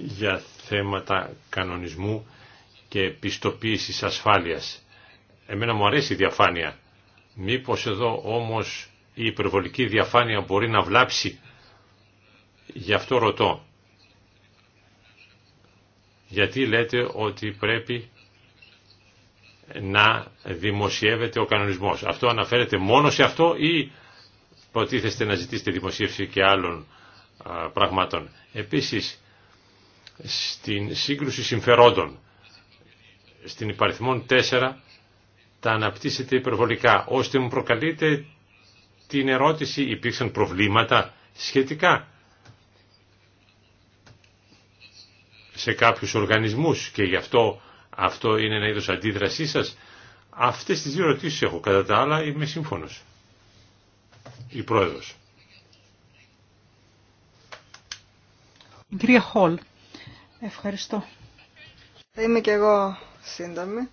για θέματα κανονισμού και πιστοποίησης ασφάλειας. Εμένα μου αρέσει η διαφάνεια. Μήπως εδώ όμως η υπερβολική διαφάνεια μπορεί να βλάψει. Γι' αυτό ρωτώ. Γιατί λέτε ότι πρέπει να δημοσιεύεται ο κανονισμός. Αυτό αναφέρεται μόνο σε αυτό ή προτίθεστε να ζητήσετε δημοσίευση και άλλων πραγμάτων. Επίσης, στην σύγκρουση συμφερόντων, στην υπαριθμόν 4, τα αναπτύσσετε υπερβολικά, ώστε μου προκαλείτε την ερώτηση υπήρξαν προβλήματα σχετικά σε κάποιους οργανισμούς και γι' αυτό αυτό είναι ένα είδος αντίδρασή σας. Αυτές τις δύο ερωτήσεις έχω. Κατά τα άλλα είμαι σύμφωνος η Πρόεδρος. κυρία Χολ, ευχαριστώ. είμαι και εγώ σύντομη.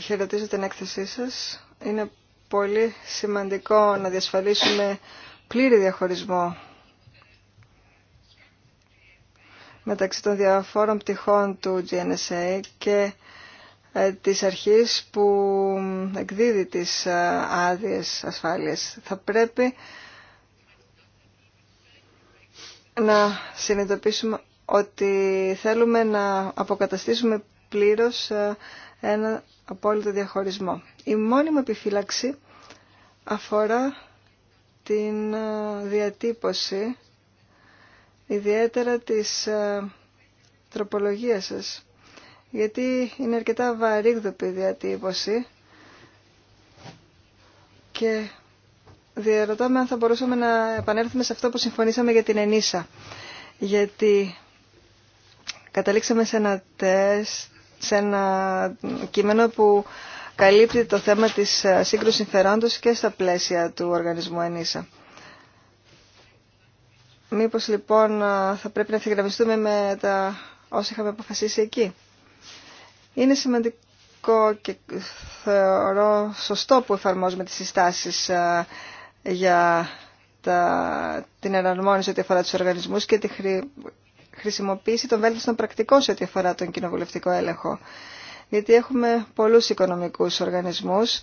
Χαιρετίζω την έκθεσή σας. Είναι πολύ σημαντικό να διασφαλίσουμε πλήρη διαχωρισμό μεταξύ των διαφόρων πτυχών του GNSA και ε, της αρχής που εκδίδει τις ε, άδειες ασφάλειας. Θα πρέπει να συνειδητοποιήσουμε ότι θέλουμε να αποκαταστήσουμε πλήρως ε, ένα απόλυτο διαχωρισμό. Η μόνιμη επιφύλαξη αφορά την διατύπωση ιδιαίτερα της τροπολογίας σας γιατί είναι αρκετά βαρύγδοπη διατύπωση και διαρωτάμε αν θα μπορούσαμε να επανέλθουμε σε αυτό που συμφωνήσαμε για την Ενίσα. Γιατί καταλήξαμε σε ένα σε ένα κείμενο που καλύπτει το θέμα της ε, σύγκρουσης συμφερόντος και στα πλαίσια του οργανισμού Ενίσα. Μήπως λοιπόν ε, θα πρέπει να ευθυγραμμιστούμε με τα όσα είχαμε αποφασίσει εκεί. Είναι σημαντικό και θεωρώ σωστό που εφαρμόζουμε τις συστάσεις ε, για τα, την εναρμόνιση ό,τι αφορά τους οργανισμούς και τη χρη, χρησιμοποίηση των βέλτιστων πρακτικών σε ό,τι αφορά τον κοινοβουλευτικό έλεγχο. Γιατί έχουμε πολλούς οικονομικούς οργανισμούς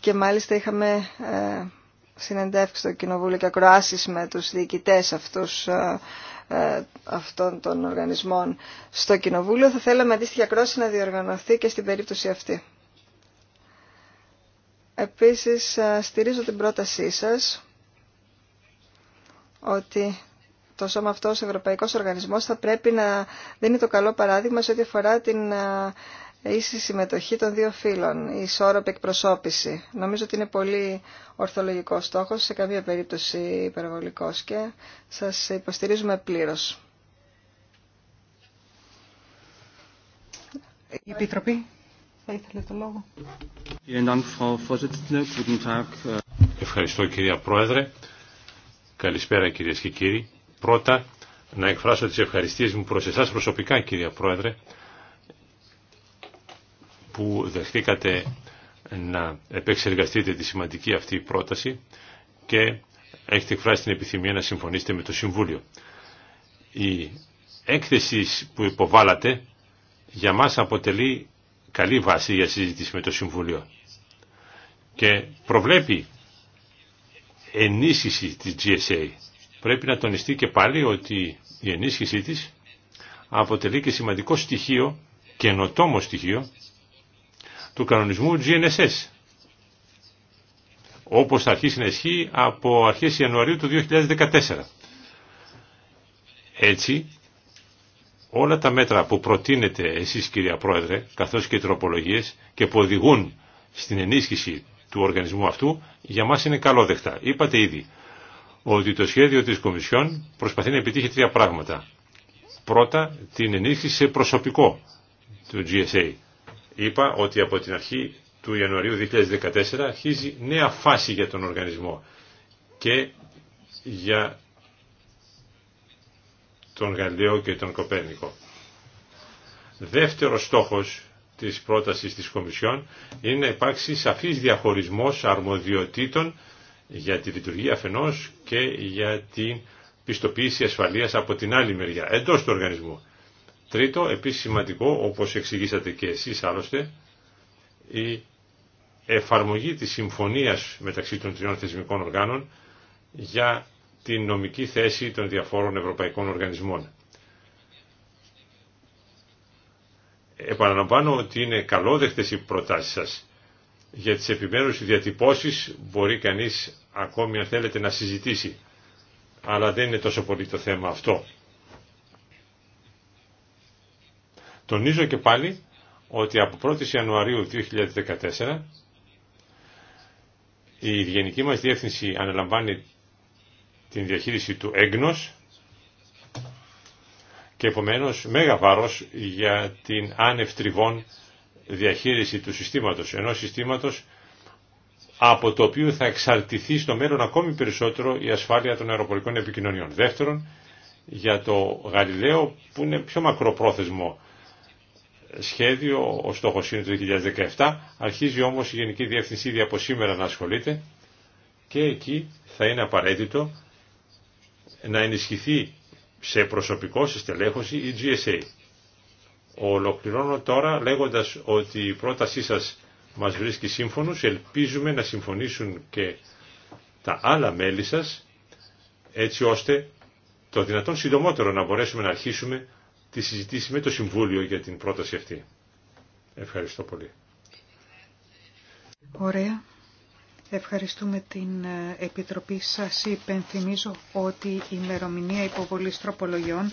και μάλιστα είχαμε ε, συνεντεύξει στο Κοινοβούλιο και ακροάσει με του διοικητέ ε, ε, αυτών των οργανισμών στο Κοινοβούλιο, θα θέλαμε αντίστοιχη ακρόαση να διοργανωθεί και στην περίπτωση αυτή. Επίσης, ε, στηρίζω την πρότασή σας ότι το σώμα αυτό ο Ευρωπαϊκός Οργανισμός θα πρέπει να δίνει το καλό παράδειγμα σε ό,τι αφορά την ίση συμμετοχή των δύο φύλων, η ισόρροπη εκπροσώπηση. Νομίζω ότι είναι πολύ ορθολογικό στόχος, σε καμία περίπτωση υπερβολικός και σας υποστηρίζουμε πλήρως. Η Επιτροπή θα ήθελε το λόγο. Ευχαριστώ κυρία Πρόεδρε. Καλησπέρα κυρίες και κύριοι. Πρώτα να εκφράσω τις ευχαριστίες μου προς εσάς προσωπικά κυρία Πρόεδρε που δεχτήκατε να επεξεργαστείτε τη σημαντική αυτή πρόταση και έχετε εκφράσει την επιθυμία να συμφωνήσετε με το Συμβούλιο. Η έκθεση που υποβάλατε για μας αποτελεί καλή βάση για συζήτηση με το Συμβούλιο και προβλέπει ενίσχυση της GSA. Πρέπει να τονιστεί και πάλι ότι η ενίσχυσή της αποτελεί και σημαντικό στοιχείο, καινοτόμο στοιχείο, του κανονισμού GNSS, όπως θα αρχίσει να ισχύει από αρχές Ιανουαρίου του 2014. Έτσι, όλα τα μέτρα που προτείνετε εσείς κυρία Πρόεδρε, καθώς και οι τροπολογίες και που οδηγούν στην ενίσχυση του οργανισμού αυτού, για μας είναι καλόδεκτα. Είπατε ήδη ότι το σχέδιο της Κομισιόν προσπαθεί να επιτύχει τρία πράγματα. Πρώτα, την ενίσχυση σε προσωπικό του GSA είπα ότι από την αρχή του Ιανουαρίου 2014 αρχίζει νέα φάση για τον οργανισμό και για τον Γαλλίο και τον Κοπέρνικο. Δεύτερος στόχος της πρότασης της Κομισιόν είναι να υπάρξει σαφής διαχωρισμός αρμοδιοτήτων για τη λειτουργία αφενός και για την πιστοποίηση ασφαλείας από την άλλη μεριά, εντός του οργανισμού. Τρίτο, επίσης σημαντικό, όπως εξηγήσατε και εσείς άλλωστε, η εφαρμογή της συμφωνίας μεταξύ των τριών θεσμικών οργάνων για την νομική θέση των διαφόρων ευρωπαϊκών οργανισμών. Επαναλαμβάνω ότι είναι καλόδεκτες οι προτάσεις σας. Για τις επιμέρους διατυπώσεις μπορεί κανείς ακόμη αν θέλετε να συζητήσει. Αλλά δεν είναι τόσο πολύ το θέμα αυτό. Τονίζω και πάλι ότι από 1η Ιανουαρίου 2014 η Γενική μας Διεύθυνση αναλαμβάνει την διαχείριση του έγνος και επομένως μέγα βάρος για την άνευ τριβών διαχείριση του συστήματος, ενός συστήματος από το οποίο θα εξαρτηθεί στο μέλλον ακόμη περισσότερο η ασφάλεια των αεροπορικών επικοινωνιών. Δεύτερον, για το Γαλιλαίο που είναι πιο μακροπρόθεσμο σχέδιο, ο στόχος είναι το 2017, αρχίζει όμως η Γενική Διεύθυνση ήδη από σήμερα να ασχολείται και εκεί θα είναι απαραίτητο να ενισχυθεί σε προσωπικό, σε στελέχωση η GSA. Ολοκληρώνω τώρα λέγοντας ότι η πρότασή σας μας βρίσκει σύμφωνο. ελπίζουμε να συμφωνήσουν και τα άλλα μέλη σας, έτσι ώστε το δυνατόν συντομότερο να μπορέσουμε να αρχίσουμε τη συζητήσει με το Συμβούλιο για την πρόταση αυτή. Ευχαριστώ πολύ. Ωραία. Ευχαριστούμε την ε, Επιτροπή σας. Υπενθυμίζω ότι η ημερομηνία υποβολής τροπολογιών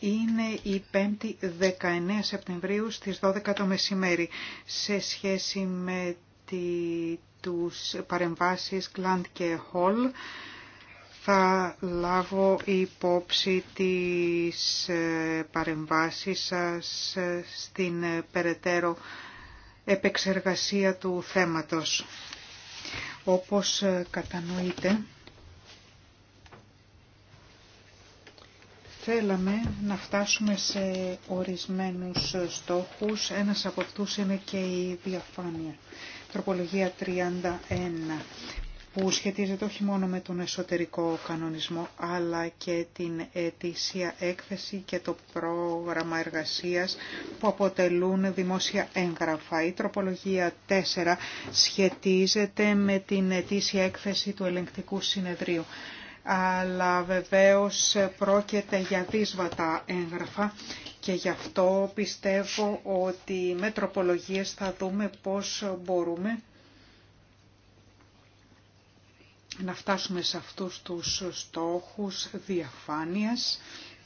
είναι η 5η 19 Σεπτεμβρίου στις 12 το μεσημέρι σε σχέση με τη, τους παρεμβάσεις Γκλάντ και Χολ θα λάβω υπόψη τις ε, παρεμβάσεις σας στην ε, περαιτέρω επεξεργασία του θέματος. Όπως ε, κατανοείτε, θέλαμε να φτάσουμε σε ορισμένους στόχους. Ένας από αυτούς είναι και η διαφάνεια. Τροπολογία 31 που σχετίζεται όχι μόνο με τον εσωτερικό κανονισμό, αλλά και την ετήσια έκθεση και το πρόγραμμα εργασίας που αποτελούν δημόσια έγγραφα. Η τροπολογία 4 σχετίζεται με την ετήσια έκθεση του ελεγκτικού συνεδρίου. Αλλά βεβαίως πρόκειται για δύσβατα έγγραφα και γι' αυτό πιστεύω ότι με τροπολογίες θα δούμε πώς μπορούμε να φτάσουμε σε αυτούς τους στόχους διαφάνειας,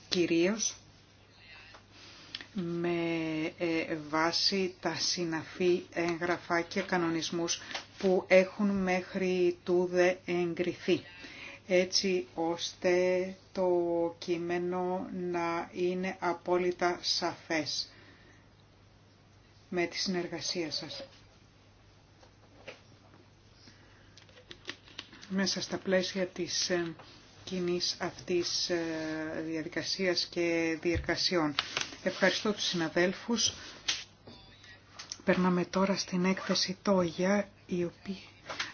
κυρίως με ε, βάση τα συναφή έγγραφα και κανονισμούς που έχουν μέχρι τούδε εγκριθεί έτσι ώστε το κείμενο να είναι απόλυτα σαφές με τη συνεργασία σας. μέσα στα πλαίσια της ε, κοινή αυτής ε, διαδικασίας και διεργασιών. Ευχαριστώ τους συναδέλφους. Περνάμε τώρα στην έκθεση Τόγια, η οποία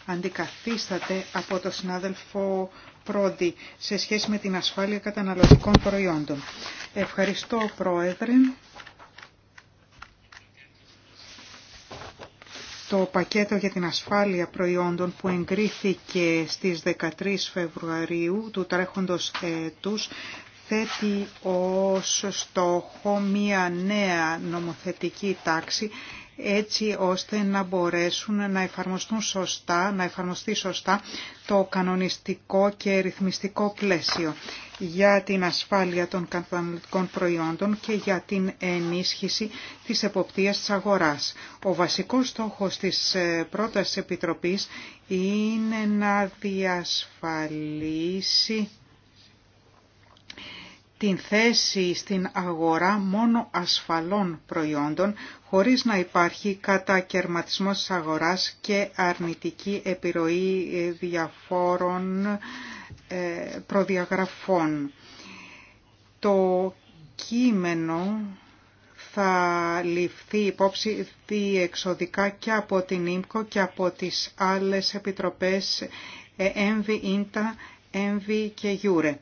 αντικαθίσταται από το συνάδελφο Πρόντι σε σχέση με την ασφάλεια καταναλωτικών προϊόντων. Ευχαριστώ Πρόεδρε. Το πακέτο για την ασφάλεια προϊόντων που εγκρίθηκε στις 13 Φεβρουαρίου του τρέχοντος έτους θέτει ως στόχο μία νέα νομοθετική τάξη έτσι ώστε να μπορέσουν να εφαρμοστούν σωστά, να εφαρμοστεί σωστά το κανονιστικό και ρυθμιστικό πλαίσιο για την ασφάλεια των καταναλωτικών προϊόντων και για την ενίσχυση της εποπτείας της αγοράς. Ο βασικός στόχος της ε, πρώτας Επιτροπής είναι να διασφαλίσει την θέση στην αγορά μόνο ασφαλών προϊόντων χωρίς να υπάρχει κατακαιρματισμός της αγοράς και αρνητική επιρροή ε, διαφόρων ε, προδιαγραφών. Το κείμενο θα ληφθεί υπόψη διεξοδικά και από την ΙΜΚΟ και από τις άλλες επιτροπές ε, ΕΜΒΙ, ΙΝΤΑ, ΕΜΒΙ και ΓΙΟΥΡΕ.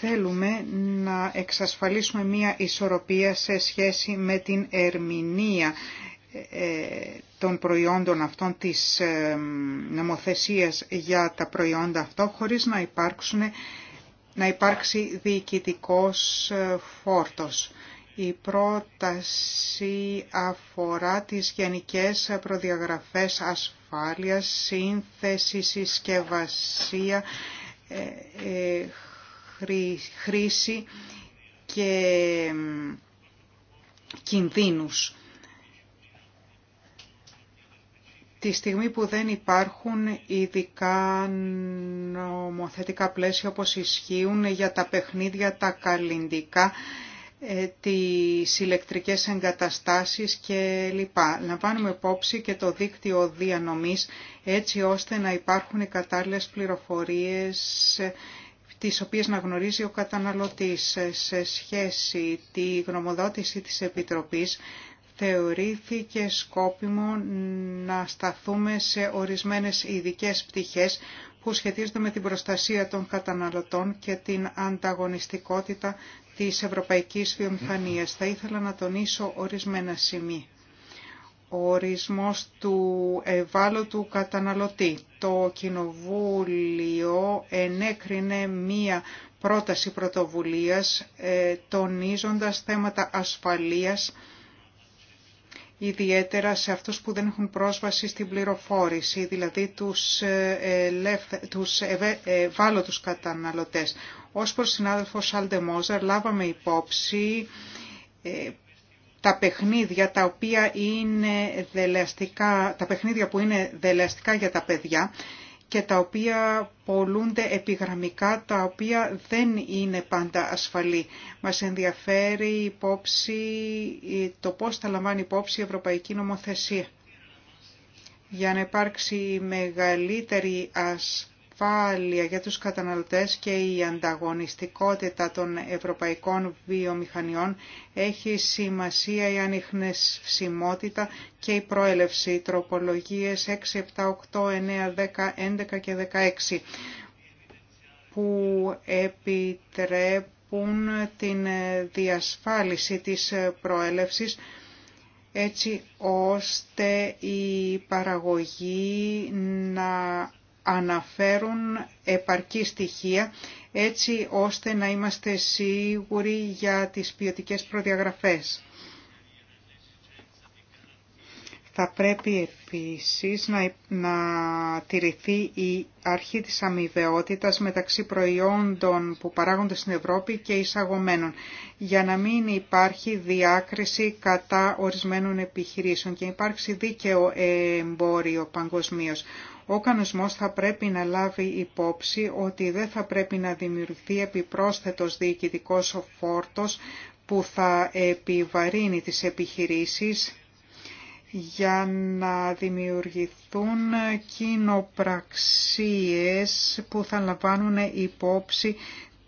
Θέλουμε να εξασφαλίσουμε μία ισορροπία σε σχέση με την ερμηνεία ε, των προϊόντων αυτών της ε, νομοθεσίας για τα προϊόντα αυτό χωρίς να, υπάρξουν, να υπάρξει διοικητικός ε, φόρτος. Η πρόταση αφορά τις γενικές προδιαγραφές ασφάλειας, σύνθεση, συσκευασία, χρήση και κινδύνους. Τη στιγμή που δεν υπάρχουν ειδικά νομοθετικά πλαίσια όπως ισχύουν για τα παιχνίδια, τα καλλιντικά, ε, τις ηλεκτρικές εγκαταστάσεις και λοιπά. βάλουμε υπόψη και το δίκτυο διανομής έτσι ώστε να υπάρχουν οι κατάλληλες πληροφορίες ε, τις οποίες να γνωρίζει ο καταναλωτής. Σε σχέση τη γνωμοδότηση της Επιτροπής θεωρήθηκε σκόπιμο να σταθούμε σε ορισμένες ειδικέ πτυχές που σχετίζονται με την προστασία των καταναλωτών και την ανταγωνιστικότητα της ευρωπαϊκής βιομηχανίας. Θα ήθελα να τονίσω ορισμένα σημεία ο ορισμός του ευάλωτου καταναλωτή. Το Κοινοβούλιο ενέκρινε μία πρόταση πρωτοβουλίας ε, τονίζοντας θέματα ασφαλείας ιδιαίτερα σε αυτούς που δεν έχουν πρόσβαση στην πληροφόρηση, δηλαδή τους, ε, τους ευάλωτους καταναλωτές. Ως προς συνάδελφο λάβαμε υπόψη ε, τα παιχνίδια τα οποία είναι δελεαστικά, τα παιχνίδια που είναι δελεαστικά για τα παιδιά και τα οποία πολλούνται επιγραμμικά, τα οποία δεν είναι πάντα ασφαλή. Μας ενδιαφέρει υπόψη, το πώς θα λαμβάνει υπόψη η Ευρωπαϊκή Νομοθεσία για να υπάρξει μεγαλύτερη ασφάλεια ασφάλεια για τους καταναλωτές και η ανταγωνιστικότητα των ευρωπαϊκών βιομηχανιών έχει σημασία η ανιχνευσιμότητα και η προέλευση τροπολογίες 6, 7, 8, 9, 10, 11 και 16 που επιτρέπουν την διασφάλιση της προέλευσης έτσι ώστε η παραγωγή να αναφέρουν επαρκή στοιχεία έτσι ώστε να είμαστε σίγουροι για τις ποιοτικές προδιαγραφές. Θα πρέπει επίσης να, να τηρηθεί η αρχή της αμοιβαιότητας μεταξύ προϊόντων που παράγονται στην Ευρώπη και εισαγωμένων, για να μην υπάρχει διάκριση κατά ορισμένων επιχειρήσεων και υπάρξει δίκαιο εμπόριο παγκοσμίω. Ο κανονισμός θα πρέπει να λάβει υπόψη ότι δεν θα πρέπει να δημιουργηθεί επιπρόσθετος διοικητικός φόρτος που θα επιβαρύνει τις επιχειρήσεις για να δημιουργηθούν κοινοπραξίες που θα λαμβάνουν υπόψη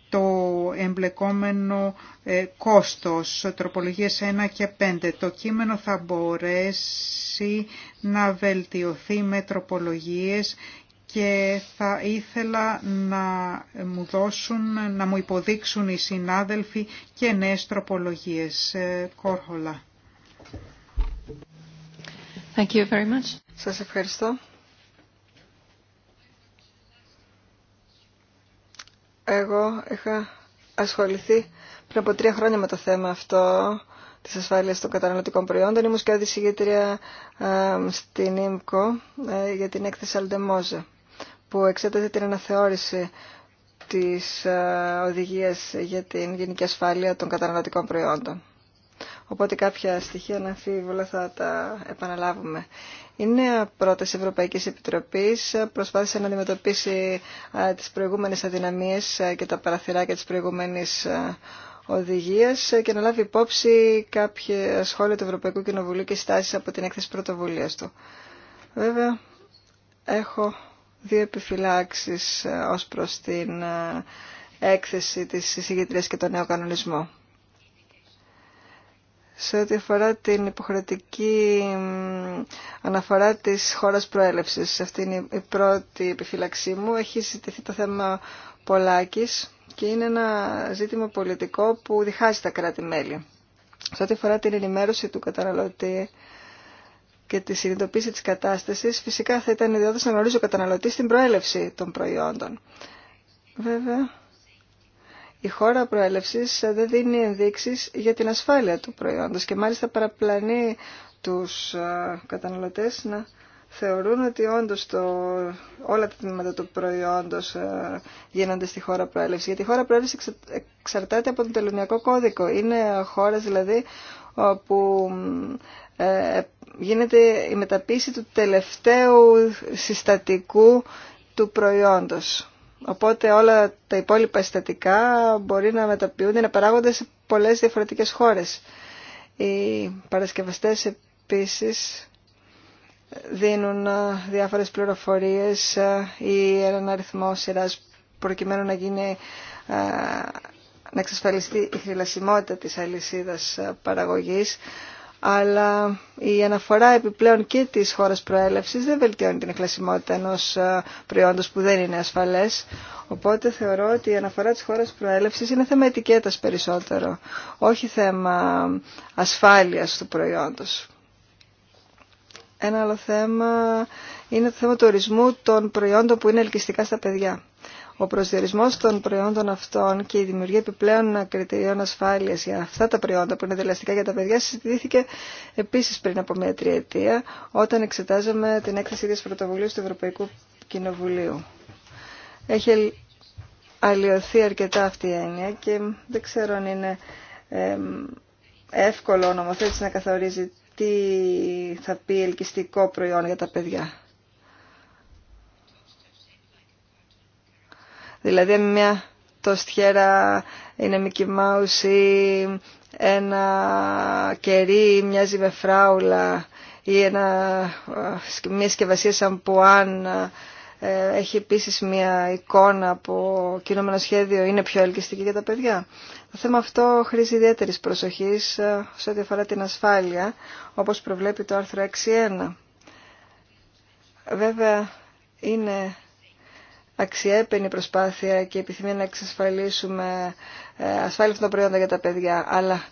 το εμπλεκόμενο ε, κόστος, τροπολογίες 1 και 5. Το κείμενο θα μπορέσει να βελτιωθεί με τροπολογίες και θα ήθελα να μου δώσουν, να μου υποδείξουν οι συνάδελφοι και νέες τροπολογίες. Ε, Κόρχολα. Thank you very much. Σας ευχαριστώ. Εγώ είχα ασχοληθεί πριν από τρία χρόνια με το θέμα αυτό της ασφάλειας των καταναλωτικών προϊόντων. Είμαι και οδησηγήτρια ε, στην ΙΜΚΟ ε, για την έκθεση Αλντεμόζε που εξέταζε την αναθεώρηση της ε, οδηγίας για την γενική ασφάλεια των καταναλωτικών προϊόντων. Οπότε κάποια στοιχεία αναμφίβολα θα τα επαναλάβουμε. Η νέα πρόταση Ευρωπαϊκής Επιτροπής προσπάθησε να αντιμετωπίσει τις προηγούμενες αδυναμίες και τα παραθυράκια της προηγούμενης οδηγίας και να λάβει υπόψη κάποια σχόλια του Ευρωπαϊκού Κοινοβουλίου και στάσεις από την έκθεση πρωτοβουλίας του. Βέβαια, έχω δύο επιφυλάξεις ως προς την έκθεση της εισηγητρίας και τον νέο κανονισμό σε ό,τι αφορά την υποχρεωτική αναφορά της χώρας προέλευσης. Αυτή είναι η πρώτη επιφυλαξή μου. Έχει συζητηθεί το θέμα Πολάκης και είναι ένα ζήτημα πολιτικό που διχάζει τα κράτη-μέλη. Σε ό,τι αφορά την ενημέρωση του καταναλωτή και τη συνειδητοποίηση της κατάστασης, φυσικά θα ήταν ιδιότητας να γνωρίζει ο καταναλωτής την προέλευση των προϊόντων. Βέβαια, η χώρα προέλευσης δεν δίνει ενδείξεις για την ασφάλεια του προϊόντος και μάλιστα παραπλανεί τους ε, καταναλωτές να θεωρούν ότι όντως το, όλα τα τμήματα του προϊόντος ε, γίνονται στη χώρα προέλευση. Γιατί η χώρα προέλευση εξαρτάται από τον τελωνιακό κώδικο. Είναι χώρα δηλαδή όπου ε, γίνεται η μεταποίηση του τελευταίου συστατικού του προϊόντος. Οπότε όλα τα υπόλοιπα αισθητικά μπορεί να μεταποιούνται, να παράγονται σε πολλές διαφορετικές χώρες. Οι παρασκευαστές επίσης δίνουν ε, διάφορες πληροφορίες ε, ή έναν αριθμό σειράς προκειμένου να γίνει ε, να εξασφαλιστεί η χρηλασιμότητα της αλυσίδας παραγωγής αλλά η αναφορά επιπλέον και της χώρας προέλευσης δεν βελτιώνει την εκλασιμότητα ενός ε, προϊόντος που δεν είναι ασφαλές. Οπότε θεωρώ ότι η αναφορά της χώρας προέλευσης είναι θέμα ετικέτας περισσότερο, όχι θέμα ασφάλειας του προϊόντος. Ένα άλλο θέμα είναι το θέμα του ορισμού των προϊόντων που είναι ελκυστικά στα παιδιά. Ο προσδιορισμό των προϊόντων αυτών και η δημιουργία επιπλέον κριτηρίων ασφάλειας για αυτά τα προϊόντα που είναι δελαστικά για τα παιδιά συζητήθηκε επίσης πριν από μια τριετία όταν εξετάζαμε την έκθεση τη πρωτοβουλία του Ευρωπαϊκού Κοινοβουλίου. Έχει αλλοιωθεί αρκετά αυτή η έννοια και δεν ξέρω αν είναι εύκολο ο νομοθέτης να καθορίζει τι θα πει ελκυστικό προϊόν για τα παιδιά. Δηλαδή μια τοστιέρα είναι Mickey Mouse ή ένα κερί μοιάζει με φράουλα ή ένα, ε, μια συσκευασία σαμπουάν ε, έχει επίσης μια εικόνα από κινούμενο σχέδιο είναι πιο ελκυστική για τα παιδιά. Το θέμα αυτό χρήζει ιδιαίτερη προσοχή ε, σε ό,τι αφορά την ασφάλεια, όπως προβλέπει το άρθρο 6.1. Βέβαια, είναι αξιέπαινη προσπάθεια και επιθυμία να εξασφαλίσουμε ε, τα προϊόντα για τα παιδιά. Αλλά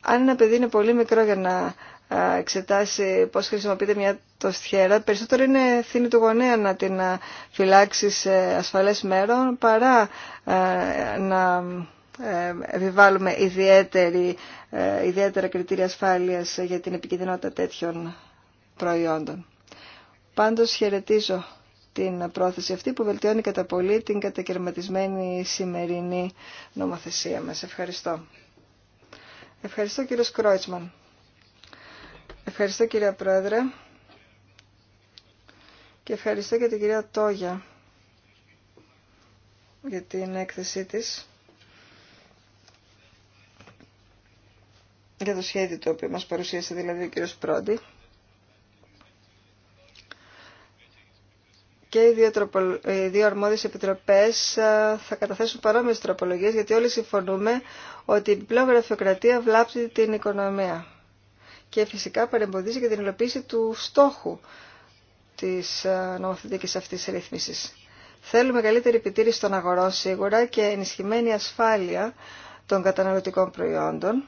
αν ένα παιδί είναι πολύ μικρό για να ε, εξετάσει πώς χρησιμοποιείται μια τοστιέρα, περισσότερο είναι ευθύνη του γονέα να την ε, φυλάξει σε ασφαλές μέρον παρά να επιβάλλουμε ιδιαίτερη, ιδιαίτερα κριτήρια ασφάλειας για την επικίνδυνοτητα τέτοιων προϊόντων. Πάντως χαιρετίζω την πρόθεση αυτή που βελτιώνει κατά πολύ την κατακαιρματισμένη σημερινή νομοθεσία μας. Ευχαριστώ. Ευχαριστώ κύριο Κρόιτσμαν. Ευχαριστώ κύριε Πρόεδρε και ευχαριστώ και την κυρία Τόγια για την έκθεσή της για το σχέδιο το οποίο μας παρουσίασε δηλαδή ο κύριος Πρόντι. και οι δύο, τροπολο... Ε, αρμόδιες επιτροπές ε, θα καταθέσουν παρόμοιες τροπολογίες γιατί όλοι συμφωνούμε ότι η πλέον γραφειοκρατία βλάπτει την οικονομία και φυσικά παρεμποδίζει και την υλοποίηση του στόχου της ε, νομοθετικής αυτής ρύθμισης. Θέλουμε καλύτερη επιτήρηση των αγορών σίγουρα και ενισχυμένη ασφάλεια των καταναλωτικών προϊόντων,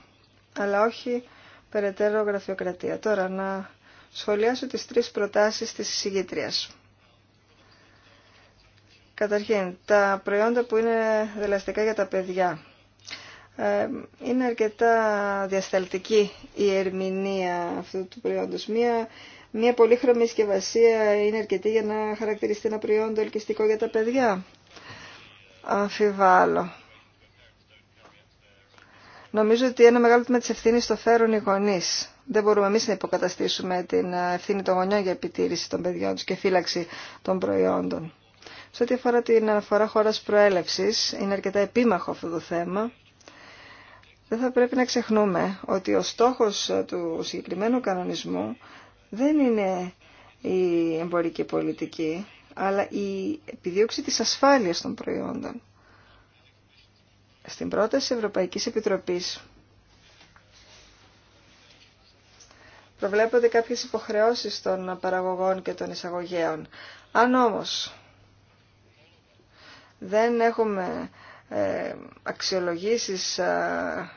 αλλά όχι περαιτέρω γραφειοκρατία. Τώρα να σχολιάσω τις τρεις προτάσεις της σου. Καταρχήν, τα προϊόντα που είναι δελαστικά για τα παιδιά. Ε, είναι αρκετά διασταλτική η ερμηνεία αυτού του προϊόντος. Μία, μία πολύχρωμη συσκευασία είναι αρκετή για να χαρακτηριστεί ένα προϊόντο ελκυστικό για τα παιδιά. Αμφιβάλλω. Νομίζω ότι ένα μεγάλο τμήμα τη ευθύνη το φέρουν οι γονεί. Δεν μπορούμε εμεί να υποκαταστήσουμε την ευθύνη των γονιών για επιτήρηση των παιδιών του και φύλαξη των προϊόντων. Σε ό,τι αφορά την αναφορά χώρας προέλευσης, είναι αρκετά επίμαχο αυτό το θέμα. Δεν θα πρέπει να ξεχνούμε ότι ο στόχος του συγκεκριμένου κανονισμού δεν είναι η εμπορική πολιτική, αλλά η επιδίωξη της ασφάλειας των προϊόντων. Στην πρόταση Ευρωπαϊκής Επιτροπής προβλέπονται κάποιες υποχρεώσεις των παραγωγών και των εισαγωγέων. Αν όμως δεν έχουμε ε, αξιολογήσεις ε,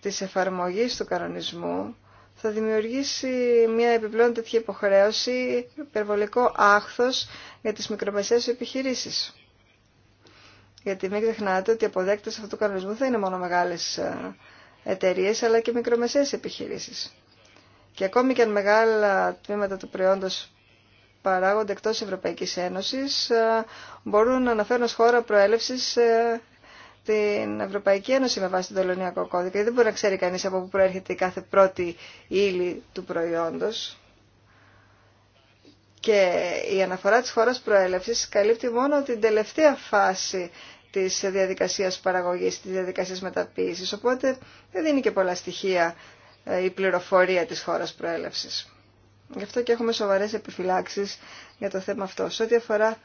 της εφαρμογής του κανονισμού θα δημιουργήσει μια επιπλέον τέτοια υποχρέωση, υπερβολικό άχθος για τις μικρομεσαίες επιχειρήσεις. Γιατί μην ξεχνάτε ότι οι αποδέκτες αυτού του κανονισμού θα είναι μόνο μεγάλες ε, εταιρείες, αλλά και μικρομεσαίες επιχειρήσεις. Και ακόμη και αν μεγάλα τμήματα του προϊόντος παράγονται εκτός Ευρωπαϊκής Ένωσης ε, μπορούν να αναφέρουν ως χώρα προέλευσης ε, την Ευρωπαϊκή Ένωση με βάση τον Τελωνιακό Κώδικα. δεν μπορεί να ξέρει κανείς από πού προέρχεται η κάθε πρώτη ύλη του προϊόντος. Και η αναφορά της χώρας προέλευσης καλύπτει μόνο την τελευταία φάση της διαδικασίας παραγωγής, της διαδικασίας μεταποίησης. Οπότε δεν δίνει και πολλά στοιχεία ε, η πληροφορία της χώρας προέλευσης. Γι' αυτό και έχουμε σοβαρές επιφυλάξεις για το θέμα αυτό. Σε ό,τι αφορά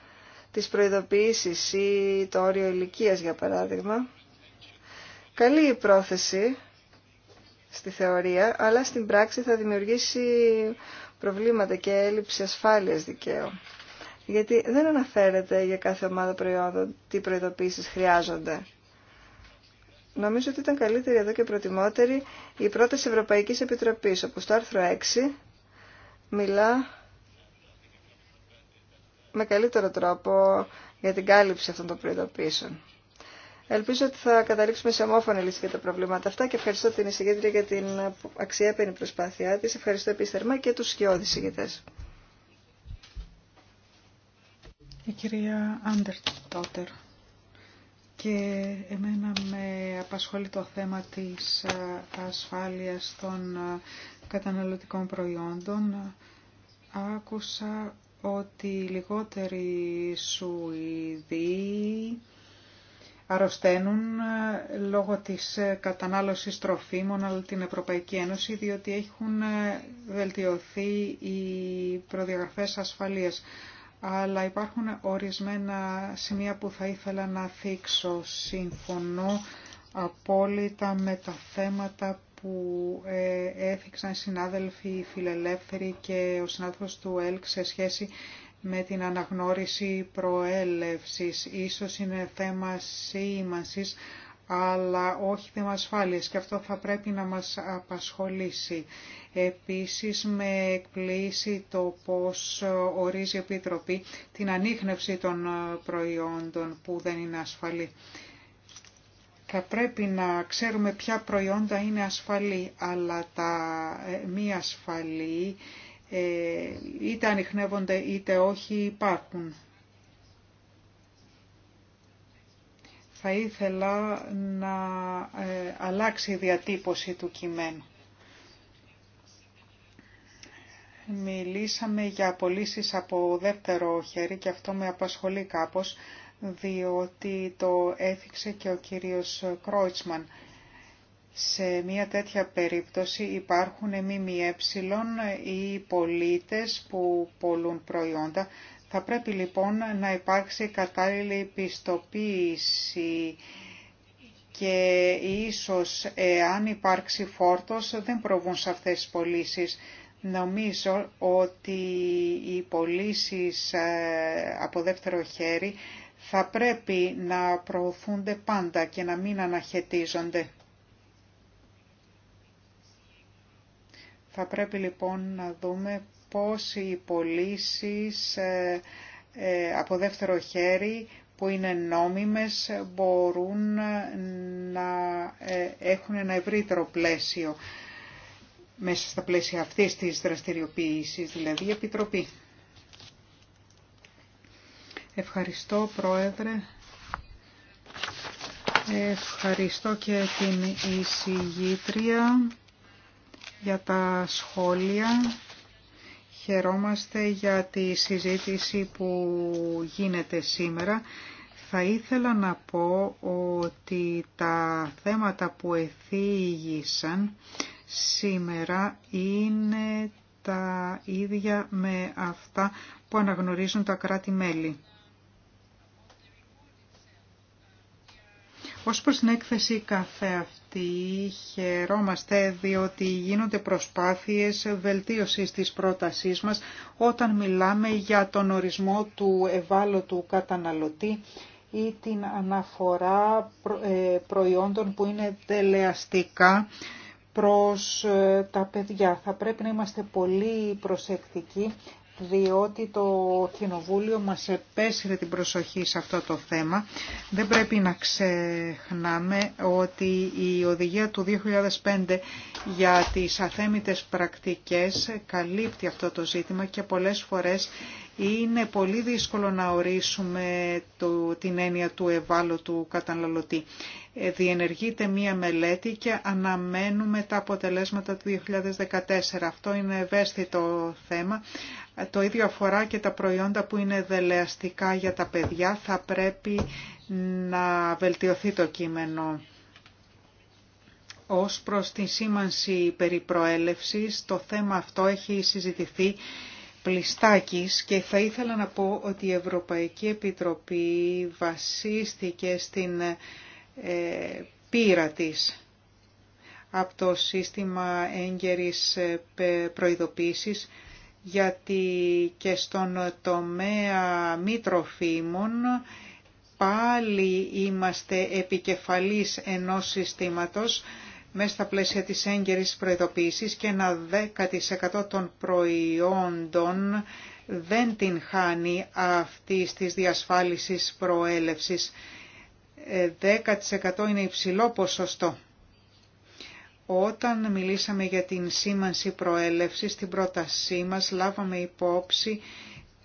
τις προειδοποιήσεις ή το όριο ηλικία, για παράδειγμα, καλή η πρόθεση στη θεωρία, αλλά στην πράξη θα δημιουργήσει προβλήματα και έλλειψη ασφάλειας δικαίου. Γιατί δεν αναφέρεται για κάθε ομάδα προϊόντων τι προειδοποίησεις χρειάζονται. Νομίζω ότι ήταν καλύτερη εδώ και προτιμότερη η πρόταση Ευρωπαϊκής Επιτροπής, εδω και προτιμοτερη η προταση ευρωπαικης επιτροπης οπως το άρθρο 6 μιλά με καλύτερο τρόπο για την κάλυψη αυτών των προειδοποίησεων. Ελπίζω ότι θα καταλήξουμε σε ομόφωνη λύση για τα προβλήματα αυτά και ευχαριστώ την εισηγήτρια για την αξιέπαινη προσπάθειά της. Ευχαριστώ επίσης θερμά και τους σκιώδης εισηγητές. Η κυρία Άντερ Και εμένα με απασχολεί το θέμα της ε, ασφάλειας των ε, καταναλωτικών προϊόντων άκουσα ότι λιγότεροι Σουηδοί αρρωσταίνουν ε, λόγω της ε, κατανάλωσης τροφίμων αλλά την Ευρωπαϊκή Ένωση διότι έχουν ε, βελτιωθεί οι προδιαγραφές ασφαλείας. Αλλά υπάρχουν ορισμένα σημεία που θα ήθελα να θίξω. Συμφωνώ απόλυτα με τα θέματα που ε, οι συνάδελφοι φιλελεύθεροι και ο συνάδελφος του ΕΛΚ σε σχέση με την αναγνώριση προέλευσης. Ίσως είναι θέμα σήμανσης, αλλά όχι θέμα ασφάλειας και αυτό θα πρέπει να μας απασχολήσει. Επίσης με εκπλήσει το πώς ορίζει η Επιτροπή την ανείχνευση των προϊόντων που δεν είναι ασφαλή θα πρέπει να ξέρουμε ποια προϊόντα είναι ασφαλή, αλλά τα ε, μη ασφαλή ε, είτε ανοιχνεύονται είτε όχι υπάρχουν. Θα ήθελα να ε, αλλάξει η διατύπωση του κειμένου. Μιλήσαμε για απολύσεις από δεύτερο χέρι και αυτό με απασχολεί κάπως διότι το έθιξε και ο κύριος Κρόιτσμαν. Σε μια τέτοια περίπτωση υπάρχουν έψιλων ή πολίτες που πολλούν προϊόντα. Θα πρέπει λοιπόν να υπάρξει κατάλληλη πιστοποίηση και ίσως εάν υπάρξει φόρτος δεν προβούν σε αυτές τις πωλήσει. Νομίζω ότι οι πωλήσει ε, από δεύτερο χέρι θα πρέπει να προωθούνται πάντα και να μην αναχαιτίζονται. Θα πρέπει λοιπόν να δούμε πώς οι πωλήσει ε, ε, από δεύτερο χέρι που είναι νόμιμες μπορούν να ε, έχουν ένα ευρύτερο πλαίσιο μέσα στα πλαίσια αυτής της δραστηριοποίησης, δηλαδή η Επιτροπή. Ευχαριστώ Πρόεδρε. Ευχαριστώ και την εισηγήτρια για τα σχόλια. Χαιρόμαστε για τη συζήτηση που γίνεται σήμερα. Θα ήθελα να πω ότι τα θέματα που εθίγησαν σήμερα είναι τα ίδια με αυτά που αναγνωρίζουν τα κράτη-μέλη. Ως προς την έκθεση καθεαυτή χαιρόμαστε διότι γίνονται προσπάθειες βελτίωσης της πρότασής μας όταν μιλάμε για τον ορισμό του ευάλωτου καταναλωτή ή την αναφορά ε, προϊόντων που είναι τελεαστικά προς ε, τα παιδιά. Θα πρέπει να είμαστε πολύ προσεκτικοί διότι το Κοινοβούλιο μας επέσυρε την προσοχή σε αυτό το θέμα. Δεν πρέπει να ξεχνάμε ότι η οδηγία του 2005 για τις αθέμητες πρακτικές καλύπτει αυτό το ζήτημα και πολλές φορές είναι πολύ δύσκολο να ορίσουμε το, την έννοια του ευάλωτου καταναλωτή. Ε, διενεργείται μία μελέτη και αναμένουμε τα αποτελέσματα του 2014. Αυτό είναι ευαίσθητο θέμα. Το ίδιο αφορά και τα προϊόντα που είναι δελεαστικά για τα παιδιά. Θα πρέπει να βελτιωθεί το κείμενο. Ως προς τη σήμανση περιπροέλευσης, το θέμα αυτό έχει συζητηθεί Πλιστάκης και θα ήθελα να πω ότι η Ευρωπαϊκή Επιτροπή βασίστηκε στην ε, πείρα της από το σύστημα έγκαιρης ε, προειδοποίησης γιατί και στον τομέα μη τροφίμων πάλι είμαστε επικεφαλής ενός συστήματος μέσα στα πλαίσια της έγκαιρης προειδοποίησης και ένα 10% των προϊόντων δεν την χάνει αυτή της διασφάλισης προέλευσης. 10% ε, είναι υψηλό ποσοστό. Όταν μιλήσαμε για την σήμανση προέλευσης, στην πρότασή μας λάβαμε υπόψη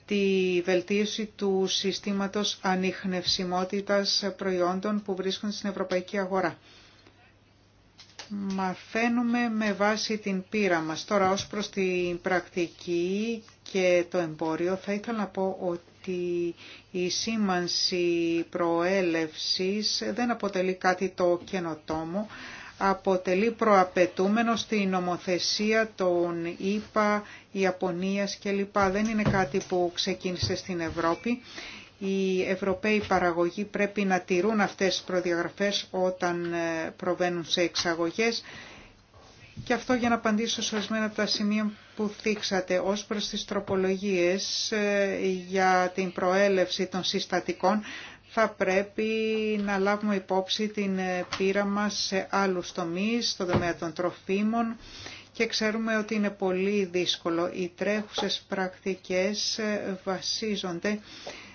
τη βελτίωση του συστήματος ανιχνευσιμότητας προϊόντων που βρίσκονται στην ευρωπαϊκή αγορά. Μαθαίνουμε με βάση την πείρα μας. Τώρα ως προς την πρακτική και το εμπόριο θα ήθελα να πω ότι η σήμανση προέλευσης δεν αποτελεί κάτι το καινοτόμο, αποτελεί προαπαιτούμενο στην νομοθεσία των ΙΠΑ, Ιαπωνίας κλπ. Δεν είναι κάτι που ξεκίνησε στην Ευρώπη οι Ευρωπαίοι παραγωγοί πρέπει να τηρούν αυτές τις προδιαγραφές όταν ε, προβαίνουν σε εξαγωγές. Και αυτό για να απαντήσω σε ορισμένα από τα σημεία που θίξατε ως προς τις τροπολογίες ε, για την προέλευση των συστατικών θα πρέπει να λάβουμε υπόψη την ε, πείρα μας σε άλλους τομείς, στον τομέα των τροφίμων και ξέρουμε ότι είναι πολύ δύσκολο. Οι τρέχουσες πρακτικές βασίζονται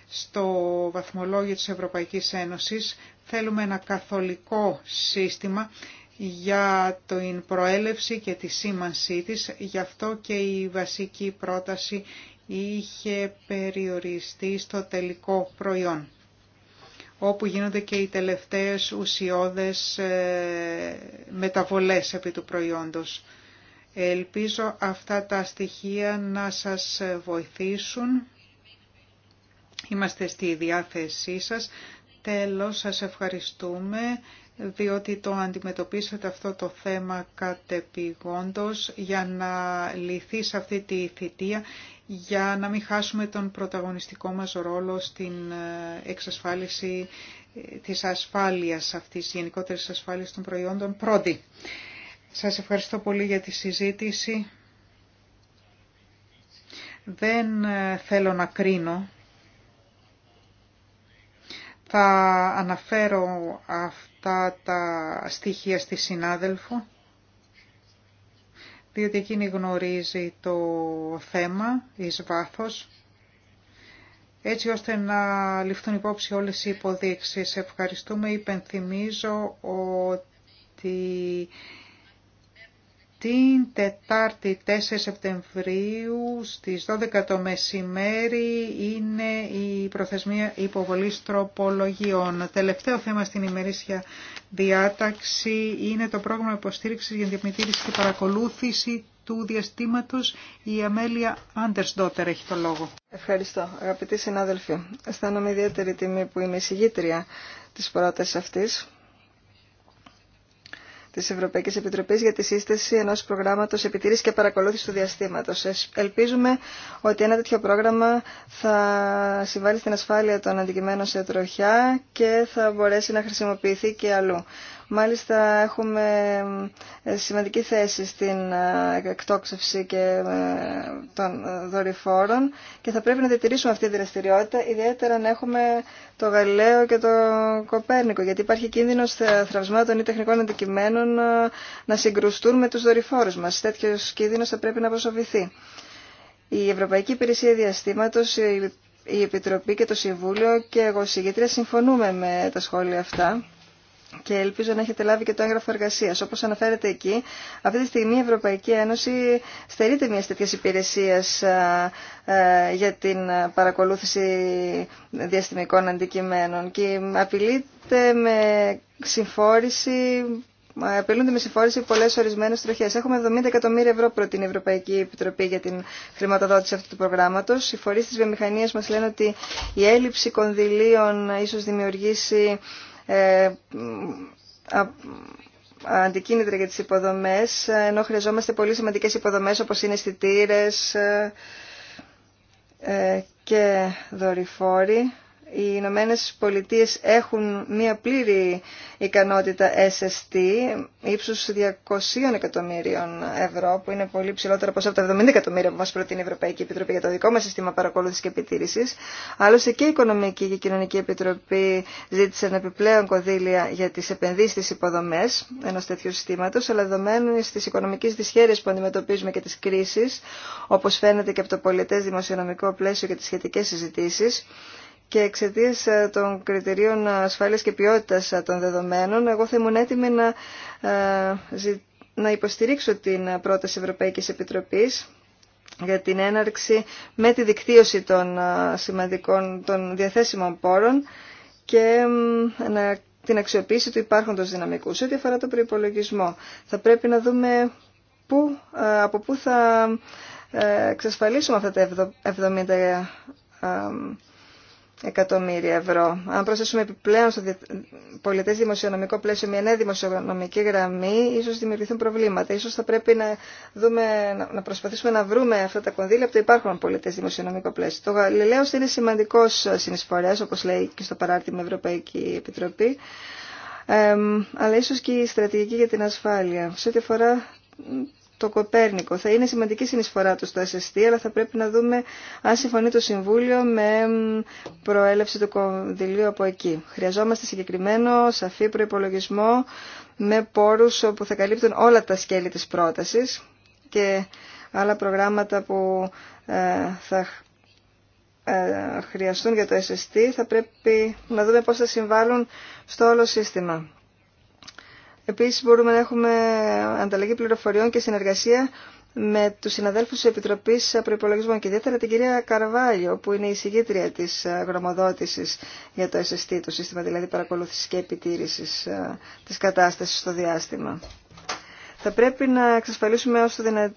στο βαθμολόγιο της Ευρωπαϊκής Ένωσης. Θέλουμε ένα καθολικό σύστημα για την προέλευση και τη σήμανσή της. Γι' αυτό και η βασική πρόταση είχε περιοριστεί στο τελικό προϊόν όπου γίνονται και οι τελευταίες ουσιώδες ε, μεταβολές επί του προϊόντος. Ελπίζω αυτά τα στοιχεία να σας βοηθήσουν Είμαστε στη διάθεσή σας. Τέλος, σας ευχαριστούμε διότι το αντιμετωπίσατε αυτό το θέμα κατεπηγόντως για να λυθεί σε αυτή τη θητεία, για να μην χάσουμε τον πρωταγωνιστικό μας ρόλο στην ε, εξασφάλιση ε, της ασφάλειας αυτής, της γενικότερης ασφάλειας των προϊόντων πρώτη. Σας ευχαριστώ πολύ για τη συζήτηση. Δεν ε, θέλω να κρίνω θα αναφέρω αυτά τα στοιχεία στη συνάδελφο, διότι εκείνη γνωρίζει το θέμα εις βάθος, έτσι ώστε να ληφθούν υπόψη όλες οι υποδείξεις. Ευχαριστούμε, υπενθυμίζω ότι την Τετάρτη 4 Σεπτεμβρίου στις 12 το μεσημέρι είναι η προθεσμία υποβολής τροπολογιών. Τελευταίο θέμα στην ημερήσια διάταξη είναι το πρόγραμμα υποστήριξης για διαμητήρηση και παρακολούθηση του διαστήματος η Αμέλεια Ντότερ έχει το λόγο. Ευχαριστώ αγαπητοί συνάδελφοι. Αισθάνομαι ιδιαίτερη τιμή που είμαι η συγγήτρια της πρότασης αυτής τη Ευρωπαϊκή Επιτροπή για τη σύσταση ενός προγράμματο επιτήρησης και παρακολούθησης του διαστήματος. Ελπίζουμε ότι ένα τέτοιο πρόγραμμα θα συμβάλλει στην ασφάλεια των αντικειμένων σε τροχιά και θα μπορέσει να χρησιμοποιηθεί και αλλού. Μάλιστα έχουμε ε, σημαντική θέση στην ε, εκτόξευση και ε, των δορυφόρων και θα πρέπει να διατηρήσουμε αυτή τη δραστηριότητα, ιδιαίτερα να έχουμε το Γαλλαίο και το Κοπέρνικο, γιατί υπάρχει κίνδυνος θραυσμάτων ή τεχνικών αντικειμένων να συγκρουστούν με τους δορυφόρους μας. Τέτοιος κίνδυνος θα πρέπει να προσοβηθεί. Η Ευρωπαϊκή Υπηρεσία Διαστήματος, η Επιτροπή και το Συμβούλιο και εγώ συγκεκριά συμφωνούμε με τα σχόλια αυτά και ελπίζω να έχετε λάβει και το έγγραφο εργασία. Όπω αναφέρεται εκεί, αυτή τη στιγμή η Ευρωπαϊκή Ένωση στερείται μια τέτοια υπηρεσία για την παρακολούθηση διαστημικών αντικειμένων και απειλείται με συμφόρηση. Απειλούνται με συμφόρηση πολλέ ορισμένε τροχέ. Έχουμε 70 εκατομμύρια ευρώ προ την Ευρωπαϊκή Επιτροπή για την χρηματοδότηση αυτού του προγράμματο. Οι φορεί τη βιομηχανία μα λένε ότι η έλλειψη κονδυλίων ίσω δημιουργήσει ε, αντικίνητρα για τις υποδομές, ενώ χρειαζόμαστε πολύ σημαντικές υποδομές όπως είναι αισθητήρε ε, ε, και δορυφόροι οι Ηνωμένε Πολιτείε έχουν μία πλήρη ικανότητα SST ύψους 200 εκατομμύριων ευρώ, που είναι πολύ ψηλότερα από τα 70 εκατομμύρια που μας προτείνει η Ευρωπαϊκή Επιτροπή για το δικό μας σύστημα παρακολούθησης και επιτήρησης. Άλλωστε και η Οικονομική και η Κοινωνική Επιτροπή ζήτησαν επιπλέον κονδύλια για τις επενδύσεις στις υποδομές ενός τέτοιου συστήματος, αλλά δεδομένου στις οικονομικές δυσχέρειες που αντιμετωπίζουμε και τις κρίσεις, όπως φαίνεται και από το πολιτές δημοσιονομικό πλαίσιο και τις σχετικές συζητήσεις, και εξαιτία ε, των κριτηρίων ασφάλειας και ποιότητας ε, των δεδομένων, εγώ θα ήμουν έτοιμη να, ε, να υποστηρίξω την πρόταση Ευρωπαϊκής Επιτροπής για την έναρξη με τη δικτύωση των σημαντικών των διαθέσιμων πόρων και να την αξιοποίηση του υπάρχοντος δυναμικού. Σε ό,τι αφορά τον προϋπολογισμό, θα πρέπει να δούμε πού, από πού θα εξασφαλίσουμε αυτά τα 70 εκατομμύρια ευρώ. Αν προσθέσουμε επιπλέον στο πολιτέ δημοσιονομικό πλαίσιο μια νέα δημοσιονομική γραμμή, ίσω δημιουργηθούν προβλήματα. Ίσως θα πρέπει να, δούμε, να προσπαθήσουμε να βρούμε αυτά τα κονδύλια από το υπάρχον πολιτέ δημοσιονομικό πλαίσιο. Το Γαλιλαίο είναι σημαντικό συνεισφορέα, όπω λέει και στο παράρτημα Ευρωπαϊκή Επιτροπή, αλλά ίσω και η στρατηγική για την ασφάλεια. Σε ό,τι αφορά το Κοπέρνικο. Θα είναι σημαντική συνεισφορά του στο SST, αλλά θα πρέπει να δούμε αν συμφωνεί το Συμβούλιο με προέλευση του κονδυλίου από εκεί. Χρειαζόμαστε συγκεκριμένο σαφή προπολογισμό με πόρους που θα καλύπτουν όλα τα σκέλη της πρότασης και άλλα προγράμματα που ε, θα ε, χρειαστούν για το SST θα πρέπει να δούμε πώς θα συμβάλλουν στο όλο σύστημα. Επίσης μπορούμε να έχουμε ανταλλαγή πληροφοριών και συνεργασία με τους συναδέλφους της Επιτροπής Προϋπολογισμών και ιδιαίτερα την κυρία Καρβάλιο που είναι η συγγήτρια της γνωμοδότησης για το SST, το σύστημα δηλαδή παρακολούθησης και επιτήρησης ε, της κατάστασης στο διάστημα. Θα πρέπει να εξασφαλίσουμε όσο το δυνατόν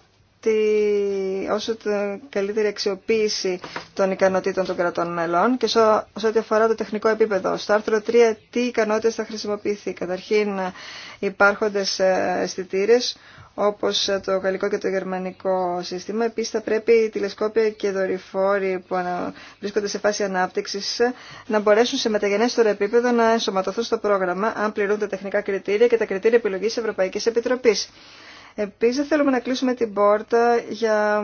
όσο καλύτερη αξιοποίηση των ικανοτήτων των κρατών μελών και σε ό,τι αφορά το τεχνικό επίπεδο. Στο άρθρο 3, τι ικανότητες θα χρησιμοποιηθεί. Καταρχήν υπάρχοντες ε, αισθητήρε όπως το γαλλικό και το γερμανικό σύστημα. Επίσης θα πρέπει οι τηλεσκόπια και δορυφόροι που βρίσκονται σε φάση ανάπτυξης ε, να μπορέσουν σε μεταγενέστερο επίπεδο να ενσωματωθούν στο πρόγραμμα αν πληρούν τα τεχνικά κριτήρια και τα κριτήρια επιλογής Ευρωπαϊκής Επιτροπής. Επίσης θέλουμε να κλείσουμε την πόρτα για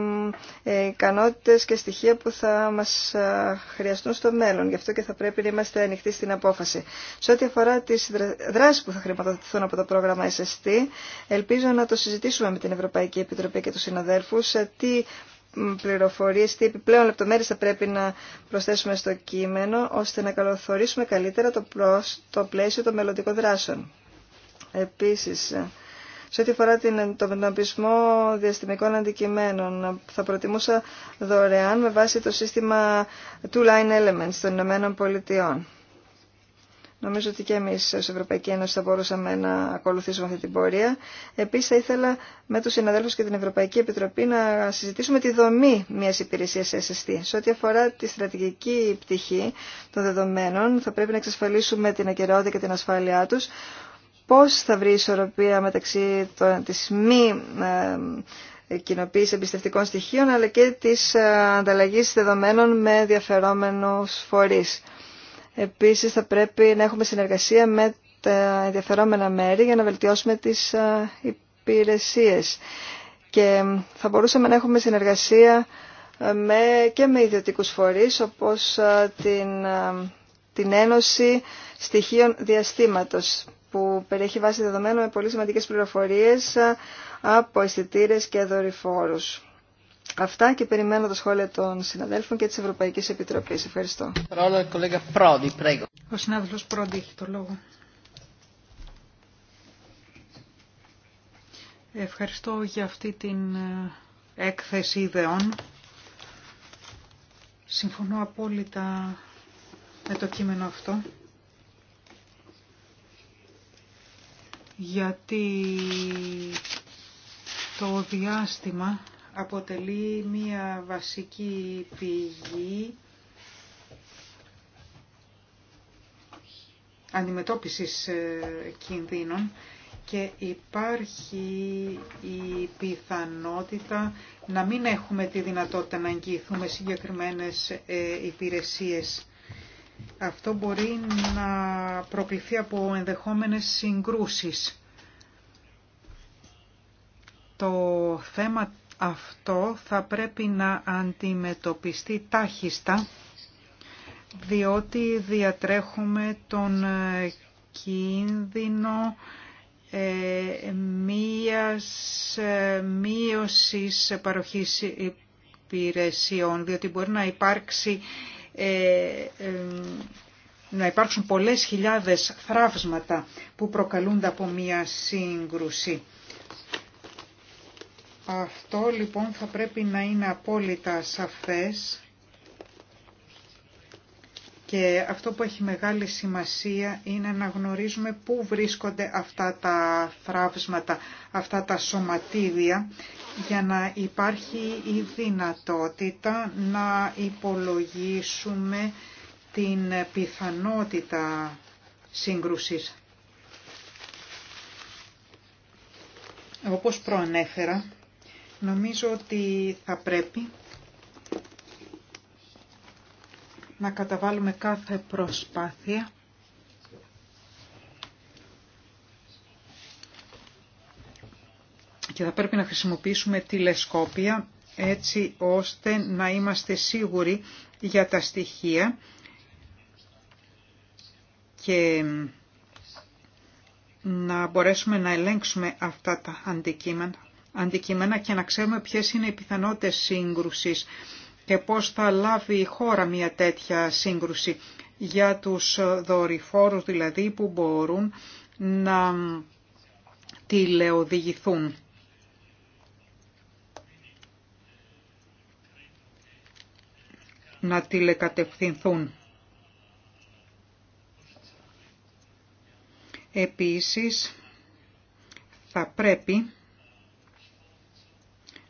ε, ικανότητες και στοιχεία που θα μας χρειαστούν στο μέλλον. Γι' αυτό και θα πρέπει να είμαστε ανοιχτοί στην απόφαση. Σε ό,τι αφορά τις δράσεις που θα χρηματοδοτηθούν από το πρόγραμμα SST, ελπίζω να το συζητήσουμε με την Ευρωπαϊκή Επιτροπή και τους συναδέλφους ε, τι πληροφορίες, τι επιπλέον λεπτομέρειες θα πρέπει να προσθέσουμε στο κείμενο, ώστε να καλωθορίσουμε καλύτερα το, το πλαίσιο των μελλοντικών δράσεων. Επίσης, ε, σε ό,τι αφορά τον εντοπισμό διαστημικών αντικειμένων, θα προτιμούσα δωρεάν με βάση το σύστημα Two Line Elements των Ηνωμένων Πολιτειών. Νομίζω ότι και εμείς ως Ευρωπαϊκή Ένωση θα μπορούσαμε να ακολουθήσουμε αυτή την πορεία. Επίσης θα ήθελα με τους συναδέλφους και την Ευρωπαϊκή Επιτροπή να συζητήσουμε τη δομή μιας υπηρεσίας SST. Σε ό,τι αφορά τη στρατηγική πτυχή των δεδομένων θα πρέπει να εξασφαλίσουμε την ακεραιότητα και την ασφάλειά τους πώς θα βρει ισορροπία μεταξύ της μη ε, κοινοποίηση εμπιστευτικών στοιχείων αλλά και της ε, ανταλλαγής δεδομένων με ενδιαφερόμενους φορείς. Επίσης θα πρέπει να έχουμε συνεργασία με τα ενδιαφερόμενα μέρη για να βελτιώσουμε τις ε, υπηρεσίες. Και θα μπορούσαμε να έχουμε συνεργασία ε, με, και με ιδιωτικούς φορείς όπως την την Ένωση Στοιχείων Διαστήματος που περιέχει βάση δεδομένων με πολύ σημαντικές πληροφορίες από αισθητήρε και δορυφόρους. Αυτά και περιμένω τα σχόλια των συναδέλφων και της Ευρωπαϊκής Επιτροπής. Ευχαριστώ. Ο συνάδελφος Πρόντι έχει το λόγο. Ευχαριστώ για αυτή την ε, έκθεση ιδεών. Συμφωνώ απόλυτα με το κείμενο αυτό. Γιατί το διάστημα αποτελεί μία βασική πηγή αντιμετώπισης ε, κινδύνων και υπάρχει η πιθανότητα να μην έχουμε τη δυνατότητα να εγγυηθούμε συγκεκριμένες ε, υπηρεσίες αυτό μπορεί να προκληθεί από ενδεχόμενες συγκρούσεις. Το θέμα αυτό θα πρέπει να αντιμετωπιστεί τάχιστα, διότι διατρέχουμε τον κίνδυνο ε, μίας ε, μείωσης παροχής υπηρεσιών, διότι μπορεί να υπάρξει ε, ε, να υπάρξουν πολλές χιλιάδες θραύσματα που προκαλούνται από μία σύγκρουση. Αυτό λοιπόν θα πρέπει να είναι απόλυτα σαφές και αυτό που έχει μεγάλη σημασία είναι να γνωρίζουμε πού βρίσκονται αυτά τα θράψματα, αυτά τα σωματίδια, για να υπάρχει η δυνατότητα να υπολογίσουμε την πιθανότητα σύγκρουσης. Όπως προανέφερα, νομίζω ότι θα πρέπει να καταβάλουμε κάθε προσπάθεια και θα πρέπει να χρησιμοποιήσουμε τηλεσκόπια έτσι ώστε να είμαστε σίγουροι για τα στοιχεία και να μπορέσουμε να ελέγξουμε αυτά τα αντικείμενα, και να ξέρουμε ποιες είναι οι πιθανότητες σύγκρουσης και πώς θα λάβει η χώρα μια τέτοια σύγκρουση για τους δορυφόρους δηλαδή που μπορούν να τηλεοδηγηθούν. να τηλεκατευθυνθούν. Επίσης, θα πρέπει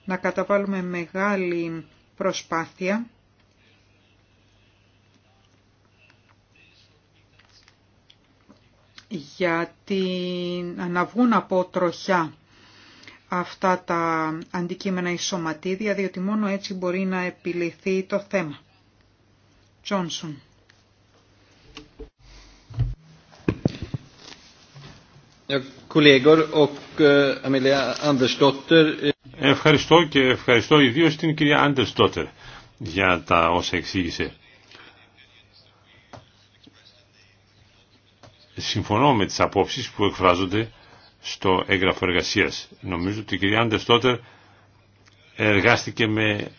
να καταβάλουμε μεγάλη προσπάθεια για την, να βγουν από τροχιά αυτά τα αντικείμενα ισοματίδια, διότι μόνο έτσι μπορεί να επιληθεί το θέμα. Τζόνσον. Ευχαριστώ και ευχαριστώ ιδίως την κυρία Άντερ Στότερ για τα όσα εξήγησε. Συμφωνώ με τις απόψεις που εκφράζονται στο έγγραφο εργασίας. Νομίζω ότι η κυρία Άντερ εργάστηκε με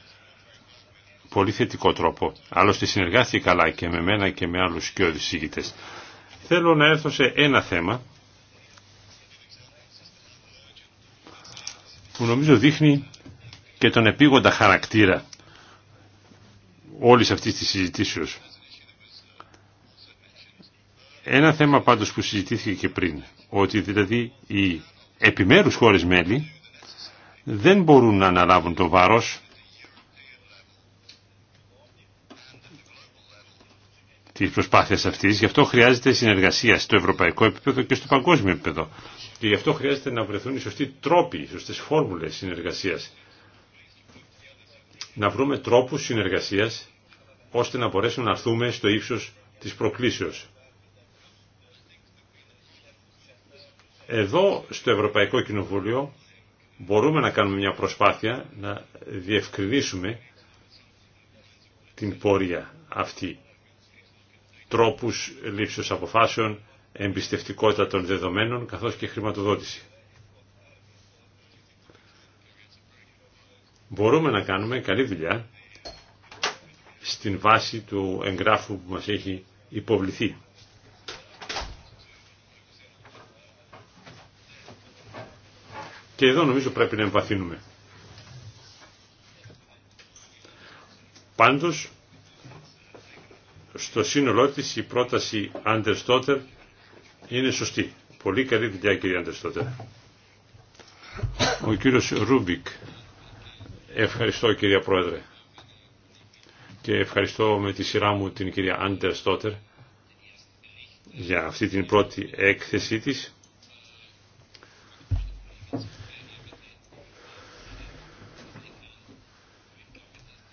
πολύ θετικό τρόπο. Άλλωστε συνεργάστηκε καλά και με μένα και με άλλους και οδησίγητες. Θέλω να έρθω σε ένα θέμα που νομίζω δείχνει και τον επίγοντα χαρακτήρα όλης αυτής της συζητήσεως. Ένα θέμα πάντως που συζητήθηκε και πριν, ότι δηλαδή οι επιμέρους χώρες μέλη δεν μπορούν να αναλάβουν το βάρος τις προσπάθειες αυτής. Γι' αυτό χρειάζεται συνεργασία στο ευρωπαϊκό επίπεδο και στο παγκόσμιο επίπεδο. Και γι' αυτό χρειάζεται να βρεθούν οι σωστοί τρόποι, οι σωστές φόρμουλες συνεργασίας. Να βρούμε τρόπους συνεργασίας ώστε να μπορέσουμε να έρθουμε στο ύψος της προκλήσεως. Εδώ στο Ευρωπαϊκό Κοινοβούλιο μπορούμε να κάνουμε μια προσπάθεια να διευκρινίσουμε την πορεία αυτή τρόπους λήψεως αποφάσεων, εμπιστευτικότητα των δεδομένων καθώς και χρηματοδότηση. Μπορούμε να κάνουμε καλή δουλειά στην βάση του εγγράφου που μας έχει υποβληθεί. Και εδώ νομίζω πρέπει να εμβαθύνουμε. Πάντως στο σύνολό της η πρόταση Στότερ είναι σωστή. Πολύ καλή δουλειά κύριε Στότερ. Ο κύριος Ρούμπικ. Ευχαριστώ κυρία Πρόεδρε. Και ευχαριστώ με τη σειρά μου την κυρία Στότερ για αυτή την πρώτη έκθεσή της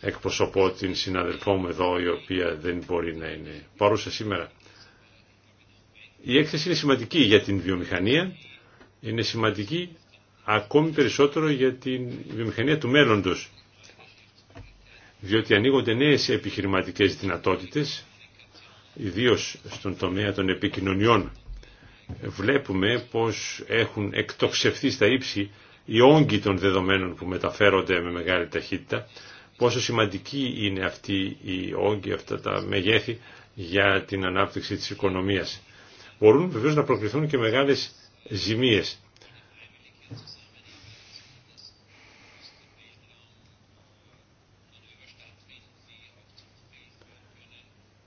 εκπροσωπώ την συναδελφό μου εδώ η οποία δεν μπορεί να είναι παρούσα σήμερα. Η έκθεση είναι σημαντική για την βιομηχανία, είναι σημαντική ακόμη περισσότερο για την βιομηχανία του μέλλοντος, διότι ανοίγονται νέες επιχειρηματικές δυνατότητες, ιδίως στον τομέα των επικοινωνιών. Βλέπουμε πως έχουν εκτοξευθεί στα ύψη οι όγκοι των δεδομένων που μεταφέρονται με μεγάλη ταχύτητα, πόσο σημαντική είναι αυτή η όγκη, αυτά τα μεγέθη για την ανάπτυξη της οικονομίας. Μπορούν βεβαίω να προκληθούν και μεγάλες ζημίες.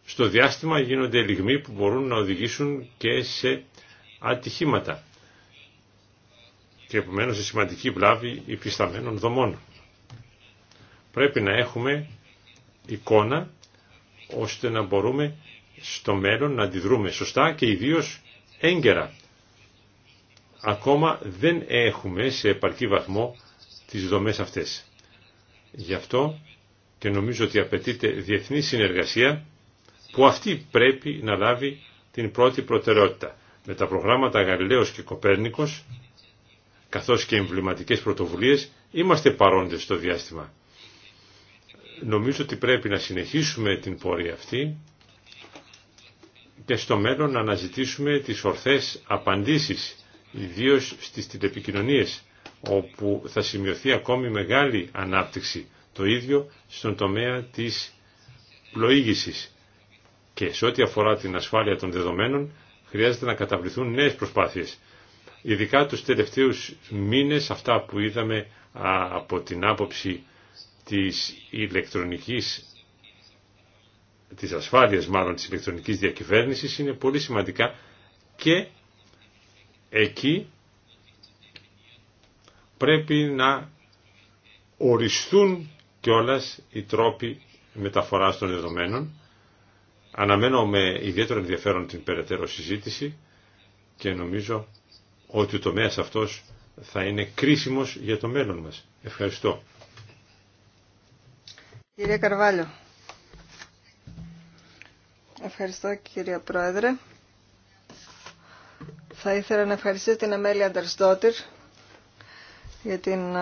Στο διάστημα γίνονται λιγμοί που μπορούν να οδηγήσουν και σε ατυχήματα και επομένως σε σημαντική βλάβη υφισταμένων δομών. Πρέπει να έχουμε εικόνα ώστε να μπορούμε στο μέλλον να αντιδρούμε σωστά και ιδίως έγκαιρα. Ακόμα δεν έχουμε σε επαρκή βαθμό τις δομές αυτές. Γι' αυτό και νομίζω ότι απαιτείται διεθνή συνεργασία που αυτή πρέπει να λάβει την πρώτη προτεραιότητα. Με τα προγράμματα Γαλιλαίος και Κοπέρνικος καθώς και εμβληματικές πρωτοβουλίες είμαστε παρόντες στο διάστημα. Νομίζω ότι πρέπει να συνεχίσουμε την πορεία αυτή και στο μέλλον να αναζητήσουμε τις ορθές απαντήσεις, ιδίως στις τηλεπικοινωνίες, όπου θα σημειωθεί ακόμη μεγάλη ανάπτυξη. Το ίδιο στον τομέα της πλοήγησης. Και σε ό,τι αφορά την ασφάλεια των δεδομένων, χρειάζεται να καταβληθούν νέες προσπάθειες. Ειδικά τους τελευταίους μήνες, αυτά που είδαμε από την άποψη της ηλεκτρονικής της ασφάλειας μάλλον της ηλεκτρονικής διακυβέρνησης είναι πολύ σημαντικά και εκεί πρέπει να οριστούν κιόλας οι τρόποι μεταφοράς των δεδομένων. Αναμένω με ιδιαίτερο ενδιαφέρον την περαιτέρω συζήτηση και νομίζω ότι ο τομέας αυτός θα είναι κρίσιμος για το μέλλον μας. Ευχαριστώ. Κυρία Καρβάλιο. Ευχαριστώ κύριε Πρόεδρε. Θα ήθελα να ευχαριστήσω την Αμέλη Ανταρστότηρ για την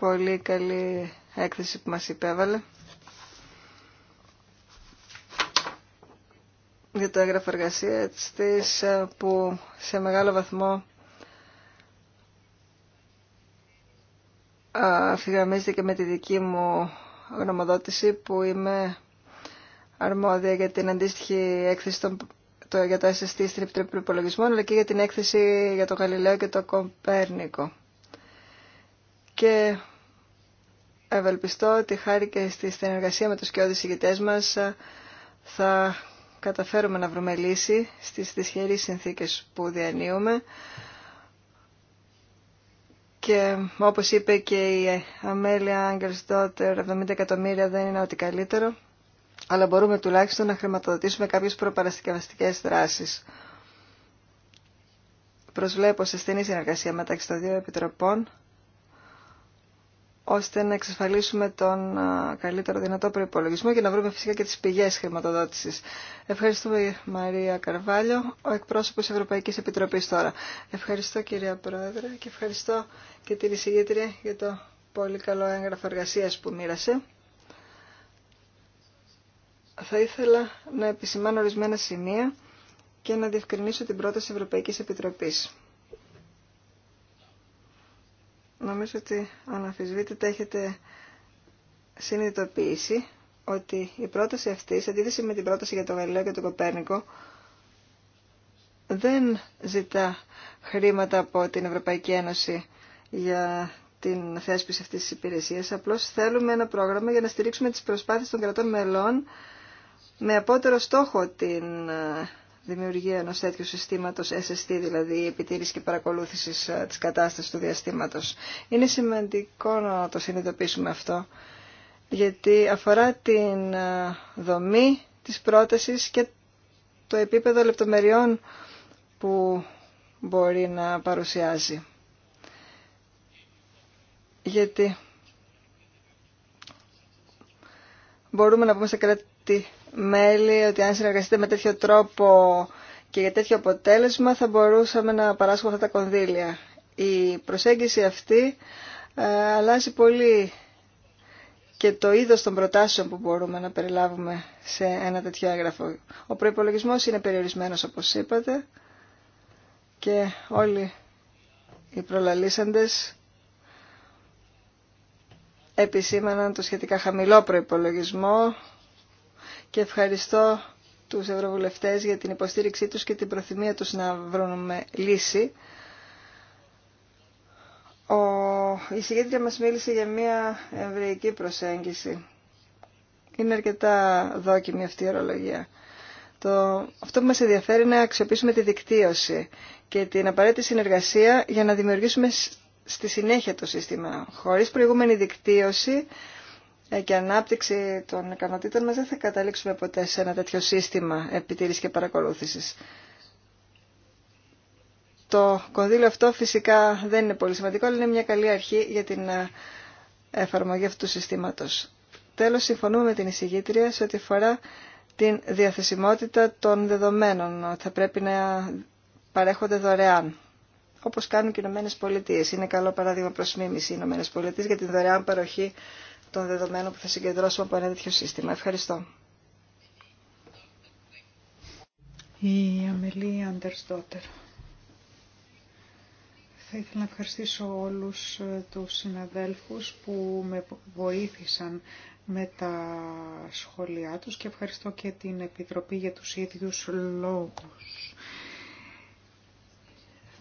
πολύ καλή έκθεση που μας υπέβαλε. Για το έγγραφο εργασία της που σε μεγάλο βαθμό αφηγραμμίζεται και με τη δική μου γνωμοδότηση που είμαι αρμόδια για την αντίστοιχη έκθεση το, για το SST στην Επιτροπή Προπολογισμών, αλλά και για την έκθεση για το Γαλιλαίο και το Κομπέρνικο. Και ευελπιστώ ότι χάρη και στη συνεργασία με τους κοιόδης ηγητές μας θα καταφέρουμε να βρούμε λύση στις δυσχερείς συνθήκες που διανύουμε, και όπως είπε και η Αμέλια Άγγελς Τότε, 70 εκατομμύρια δεν είναι ό,τι καλύτερο, αλλά μπορούμε τουλάχιστον να χρηματοδοτήσουμε κάποιες προπαρασκευαστικές δράσεις. Προσβλέπω σε στενή συνεργασία μεταξύ των δύο επιτροπών ώστε να εξασφαλίσουμε τον καλύτερο δυνατό προπολογισμό και να βρούμε φυσικά και τις πηγές χρηματοδότησης. Ευχαριστούμε Μαρία Καρβάλιο, ο εκπρόσωπος Ευρωπαϊκής Επιτροπής τώρα. Ευχαριστώ κυρία Πρόεδρε και ευχαριστώ και την εισηγήτρια για το πολύ καλό έγγραφο εργασία που μοίρασε. Θα ήθελα να επισημάνω ορισμένα σημεία και να διευκρινίσω την πρόταση Ευρωπαϊκής Επιτροπής. νομίζω ότι αναφυσβήτητα έχετε συνειδητοποιήσει ότι η πρόταση αυτή, σε αντίθεση με την πρόταση για το Γαλιλαίο και τον Κοπέρνικο, δεν ζητά χρήματα από την Ευρωπαϊκή Ένωση για την θέσπιση αυτής της υπηρεσίας. Απλώς θέλουμε ένα πρόγραμμα για να στηρίξουμε τις προσπάθειες των κρατών μελών με απότερο στόχο την ε, δημιουργία ενός τέτοιου συστήματος SST, δηλαδή επιτήρηση και παρακολούθηση ε, της κατάστασης του διαστήματος. Είναι σημαντικό να το συνειδητοποιήσουμε αυτό, γιατί αφορά την ε, δομή της πρότασης και το επίπεδο λεπτομεριών που μπορεί να παρουσιάζει. Γιατί μπορούμε να πούμε σε κράτη μέλη ότι αν συνεργαστείτε με τέτοιο τρόπο και για τέτοιο αποτέλεσμα θα μπορούσαμε να παράσχουμε αυτά τα κονδύλια. Η προσέγγιση αυτή ε, αλλάζει πολύ και το είδος των προτάσεων που μπορούμε να περιλάβουμε σε ένα τέτοιο έγγραφο. Ο προϋπολογισμός είναι περιορισμένος όπως είπατε και όλοι οι προλαλήσαντες επισήμαναν το σχετικά χαμηλό προϋπολογισμό και ευχαριστώ τους Ευρωβουλευτές για την υποστήριξή τους και την προθυμία τους να βρούμε λύση. Ο... Η συγκέντρια μας μίλησε για μια εμβριακή προσέγγιση. Είναι αρκετά δόκιμη αυτή η ορολογία. Το... Αυτό που μας ενδιαφέρει είναι να αξιοποιήσουμε τη δικτύωση και την απαραίτητη συνεργασία για να δημιουργήσουμε στη συνέχεια το σύστημα. Χωρίς προηγούμενη δικτύωση ε, και ανάπτυξη των ικανοτήτων μας δεν θα καταλήξουμε ποτέ σε ένα τέτοιο σύστημα επιτήρησης και παρακολούθησης. Το κονδύλιο αυτό φυσικά δεν είναι πολύ σημαντικό, αλλά είναι μια καλή αρχή για την ε, εφαρμογή αυτού του συστήματος. Τέλος, συμφωνούμε με την εισηγήτρια σε ό,τι αφορά την διαθεσιμότητα των δεδομένων. Θα πρέπει να παρέχονται δωρεάν, όπως κάνουν και οι Ηνωμένες Πολιτείες. Είναι καλό παράδειγμα προς μίμηση οι Ηνωμένες Πολιτείες για την δωρεάν παροχή των δεδομένων που θα συγκεντρώσουμε από ένα τέτοιο σύστημα. Ευχαριστώ. Η Αμελή Αντερστότερ. Θα ήθελα να ευχαριστήσω όλους τους συναδέλφους που με βοήθησαν με τα σχόλιά τους και ευχαριστώ και την Επιτροπή για τους ίδιους λόγους.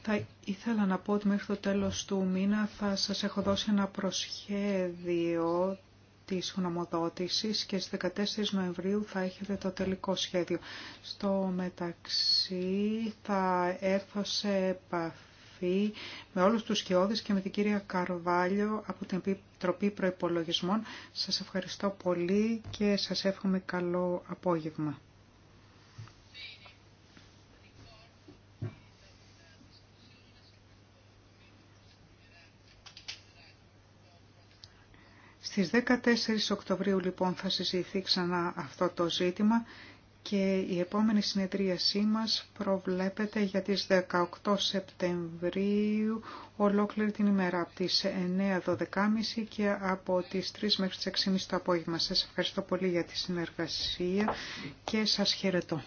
Θα ήθελα να πω ότι μέχρι το τέλος του μήνα θα σας έχω δώσει ένα προσχέδιο της γνωμοδότησης και στις 14 Νοεμβρίου θα έχετε το τελικό σχέδιο. Στο μεταξύ θα έρθω σε επαφή με όλους τους σκιώδες και με την κυρία Καρβάλιο από την Επιτροπή Προϋπολογισμών. Σας ευχαριστώ πολύ και σας εύχομαι καλό απόγευμα. Στις 14 Οκτωβρίου λοιπόν θα συζητηθεί ξανά αυτό το ζήτημα και η επόμενη συνεδρίασή μας προβλέπεται για τις 18 Σεπτεμβρίου ολόκληρη την ημέρα από τις 9 και από τις 3 μέχρι τις 6.30 το απόγευμα. Σας ευχαριστώ πολύ για τη συνεργασία και σας χαιρετώ.